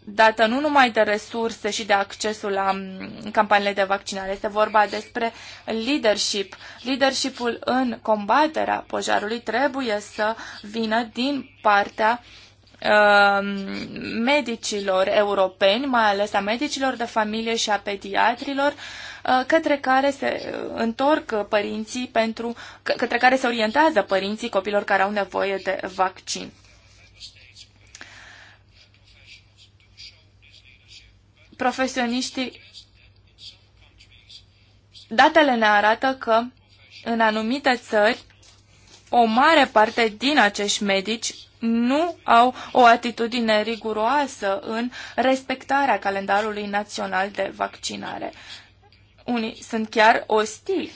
Speaker 3: dată nu numai de resurse și de accesul la mm, campaniile de vaccinare, este vorba despre leadership. Leadershipul în combaterea pojarului trebuie să vină din partea uh, Um, medicilor europeni, mai ales a medicilor de familie și a pediatrilor, uh, către care se întorc părinții pentru, către care se orientează părinții copilor care au nevoie de vaccin. Profesioniștii Datele ne arată că în anumite țări o mare parte din acești medici nu au o atitudine riguroasă în respectarea calendarului național de vaccinare. Unii sunt chiar ostili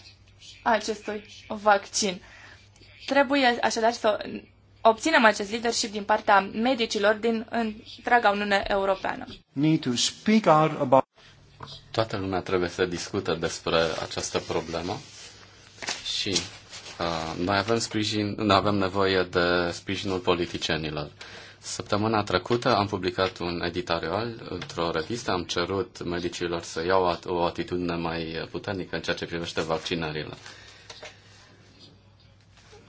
Speaker 3: acestui vaccin. Trebuie așadar să obținem acest leadership din partea medicilor din întreaga Uniune Europeană.
Speaker 2: Toată lumea trebuie să discută despre această problemă și Uh, noi avem, sprijin, noi avem nevoie de sprijinul politicienilor. Săptămâna trecută am publicat un editorial într-o revistă, am cerut medicilor să iau o atitudine mai puternică în ceea ce privește vaccinările.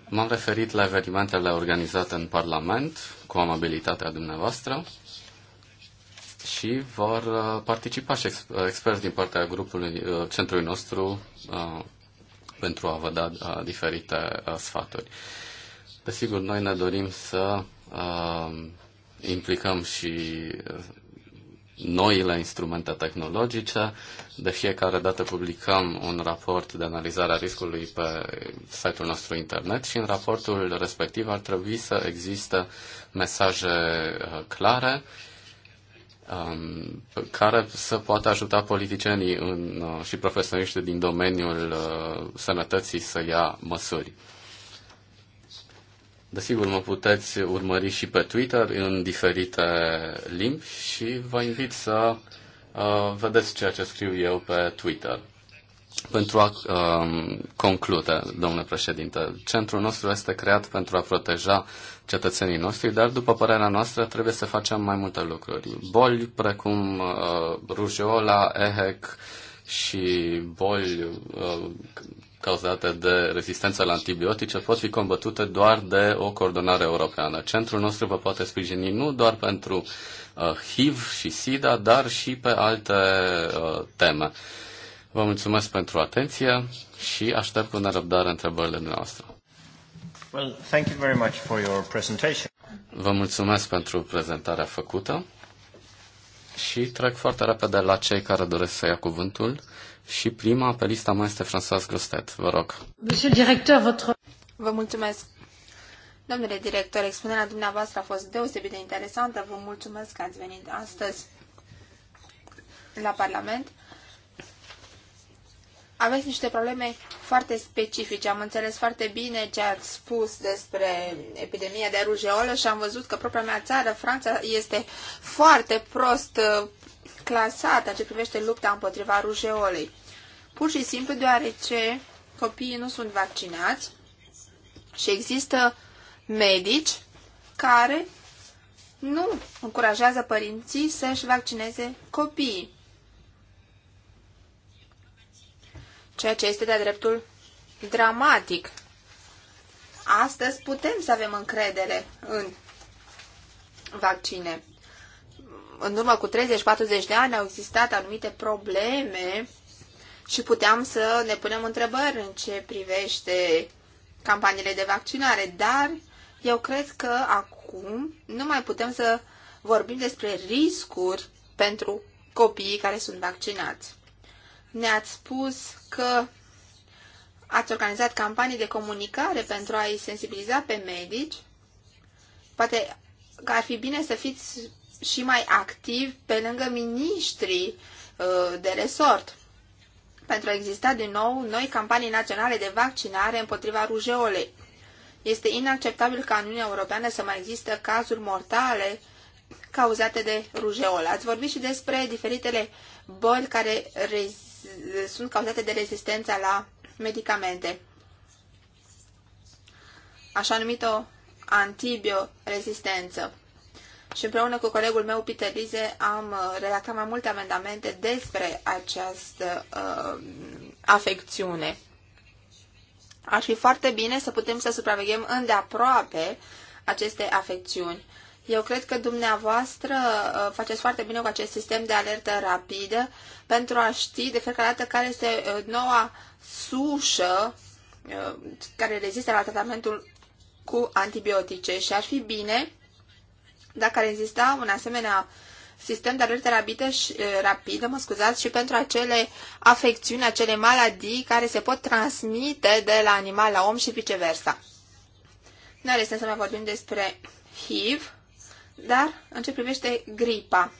Speaker 2: M-am referit la evenimentele organizate în Parlament, cu amabilitatea dumneavoastră, și vor uh, participa și experți din partea grupului, uh, centrului nostru pentru a vă da diferite sfaturi. Desigur, noi ne dorim să a, implicăm și noile instrumente tehnologice. De fiecare dată publicăm un raport de analizare a riscului pe site-ul nostru internet și în raportul respectiv ar trebui să există mesaje clare uh, Um, care să poată ajuta politicienii în, uh, și profesioniști din domeniul uh, sănătății să ia măsuri. Desigur, mă puteți urmări și pe Twitter în diferite limbi și vă invit să uh, vedeți ceea ce scriu eu pe Twitter. Pentru a uh, conclude, domnule președinte, centrul nostru este creat pentru a proteja cetățenii noștri, dar, după părerea noastră, trebuie să facem mai multe lucruri. Boli precum uh, rujeola, EHEC și boli uh, cauzate de rezistență la antibiotice pot fi combătute doar de o coordonare europeană. Centrul nostru vă poate sprijini nu doar pentru uh, HIV și SIDA, dar și pe alte uh, teme. Vă mulțumesc pentru atenție și aștept cu nerăbdare întrebările noastre.
Speaker 1: Well, thank you very much
Speaker 3: for your presentation.
Speaker 2: Vă mulțumesc pentru prezentarea făcută și trec foarte repede la cei care doresc să ia cuvântul și prima pe lista mea este François Grostet. Vă rog.
Speaker 1: Monsieur director, votre... Vă mulțumesc. Domnule director, expunerea dumneavoastră a fost deosebit de interesantă. Vă mulțumesc că ați venit astăzi la Parlament aveți niște probleme foarte specifice. Am înțeles foarte bine ce ați spus despre epidemia de rujeolă și am văzut că propria mea țară, Franța, este foarte prost uh, clasată ce privește lupta împotriva rujeolei. Pur și simplu deoarece copiii nu sunt vaccinați și există medici care nu încurajează părinții să-și vaccineze copiii. ceea ce este de-a dreptul dramatic. Astăzi putem să avem încredere în vaccine. În urmă cu 30-40 de ani au existat anumite probleme și puteam să ne punem întrebări în ce privește campaniile de vaccinare, dar eu cred că acum nu mai putem să vorbim despre riscuri pentru copiii care sunt vaccinați. Ne-ați spus că ați organizat campanii de comunicare pentru a-i sensibiliza pe medici. Poate că ar fi bine să fiți și mai activ pe lângă miniștrii uh, de resort pentru a exista din nou noi campanii naționale de vaccinare împotriva rujeolei. Este inacceptabil ca în Uniunea Europeană să mai există cazuri mortale cauzate de rujeolă. Ați vorbit și despre diferitele boli care rezistă sunt cauzate de rezistența la medicamente. Așa numită antibiorezistență. Și împreună cu colegul meu, Peter Lize, am uh, redactat mai multe amendamente despre această uh, afecțiune. Ar fi foarte bine să putem să supraveghem îndeaproape aceste afecțiuni eu cred că dumneavoastră uh, faceți foarte bine cu acest sistem de alertă rapidă pentru a ști de fiecare dată care este uh, noua sușă uh, care rezistă la tratamentul cu antibiotice și ar fi bine dacă ar exista un asemenea sistem de alertă rapidă, și, rapidă mă scuzați, și pentru acele afecțiuni, acele maladii care se pot transmite de la animal la om și viceversa. Nu are sens să mai vorbim despre HIV. Dar în ce privește gripa,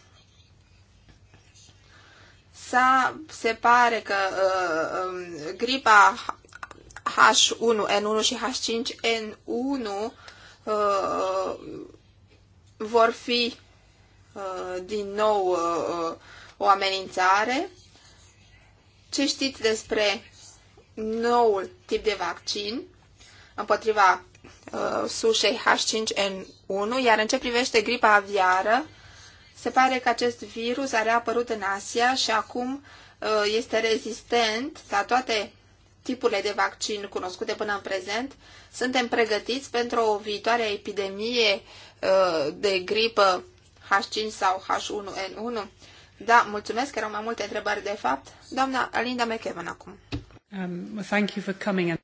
Speaker 1: sa, se pare că uh, uh, gripa H1N1 și H5N1 uh, vor fi uh, din nou uh, o amenințare. Ce știți despre noul tip de vaccin împotriva Uh, sușei H5N1, iar în ce privește gripa aviară, se pare că acest virus a reapărut în Asia și acum uh, este rezistent la toate tipurile de vaccin cunoscute până în prezent. Suntem pregătiți pentru o viitoare epidemie uh, de gripă H5 sau H1N1? Da, mulțumesc, erau mai multe întrebări de fapt. Doamna Alinda McEwan acum.
Speaker 2: Um, thank you for coming and...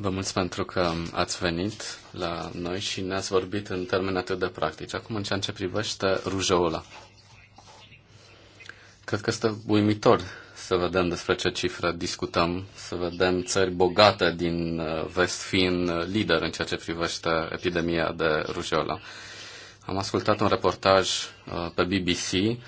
Speaker 2: Vă mulțumesc pentru că ați venit la noi și ne-ați vorbit în termeni atât de practici. Acum, în ceea ce privește rujeola. Cred că este uimitor să vedem despre ce cifră discutăm, să vedem țări bogate din uh, vest fiind uh, lider în ceea ce privește epidemia de rujeola. Am ascultat un reportaj uh, pe BBC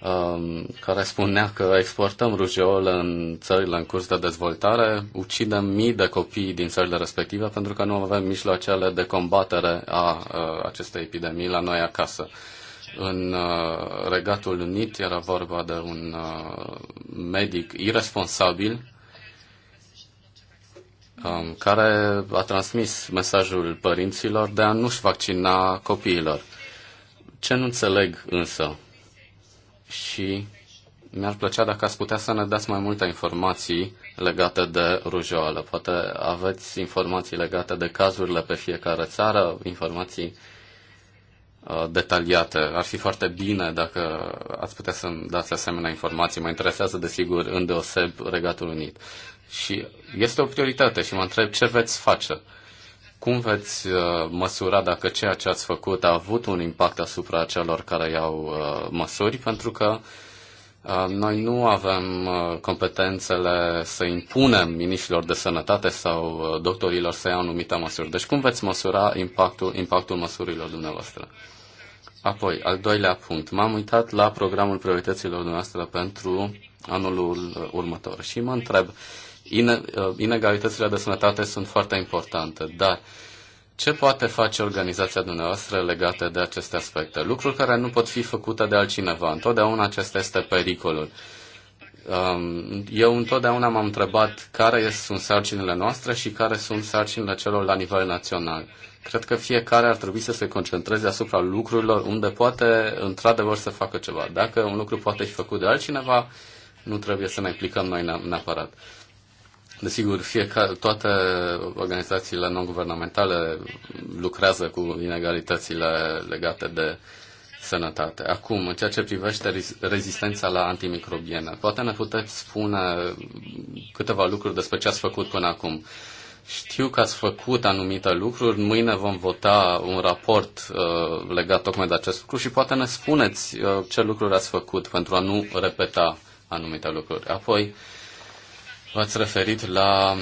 Speaker 2: Um, care spunea că exportăm rujeolă în țările în curs de dezvoltare, ucidem mii de copii din țările respective pentru că nu avem mijloacele de combatere a acestei epidemii la noi acasă. În uh, Regatul Unit era vorba de un uh, medic irresponsabil um, care a transmis mesajul părinților de a nu-și vaccina copiilor. Ce nu înțeleg însă și mi-ar plăcea dacă ați putea să ne dați mai multe informații legate de rujoală. Poate aveți informații legate de cazurile pe fiecare țară, informații uh, detaliate. Ar fi foarte bine dacă ați putea să ne dați asemenea informații. Mă interesează, desigur, îndeoseb Regatul Unit. Și este o prioritate și mă întreb ce veți face. Cum veți uh, măsura dacă ceea ce ați făcut a avut un impact asupra celor care iau uh, măsuri? Pentru că uh, noi nu avem competențele să impunem miniștrilor de sănătate sau doctorilor să iau anumite măsuri. Deci cum veți măsura impactul, impactul măsurilor dumneavoastră? Apoi, al doilea punct. M-am uitat la programul priorităților dumneavoastră pentru anul următor și mă întreb uh, Uh, inegalitățile de sănătate sunt foarte importante, dar ce poate face organizația dumneavoastră legată de aceste aspecte? Lucruri care nu pot fi făcute de altcineva. Întotdeauna acesta este pericolul. Um, eu întotdeauna m-am întrebat care sunt sarcinile noastre și care sunt sarcinile celor la nivel național. Cred că fiecare ar trebui să se concentreze asupra lucrurilor unde poate într-adevăr să facă ceva. Dacă un lucru poate fi făcut de altcineva, nu trebuie să ne implicăm noi neapărat. Desigur, fiecare, toate organizațiile non-guvernamentale lucrează cu inegalitățile legate de sănătate. Acum, în ceea ce privește rezistența la antimicrobiene, poate ne puteți spune câteva lucruri despre ce ați făcut până acum. Știu că ați făcut anumite lucruri, mâine vom vota un raport uh, legat tocmai de acest lucru și poate ne spuneți uh, ce lucruri ați făcut pentru a nu repeta anumite lucruri. Apoi, uh, V-ați referit la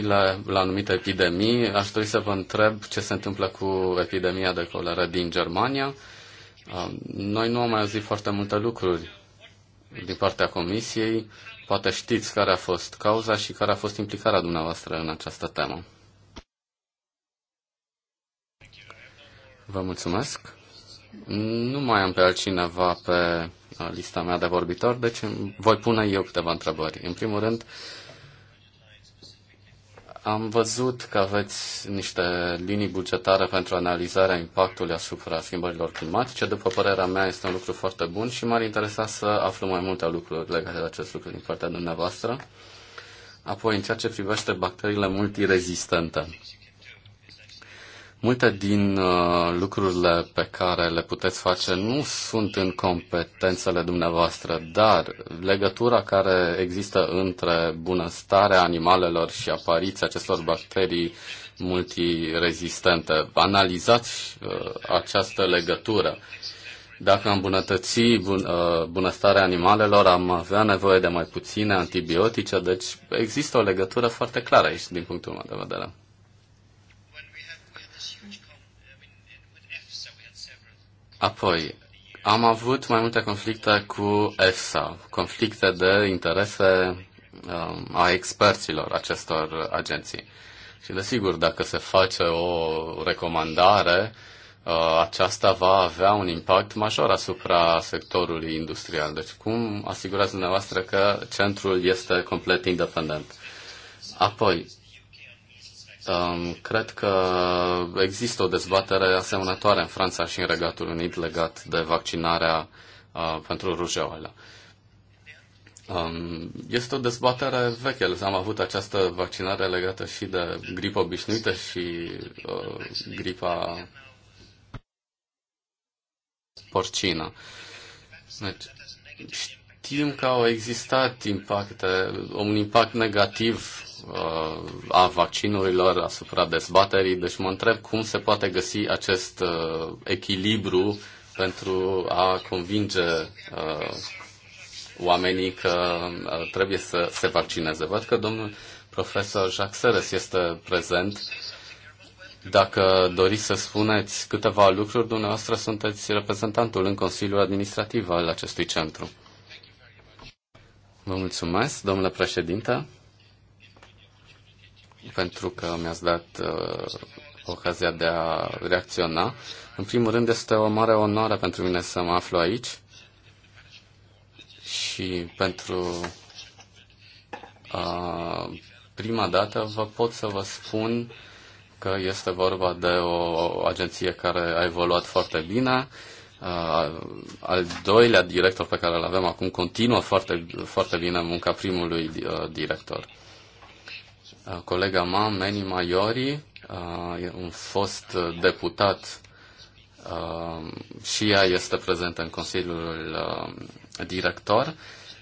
Speaker 2: la, la anumite epidemii. Aș dori să vă întreb ce se întâmplă cu epidemia de coleră din Germania. Um, noi nu am mai auzit foarte multe lucruri din partea Comisiei. Poate știți care a fost cauza și care a fost implicarea dumneavoastră în această temă. Vă mulțumesc. Nu mai am pe altcineva pe lista mea de vorbitori, deci voi pune eu câteva întrebări. În primul rând, am văzut că aveți niște linii bugetare pentru analizarea impactului asupra schimbărilor climatice. După părerea mea, este un lucru foarte bun și m-ar interesa să aflu mai multe lucruri legate de acest lucru din partea dumneavoastră. Apoi, în ceea ce privește bacteriile multirezistente. Multe din uh, lucrurile pe care le puteți face nu sunt în competențele dumneavoastră, dar legătura care există între bunăstarea animalelor și apariția acestor bacterii multirezistente. Analizați uh, această legătură. Dacă am îmbunătăți bun, uh, bunăstarea animalelor, am avea nevoie de mai puține antibiotice, deci există o legătură foarte clară aici, din punctul meu de vedere. Apoi, am avut mai multe conflicte cu EFSA, conflicte de interese um, a experților acestor agenții. Și desigur, dacă se face o recomandare, uh, aceasta va avea un impact major asupra sectorului industrial. Deci cum asigurați dumneavoastră că centrul este complet independent? Apoi, cred că există o dezbatere asemănătoare în Franța și în Regatul Unit legat de vaccinarea pentru rujeoală. Este o dezbatere veche. Am avut această vaccinare legată și de gripa obișnuită și gripa porcină. Deci, știm că au existat impacte, un impact negativ Uh, a vaccinurilor, asupra dezbaterii. Deci mă întreb cum se poate găsi acest uh, echilibru pentru a convinge uh, oamenii că trebuie să se vaccineze. Văd că domnul profesor Jacques Seres este prezent. Dacă doriți să spuneți câteva lucruri, dumneavoastră sunteți reprezentantul în Consiliul Administrativ al acestui centru. Vă mulțumesc, domnule președinte pentru că mi-ați dat uh, ocazia de a reacționa. În primul rând, este o mare onoare pentru mine să mă aflu aici și pentru uh, prima dată vă pot să vă spun că este vorba de o agenție care a evoluat foarte bine. Uh, al doilea director pe care îl avem acum continuă foarte, foarte bine munca primului uh, director. Uh, colega mea, Meni Maiori, uh, un fost deputat uh, și ea este prezentă în Consiliul Director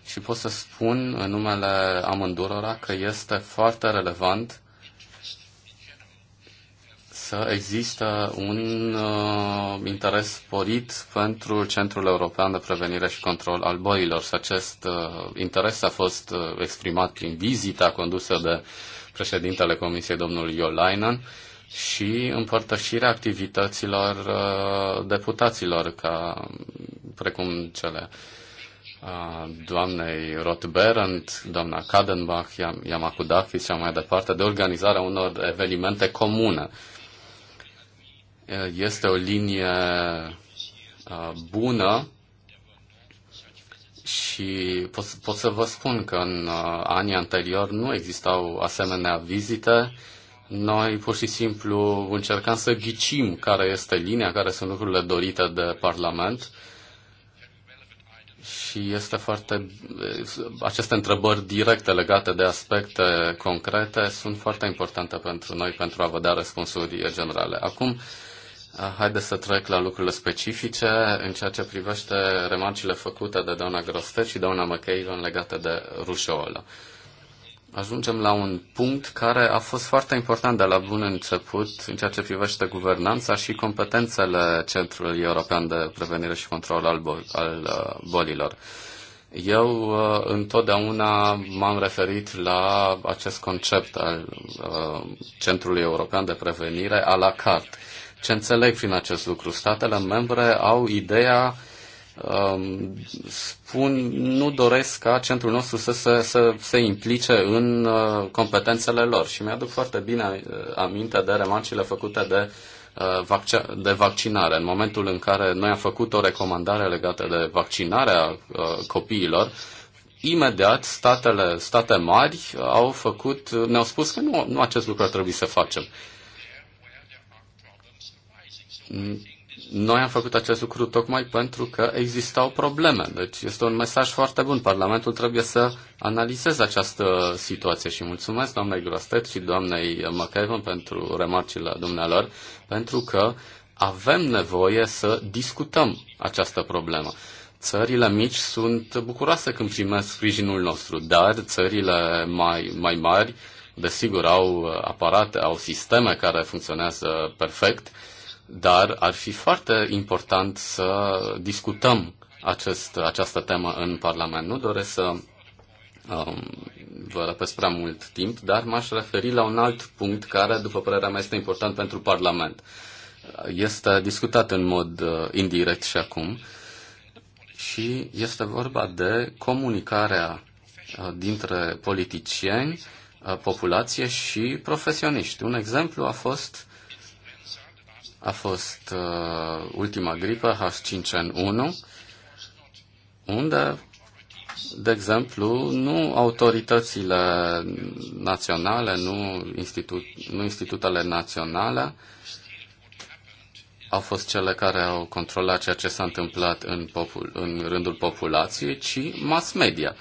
Speaker 2: și pot să spun în numele amândurora că este foarte relevant să există un uh, interes sporit pentru Centrul European de Prevenire și Control al Boilor. și acest uh, interes a fost uh, exprimat prin vizita condusă de uh, președintele Comisiei, domnul Iolainen, și împărtășirea activităților uh, deputaților, ca, precum cele uh, doamnei Rothberend, doamna Kadenbach, Yamakudakis și mai departe, de organizarea unor evenimente comune. Uh, este o linie bună și pot, pot să vă spun că în uh, anii anterior nu existau asemenea vizite. Noi pur și simplu încercam să ghicim care este linia, care sunt lucrurile dorite de Parlament și este foarte. Aceste întrebări directe legate de aspecte concrete sunt foarte importante pentru noi pentru a vedea răspunsuri generale. Acum, Haideți să trec la lucrurile specifice în ceea ce privește remarcile făcute de doamna Grostet și doamna McCaven legate de rușeolă. Ajungem la un punct care a fost foarte important de la bun început în ceea ce privește guvernanța și competențele Centrului European de Prevenire și Control al, bol- al uh, bolilor. Eu uh, întotdeauna m-am referit la acest concept al uh, Centrului European de Prevenire a la carte ce înțeleg prin acest lucru? Statele membre au ideea um, spun, nu doresc ca centrul nostru să se, să se implice în uh, competențele lor. Și mi-aduc foarte bine uh, aminte de remarcile făcute de, uh, de vaccinare. În momentul în care noi am făcut o recomandare legată de vaccinarea copiilor, imediat statele, state mari au făcut, ne-au spus că nu, nu acest lucru ar trebui să facem. Noi am făcut acest lucru tocmai pentru că existau probleme. Deci este un mesaj foarte bun. Parlamentul trebuie să analizeze această situație și mulțumesc doamnei Grostet și doamnei McEvan pentru remarcile dumnealor, pentru că avem nevoie să discutăm această problemă. Țările mici sunt bucuroase când primesc sprijinul nostru, dar țările mai, mai mari, desigur, au aparate, au sisteme care funcționează perfect dar ar fi foarte important să discutăm acest, această temă în Parlament. Nu doresc să um, vă răpesc prea mult timp, dar m-aș referi la un alt punct care, după părerea mea, este important pentru Parlament. Este discutat în mod uh, indirect și acum și este vorba de comunicarea uh, dintre politicieni, uh, populație și profesioniști. Un exemplu a fost a fost uh, ultima gripă H5N1, unde, de exemplu, nu autoritățile naționale, nu, institut, nu institutele naționale au fost cele care au controlat ceea ce s-a întâmplat în, popul, în rândul populației, ci mass media.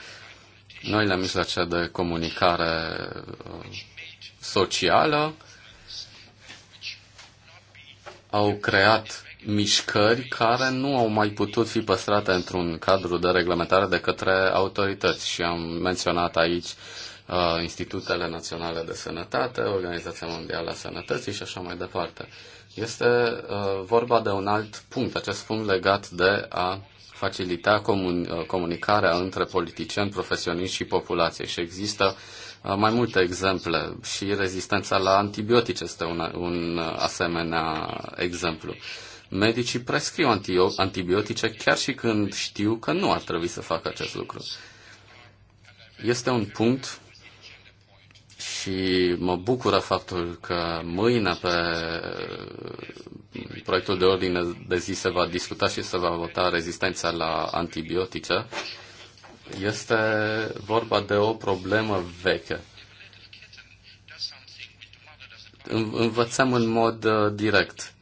Speaker 2: Noile mijloace de comunicare uh, socială au creat mișcări care nu au mai putut fi păstrate într-un cadru de reglementare de către autorități. Și am menționat aici uh, Institutele Naționale de Sănătate, Organizația Mondială a Sănătății și așa mai departe. Este uh, vorba de un alt punct, acest punct legat de a facilita comun- uh, comunicarea între politicieni, profesioniști și populație. Și există uh, Uh, mai multe exemple și rezistența la antibiotice este un, un asemenea exemplu. Medicii prescriu antibiotice chiar și când știu că nu ar trebui să facă acest lucru. Este un punct și mă bucură faptul că mâine pe uh, proiectul de ordine de zi se va discuta și se va vota rezistența la antibiotice este vorba de o problemă veche. Învățăm în mod uh, direct.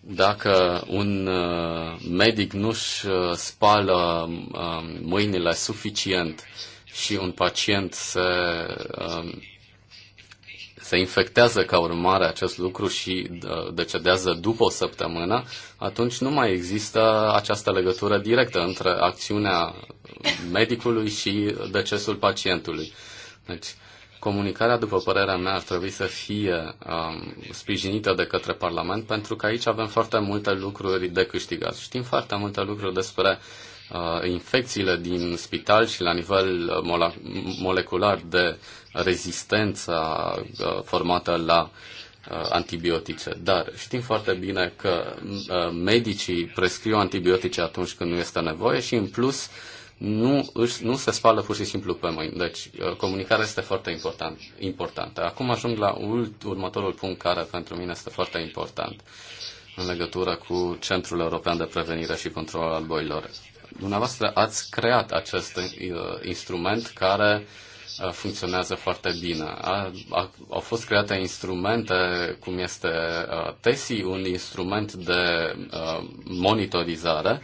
Speaker 2: Dacă un uh, medic nu-și uh, spală um, mâinile suficient și un pacient se um, se infectează ca urmare acest lucru și uh, decedează după o săptămână, atunci nu mai există această legătură directă între acțiunea medicului și decesul pacientului. Deci, comunicarea, după părerea mea, ar trebui să fie um, sprijinită de către Parlament, pentru că aici avem foarte multe lucruri de câștigat. Știm foarte multe lucruri despre uh, Uh, infecțiile din spital și la nivel uh, molecular de rezistență uh, formată la antibiotice. Dar știm foarte bine că medicii prescriu antibiotice atunci când nu este nevoie și în plus nu, își, nu se spală pur și simplu pe mâini. Deci comunicarea este foarte important, importantă. Acum ajung la următorul punct care pentru mine este foarte important în legătură cu Centrul European de Prevenire și Control al Boilor. Dumneavoastră ați creat acest uh, instrument care uh, funcționează foarte bine. A, a, au fost create instrumente, cum este uh, TESI, un instrument de uh, monitorizare.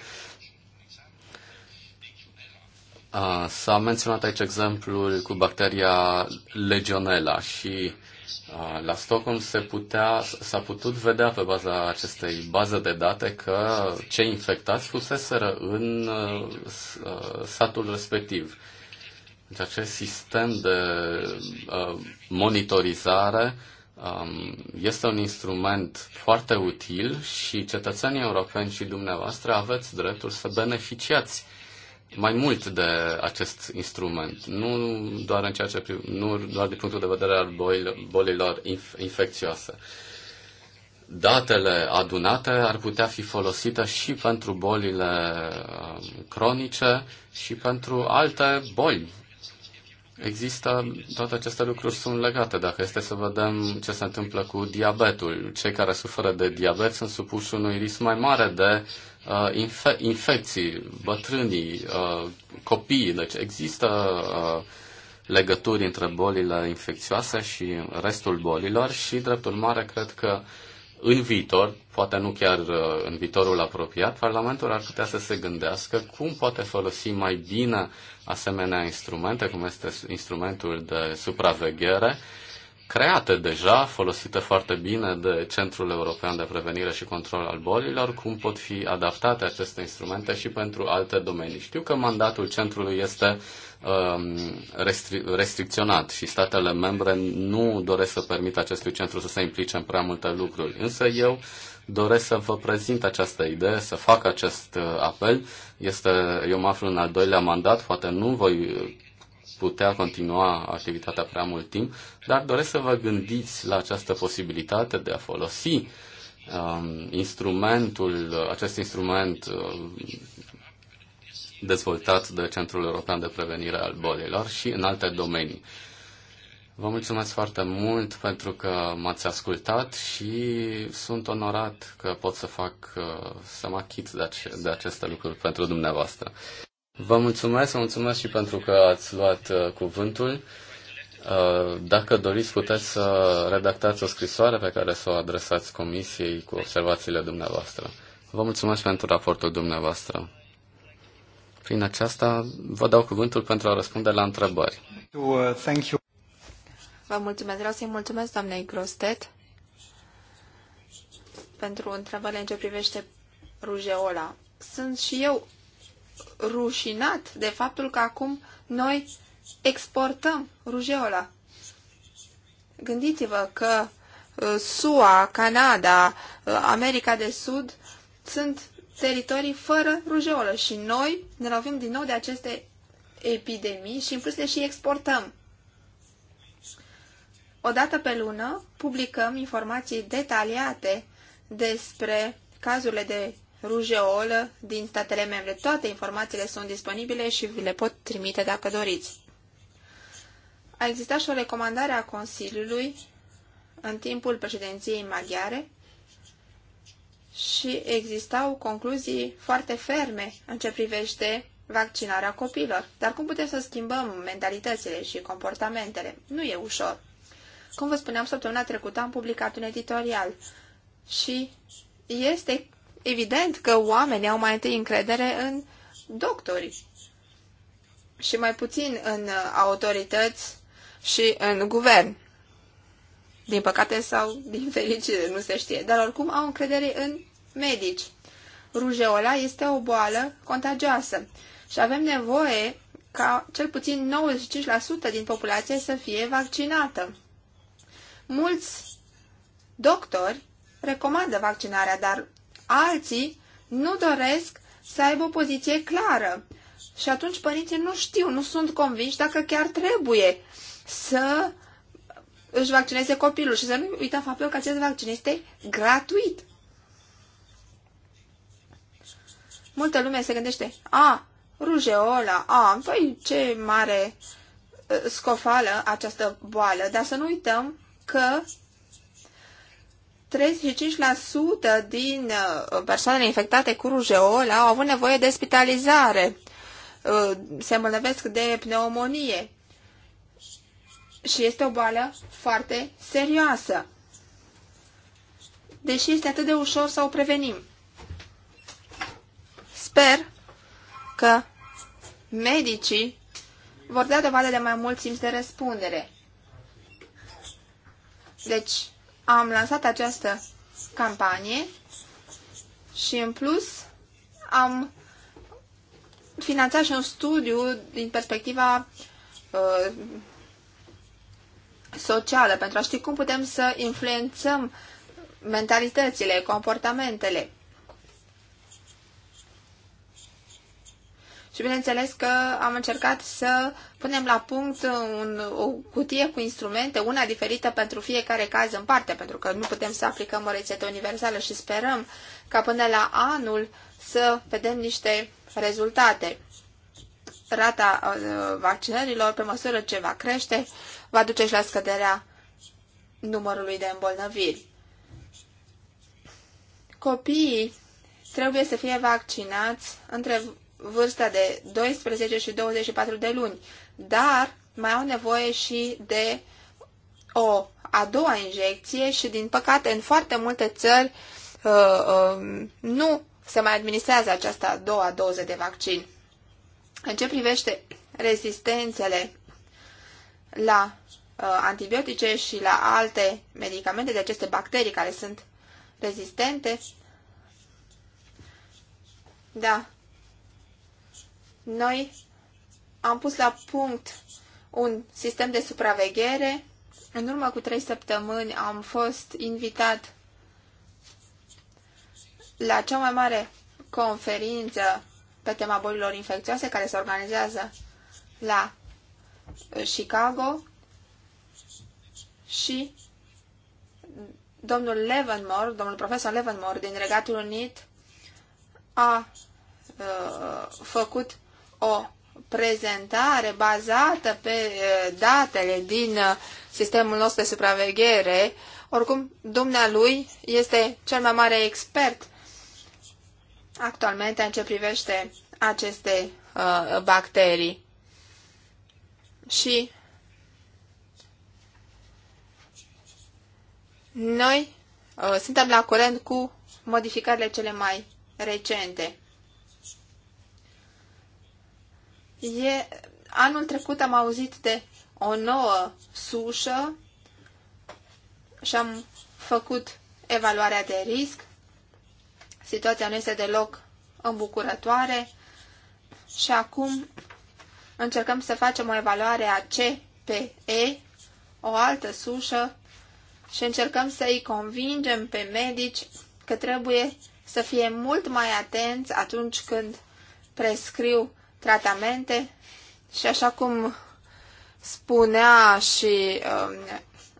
Speaker 2: Uh, s-a menționat aici exemplul cu bacteria Legionella și uh, Uh, la Stockholm se putea, s-a putut vedea pe baza acestei baze de date că cei infectați fuseseră în uh, uh, satul respectiv. Deci acest sistem de monitorizare um, este un instrument foarte util și cetățenii europeni și dumneavoastră aveți dreptul să beneficiați mai mult de acest instrument, nu doar, în ceea ce, nu doar din punctul de vedere al bolilor inf- infecțioase. Datele adunate ar putea fi folosite și pentru bolile um, cronice și pentru alte boli. Există, toate aceste lucruri sunt legate. Dacă este să vedem ce se întâmplă cu diabetul, cei care suferă de diabet sunt supuși unui risc mai mare de uh, infe- infecții, bătrânii, uh, copiii. Deci există uh, legături între bolile infecțioase și restul bolilor și, drept urmare, cred că în viitor, poate nu chiar uh, în viitorul apropiat, Parlamentul ar putea să se gândească cum poate folosi mai bine asemenea instrumente, cum este instrumentul de supraveghere, create deja, folosite foarte bine de Centrul European de Prevenire și Control al Bolilor, cum pot fi adaptate aceste instrumente și pentru alte domenii. Știu că mandatul centrului este um, restricționat și statele membre nu doresc să permită acestui centru să se implice în prea multe lucruri, însă eu doresc să vă prezint această idee, să fac acest uh, apel. Este, eu mă aflu în al doilea mandat, poate nu voi putea continua activitatea prea mult timp, dar doresc să vă gândiți la această posibilitate de a folosi um, instrumentul, acest instrument um, dezvoltat de Centrul European de Prevenire al Bolilor și în alte domenii. Vă mulțumesc foarte mult pentru că m-ați ascultat și sunt onorat că pot să fac, uh, să mă achit de, ace- de aceste lucruri pentru dumneavoastră. Vă mulțumesc, vă mulțumesc și pentru că ați luat uh, cuvântul. Uh, dacă doriți, puteți să redactați o scrisoare pe care să o adresați comisiei cu observațiile dumneavoastră. Vă mulțumesc pentru raportul dumneavoastră. Prin aceasta vă dau cuvântul pentru a răspunde la întrebări.
Speaker 3: Uh,
Speaker 1: vă mulțumesc. Vreau să-i mulțumesc doamnei Grostet pentru întrebările în ce privește rujeola. Sunt și eu rușinat de faptul că acum noi exportăm rujeola. Gândiți-vă că uh, SUA, Canada, uh, America de Sud sunt teritorii fără rujeolă și noi ne lovim din nou de aceste epidemii și în plus le și exportăm. O dată pe lună publicăm informații detaliate despre cazurile de rujeolă din statele membre. Toate informațiile sunt disponibile și vi le pot trimite dacă doriți. A existat și o recomandare a Consiliului în timpul președinției maghiare și existau concluzii foarte ferme în ce privește vaccinarea copilor. Dar cum putem să schimbăm mentalitățile și comportamentele? Nu e ușor. Cum vă spuneam, săptămâna trecută am publicat un editorial și este evident că oamenii au mai întâi încredere în doctori și mai puțin în uh, autorități și în guvern. Din păcate sau din fericire, nu se știe, dar oricum au încredere în medici. Rujeola este o boală contagioasă și avem nevoie ca cel puțin 95% din populație să fie vaccinată. Mulți doctori recomandă vaccinarea, dar alții nu doresc să aibă o poziție clară. Și atunci părinții nu știu, nu sunt convinși dacă chiar trebuie să își vaccineze copilul și să nu uităm faptul că acest vaccin este gratuit. Multă lume se gândește, a, rujeola, a, păi ce mare uh, scofală această boală, dar să nu uităm că 35% din uh, persoanele infectate cu rujeol au avut nevoie de spitalizare, uh, se îmbolnăvesc de pneumonie și este o boală foarte serioasă. Deși este atât de ușor să o prevenim. Sper că medicii vor da dovadă de mai mult simț de răspundere. Deci, am lansat această campanie și în plus am finanțat și un studiu din perspectiva uh, socială pentru a ști cum putem să influențăm mentalitățile, comportamentele. Și bineînțeles că am încercat să punem la punct un, o cutie cu instrumente, una diferită pentru fiecare caz în parte, pentru că nu putem să aplicăm o rețetă universală și sperăm ca până la anul să vedem niște rezultate. Rata uh, vaccinărilor, pe măsură ce va crește, va duce și la scăderea numărului de îmbolnăviri. Copiii trebuie să fie vaccinați între vârsta de 12 și 24 de luni, dar mai au nevoie și de o a doua injecție și, din păcate, în foarte multe țări uh, um, nu se mai administrează această a doua doză de vaccin. În ce privește rezistențele la uh, antibiotice și la alte medicamente de aceste bacterii care sunt rezistente, da, noi am pus la punct un sistem de supraveghere. În urmă cu trei săptămâni am fost invitat la cea mai mare conferință pe tema bolilor infecțioase care se organizează la Chicago și domnul Levenmore, domnul profesor Levenmore din Regatul Unit a uh, făcut o prezentare bazată pe datele din sistemul nostru de supraveghere. Oricum, dumnealui este cel mai mare expert actualmente în ce privește aceste uh, bacterii. Și noi uh, suntem la curent cu modificările cele mai recente. E, anul trecut am auzit de o nouă sușă și am făcut evaluarea de risc. Situația nu este deloc îmbucurătoare și acum încercăm să facem o evaluare a CPE, o altă sușă, și încercăm să îi convingem pe medici că trebuie să fie mult mai atenți atunci când prescriu tratamente și așa cum spunea și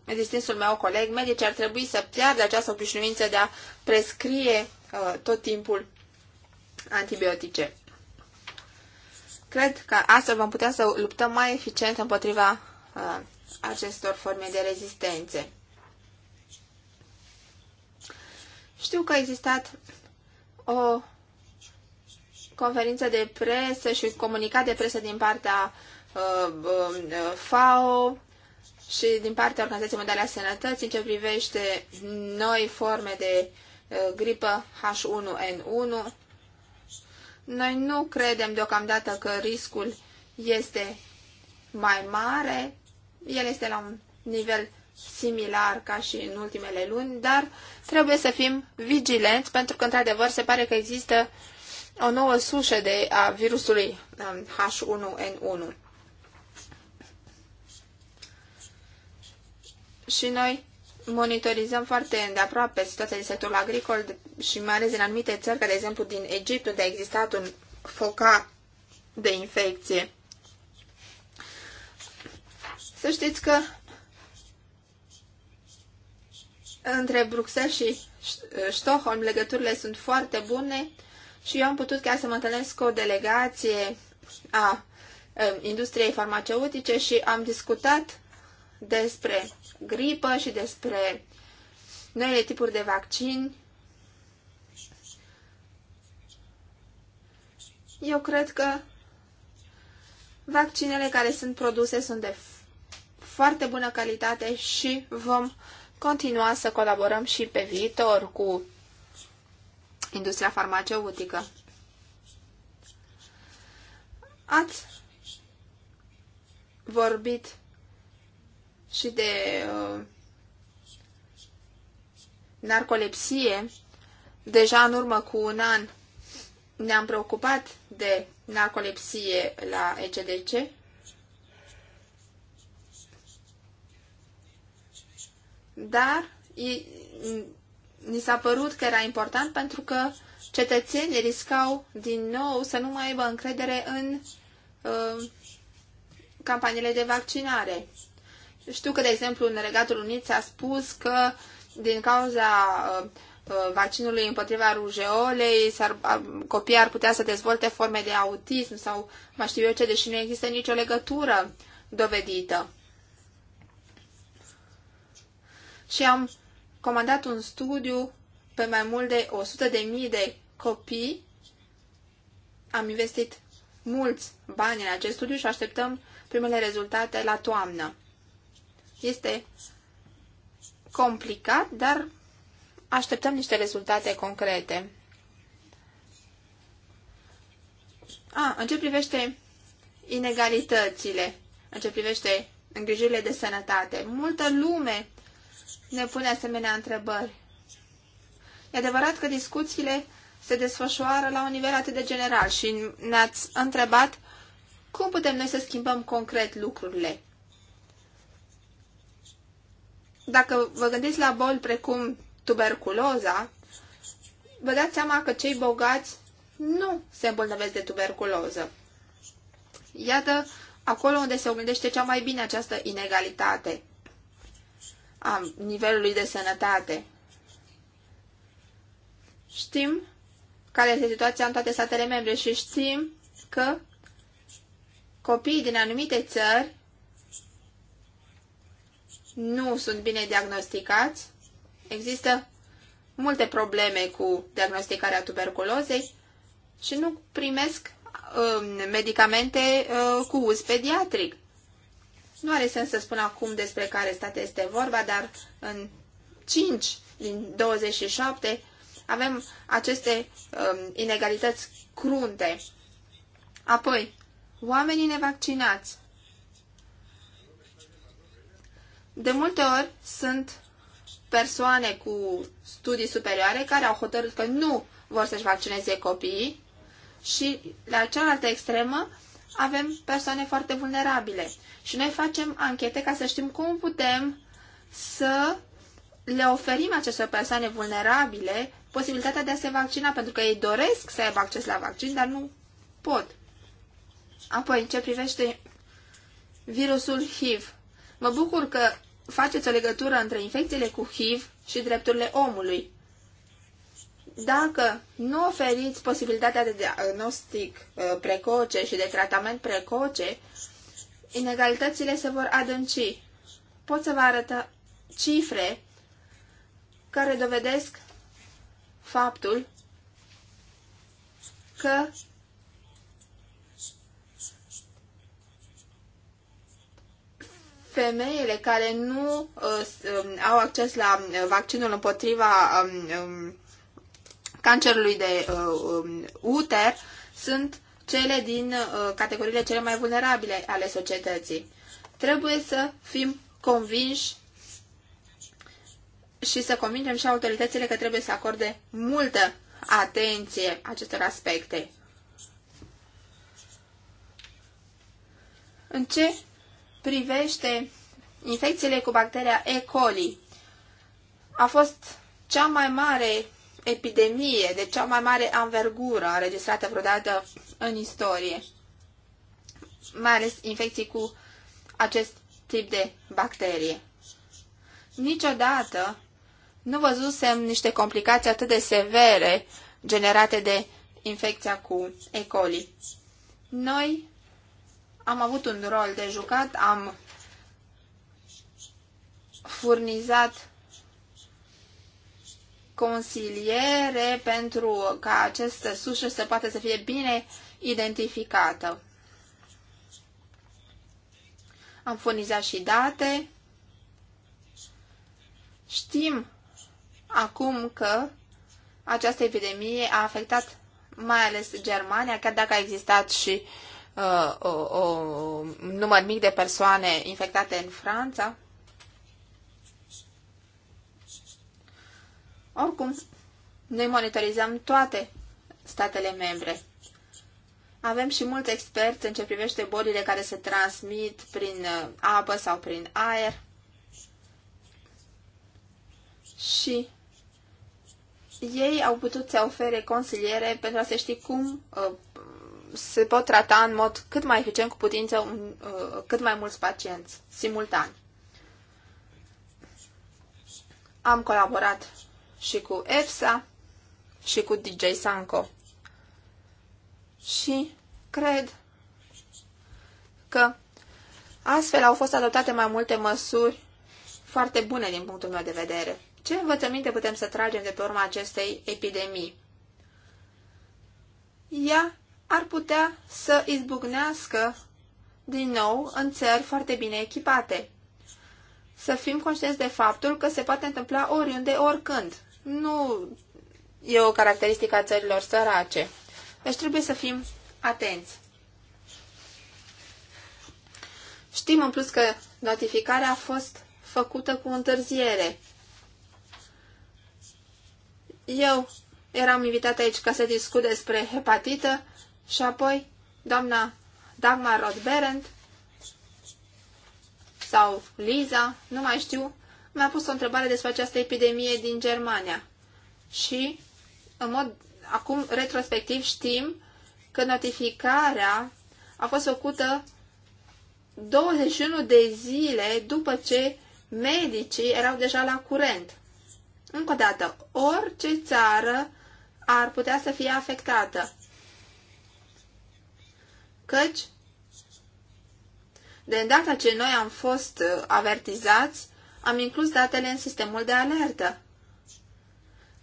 Speaker 1: uh, distinsul meu coleg, medicii ar trebui să piardă această obișnuință de a prescrie uh, tot timpul antibiotice. Cred că astfel vom putea să luptăm mai eficient împotriva uh, acestor forme de rezistențe. Știu că a existat o conferințe de presă și comunicat de presă din partea uh, um, uh, FAO și din partea Organizației Mondiale a Sănătății în ce privește noi forme de uh, gripă H1N1. Noi nu credem deocamdată că riscul este mai mare, el este la un nivel similar ca și în ultimele luni, dar trebuie să fim vigilenți pentru că, într-adevăr, se pare că există o nouă sușă de a virusului um, H1N1. Și noi monitorizăm foarte îndeaproape situația din sectorul agricol și mai ales în anumite țări, ca de exemplu din Egipt, unde a existat un foca de infecție. Să știți că între Bruxelles și Stockholm legăturile sunt foarte bune și eu am putut chiar să mă întâlnesc cu o delegație a industriei farmaceutice și am discutat despre gripă și despre noile tipuri de vaccini. Eu cred că vaccinele care sunt produse sunt de foarte bună calitate și vom continua să colaborăm și pe viitor cu industria farmaceutică. Ați vorbit și de uh, narcolepsie. Deja în urmă cu un an ne-am preocupat de narcolepsie la ECDC. Dar ni s-a părut că era important pentru că cetățenii riscau din nou să nu mai aibă încredere în uh, campaniile de vaccinare. Știu că, de exemplu, în Regatul Unit s-a spus că din cauza uh, uh vaccinului împotriva rujeolei, s-ar, ar, copiii ar putea să dezvolte forme de autism sau mai știu eu ce, deși nu există nicio legătură dovedită. Și am comandat un studiu pe mai mult de 100.000 de copii. Am investit mulți bani în acest studiu și așteptăm primele rezultate la toamnă. Este complicat, dar așteptăm niște rezultate concrete. A, în ce privește inegalitățile, în ce privește îngrijirile de sănătate, multă lume ne pune asemenea întrebări. E adevărat că discuțiile se desfășoară la un nivel atât de general și ne-ați întrebat cum putem noi să schimbăm concret lucrurile. Dacă vă gândiți la boli precum tuberculoza, vă dați seama că cei bogați nu se îmbolnăvesc de tuberculoză. Iată acolo unde se oglindește cea mai bine această inegalitate a nivelului de sănătate. Știm care este situația în toate statele membre și știm că copiii din anumite țări nu sunt bine diagnosticați. Există multe probleme cu diagnosticarea tuberculozei și nu primesc uh, medicamente uh, cu uz pediatric. Nu are sens să spun acum despre care state este vorba, dar în 5 din 27 avem aceste um, inegalități crunte. Apoi, oamenii nevaccinați. De multe ori sunt persoane cu studii superioare care au hotărât că nu vor să-și vaccineze copiii și la cealaltă extremă avem persoane foarte vulnerabile și noi facem anchete ca să știm cum putem să le oferim acestor persoane vulnerabile posibilitatea de a se vaccina, pentru că ei doresc să aibă acces la vaccin, dar nu pot. Apoi, în ce privește virusul HIV, mă bucur că faceți o legătură între infecțiile cu HIV și drepturile omului. Dacă nu oferiți posibilitatea de diagnostic uh, precoce și de tratament precoce, inegalitățile se vor adânci. Pot să vă arăt cifre care dovedesc faptul că femeile care nu uh, um, au acces la vaccinul împotriva um, um, cancerului de uh, um, uter sunt cele din uh, categoriile cele mai vulnerabile ale societății. Trebuie să fim convinși și să convingem și autoritățile că trebuie să acorde multă atenție acestor aspecte. În ce privește infecțiile cu bacteria E. coli, a fost cea mai mare epidemie de cea mai mare anvergură înregistrată vreodată în istorie, mai ales infecții cu acest tip de bacterie. Niciodată nu văzusem niște complicații atât de severe generate de infecția cu E. coli. Noi am avut un rol de jucat, am furnizat consiliere pentru ca această sușă să poată să fie bine identificată. Am furnizat și date. Știm acum că această epidemie a afectat mai ales Germania, chiar dacă a existat și uh, o, o, număr mic de persoane infectate în Franța. Oricum, noi monitorizăm toate statele membre. Avem și mulți experți în ce privește bolile care se transmit prin uh, apă sau prin aer. Și ei au putut să ofere consiliere pentru a se ști cum uh, se pot trata în mod cât mai eficient cu putință un, uh, cât mai mulți pacienți simultan. Am colaborat și cu EFSA și cu DJ Sanco. Și cred că astfel au fost adoptate mai multe măsuri foarte bune din punctul meu de vedere. Ce învățăminte putem să tragem de pe urma acestei epidemii? Ea ar putea să izbucnească din nou în țări foarte bine echipate. Să fim conștienți de faptul că se poate întâmpla oriunde, oricând nu e o caracteristică a țărilor sărace. Deci trebuie să fim atenți. Știm în plus că notificarea a fost făcută cu întârziere. Eu eram invitat aici ca să discut despre hepatită și apoi doamna Dagmar Rodberent sau Liza, nu mai știu, mi-a pus o întrebare despre această epidemie din Germania. Și, în mod, acum, retrospectiv, știm că notificarea a fost făcută 21 de zile după ce medicii erau deja la curent. Încă o dată, orice țară ar putea să fie afectată. Căci, de îndată ce noi am fost uh, avertizați, am inclus datele în sistemul de alertă.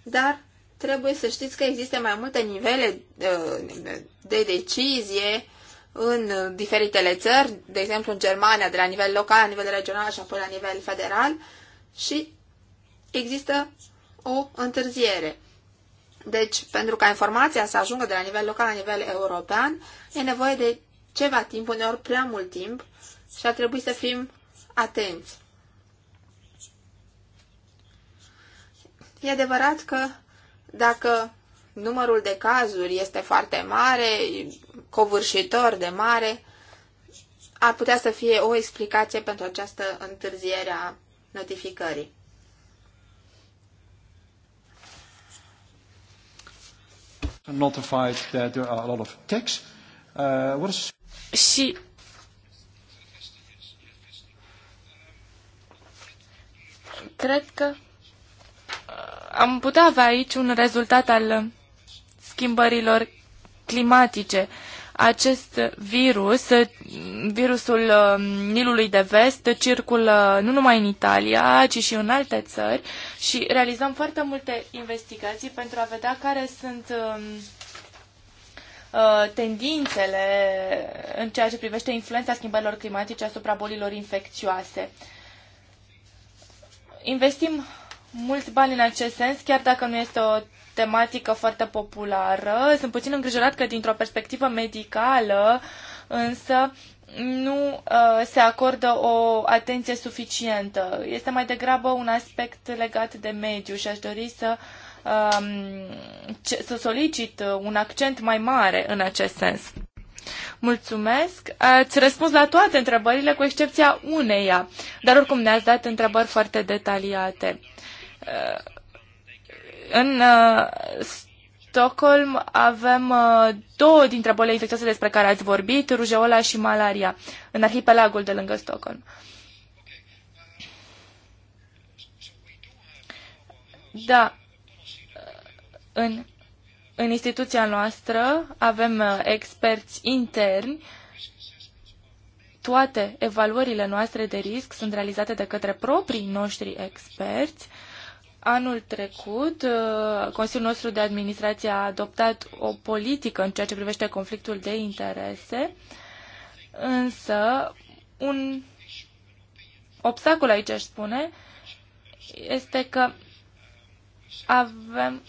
Speaker 1: Dar trebuie să știți că există mai multe nivele uh, de decizie în diferitele țări, de exemplu în Germania, de la nivel local, la nivel regional și apoi la nivel federal și există o întârziere. Deci, pentru ca informația să ajungă de la nivel local la nivel european, e nevoie de ceva timp, uneori prea mult timp și ar trebui să fim atenți. E adevărat că dacă numărul de cazuri este foarte mare, covârșitor de mare, ar putea să fie o explicație pentru această întârziere a notificării.
Speaker 3: notified that there are a lot of ticks. Uh, what is... Și cred că am putea avea aici un rezultat al schimbărilor climatice. Acest virus, virusul um, Nilului de Vest, circulă nu numai în Italia, ci și în alte țări și realizăm foarte multe investigații pentru a vedea care sunt um, uh, tendințele în ceea ce privește influența schimbărilor climatice asupra bolilor infecțioase. Investim mulți bani în acest sens, chiar dacă nu este o tematică foarte populară. Sunt puțin îngrijorat că dintr-o perspectivă medicală, însă nu uh, se acordă o atenție suficientă. Este mai degrabă un aspect legat de mediu și aș dori să, um, ce, să solicit un accent mai mare în acest sens. Mulțumesc! Ați răspuns la toate întrebările, cu excepția uneia, dar oricum ne-ați dat întrebări foarte detaliate. Uh, în uh, Stockholm avem uh, două dintre bolile infecțioase despre care ați vorbit, rujeola și malaria, în arhipelagul de lângă Stockholm. Da, în, în instituția noastră avem experți interni. Toate evaluările noastre de risc sunt realizate de către proprii noștri experți anul trecut, uh, Consiliul nostru de administrație a adoptat o politică în ceea ce privește conflictul de interese, însă un obstacol aici, aș spune, este că avem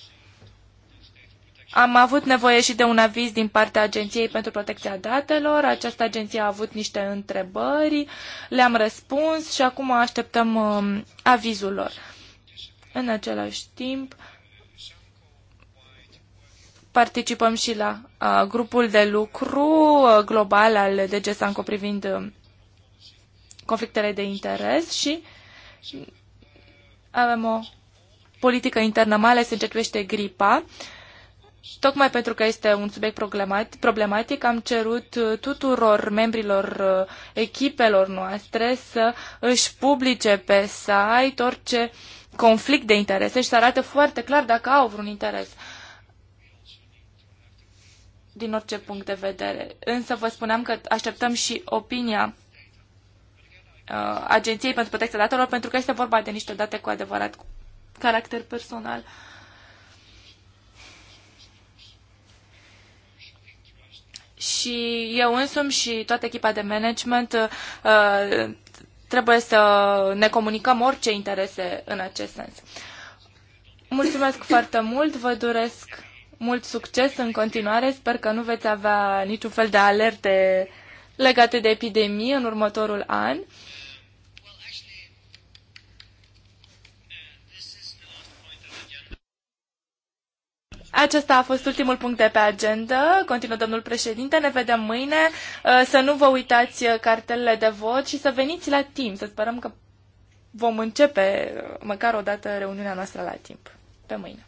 Speaker 3: am avut nevoie și de un aviz din partea Agenției pentru Protecția Datelor. Această agenție a avut niște întrebări, le-am răspuns și acum așteptăm um, avizul lor. În același timp, participăm și la uh, grupul de lucru uh, global al DG Sanco privind conflictele de interes și avem o politică internă, mai ales în gripa. Tocmai pentru că este un subiect problematic, am cerut tuturor membrilor echipelor noastre să își publice pe site orice conflict de interese și se arată foarte clar dacă au vreun interes din orice punct de vedere. Însă vă spuneam că așteptăm și opinia uh, Agenției pentru Protecția Datelor, pentru că este vorba de niște date cu adevărat cu caracter personal. Și eu însumi și toată echipa de management uh, trebuie să ne comunicăm orice interese în acest sens. Mulțumesc foarte mult, vă doresc mult succes în continuare. Sper că nu veți avea niciun fel de alerte legate de epidemie în următorul an. Acesta a fost ultimul punct de pe agenda. Continuă domnul președinte, ne vedem mâine. Uh, să nu vă uitați uh, cartelele de vot și să veniți la timp. Să sperăm că vom începe uh, măcar o dată reuniunea noastră la timp. Pe mâine.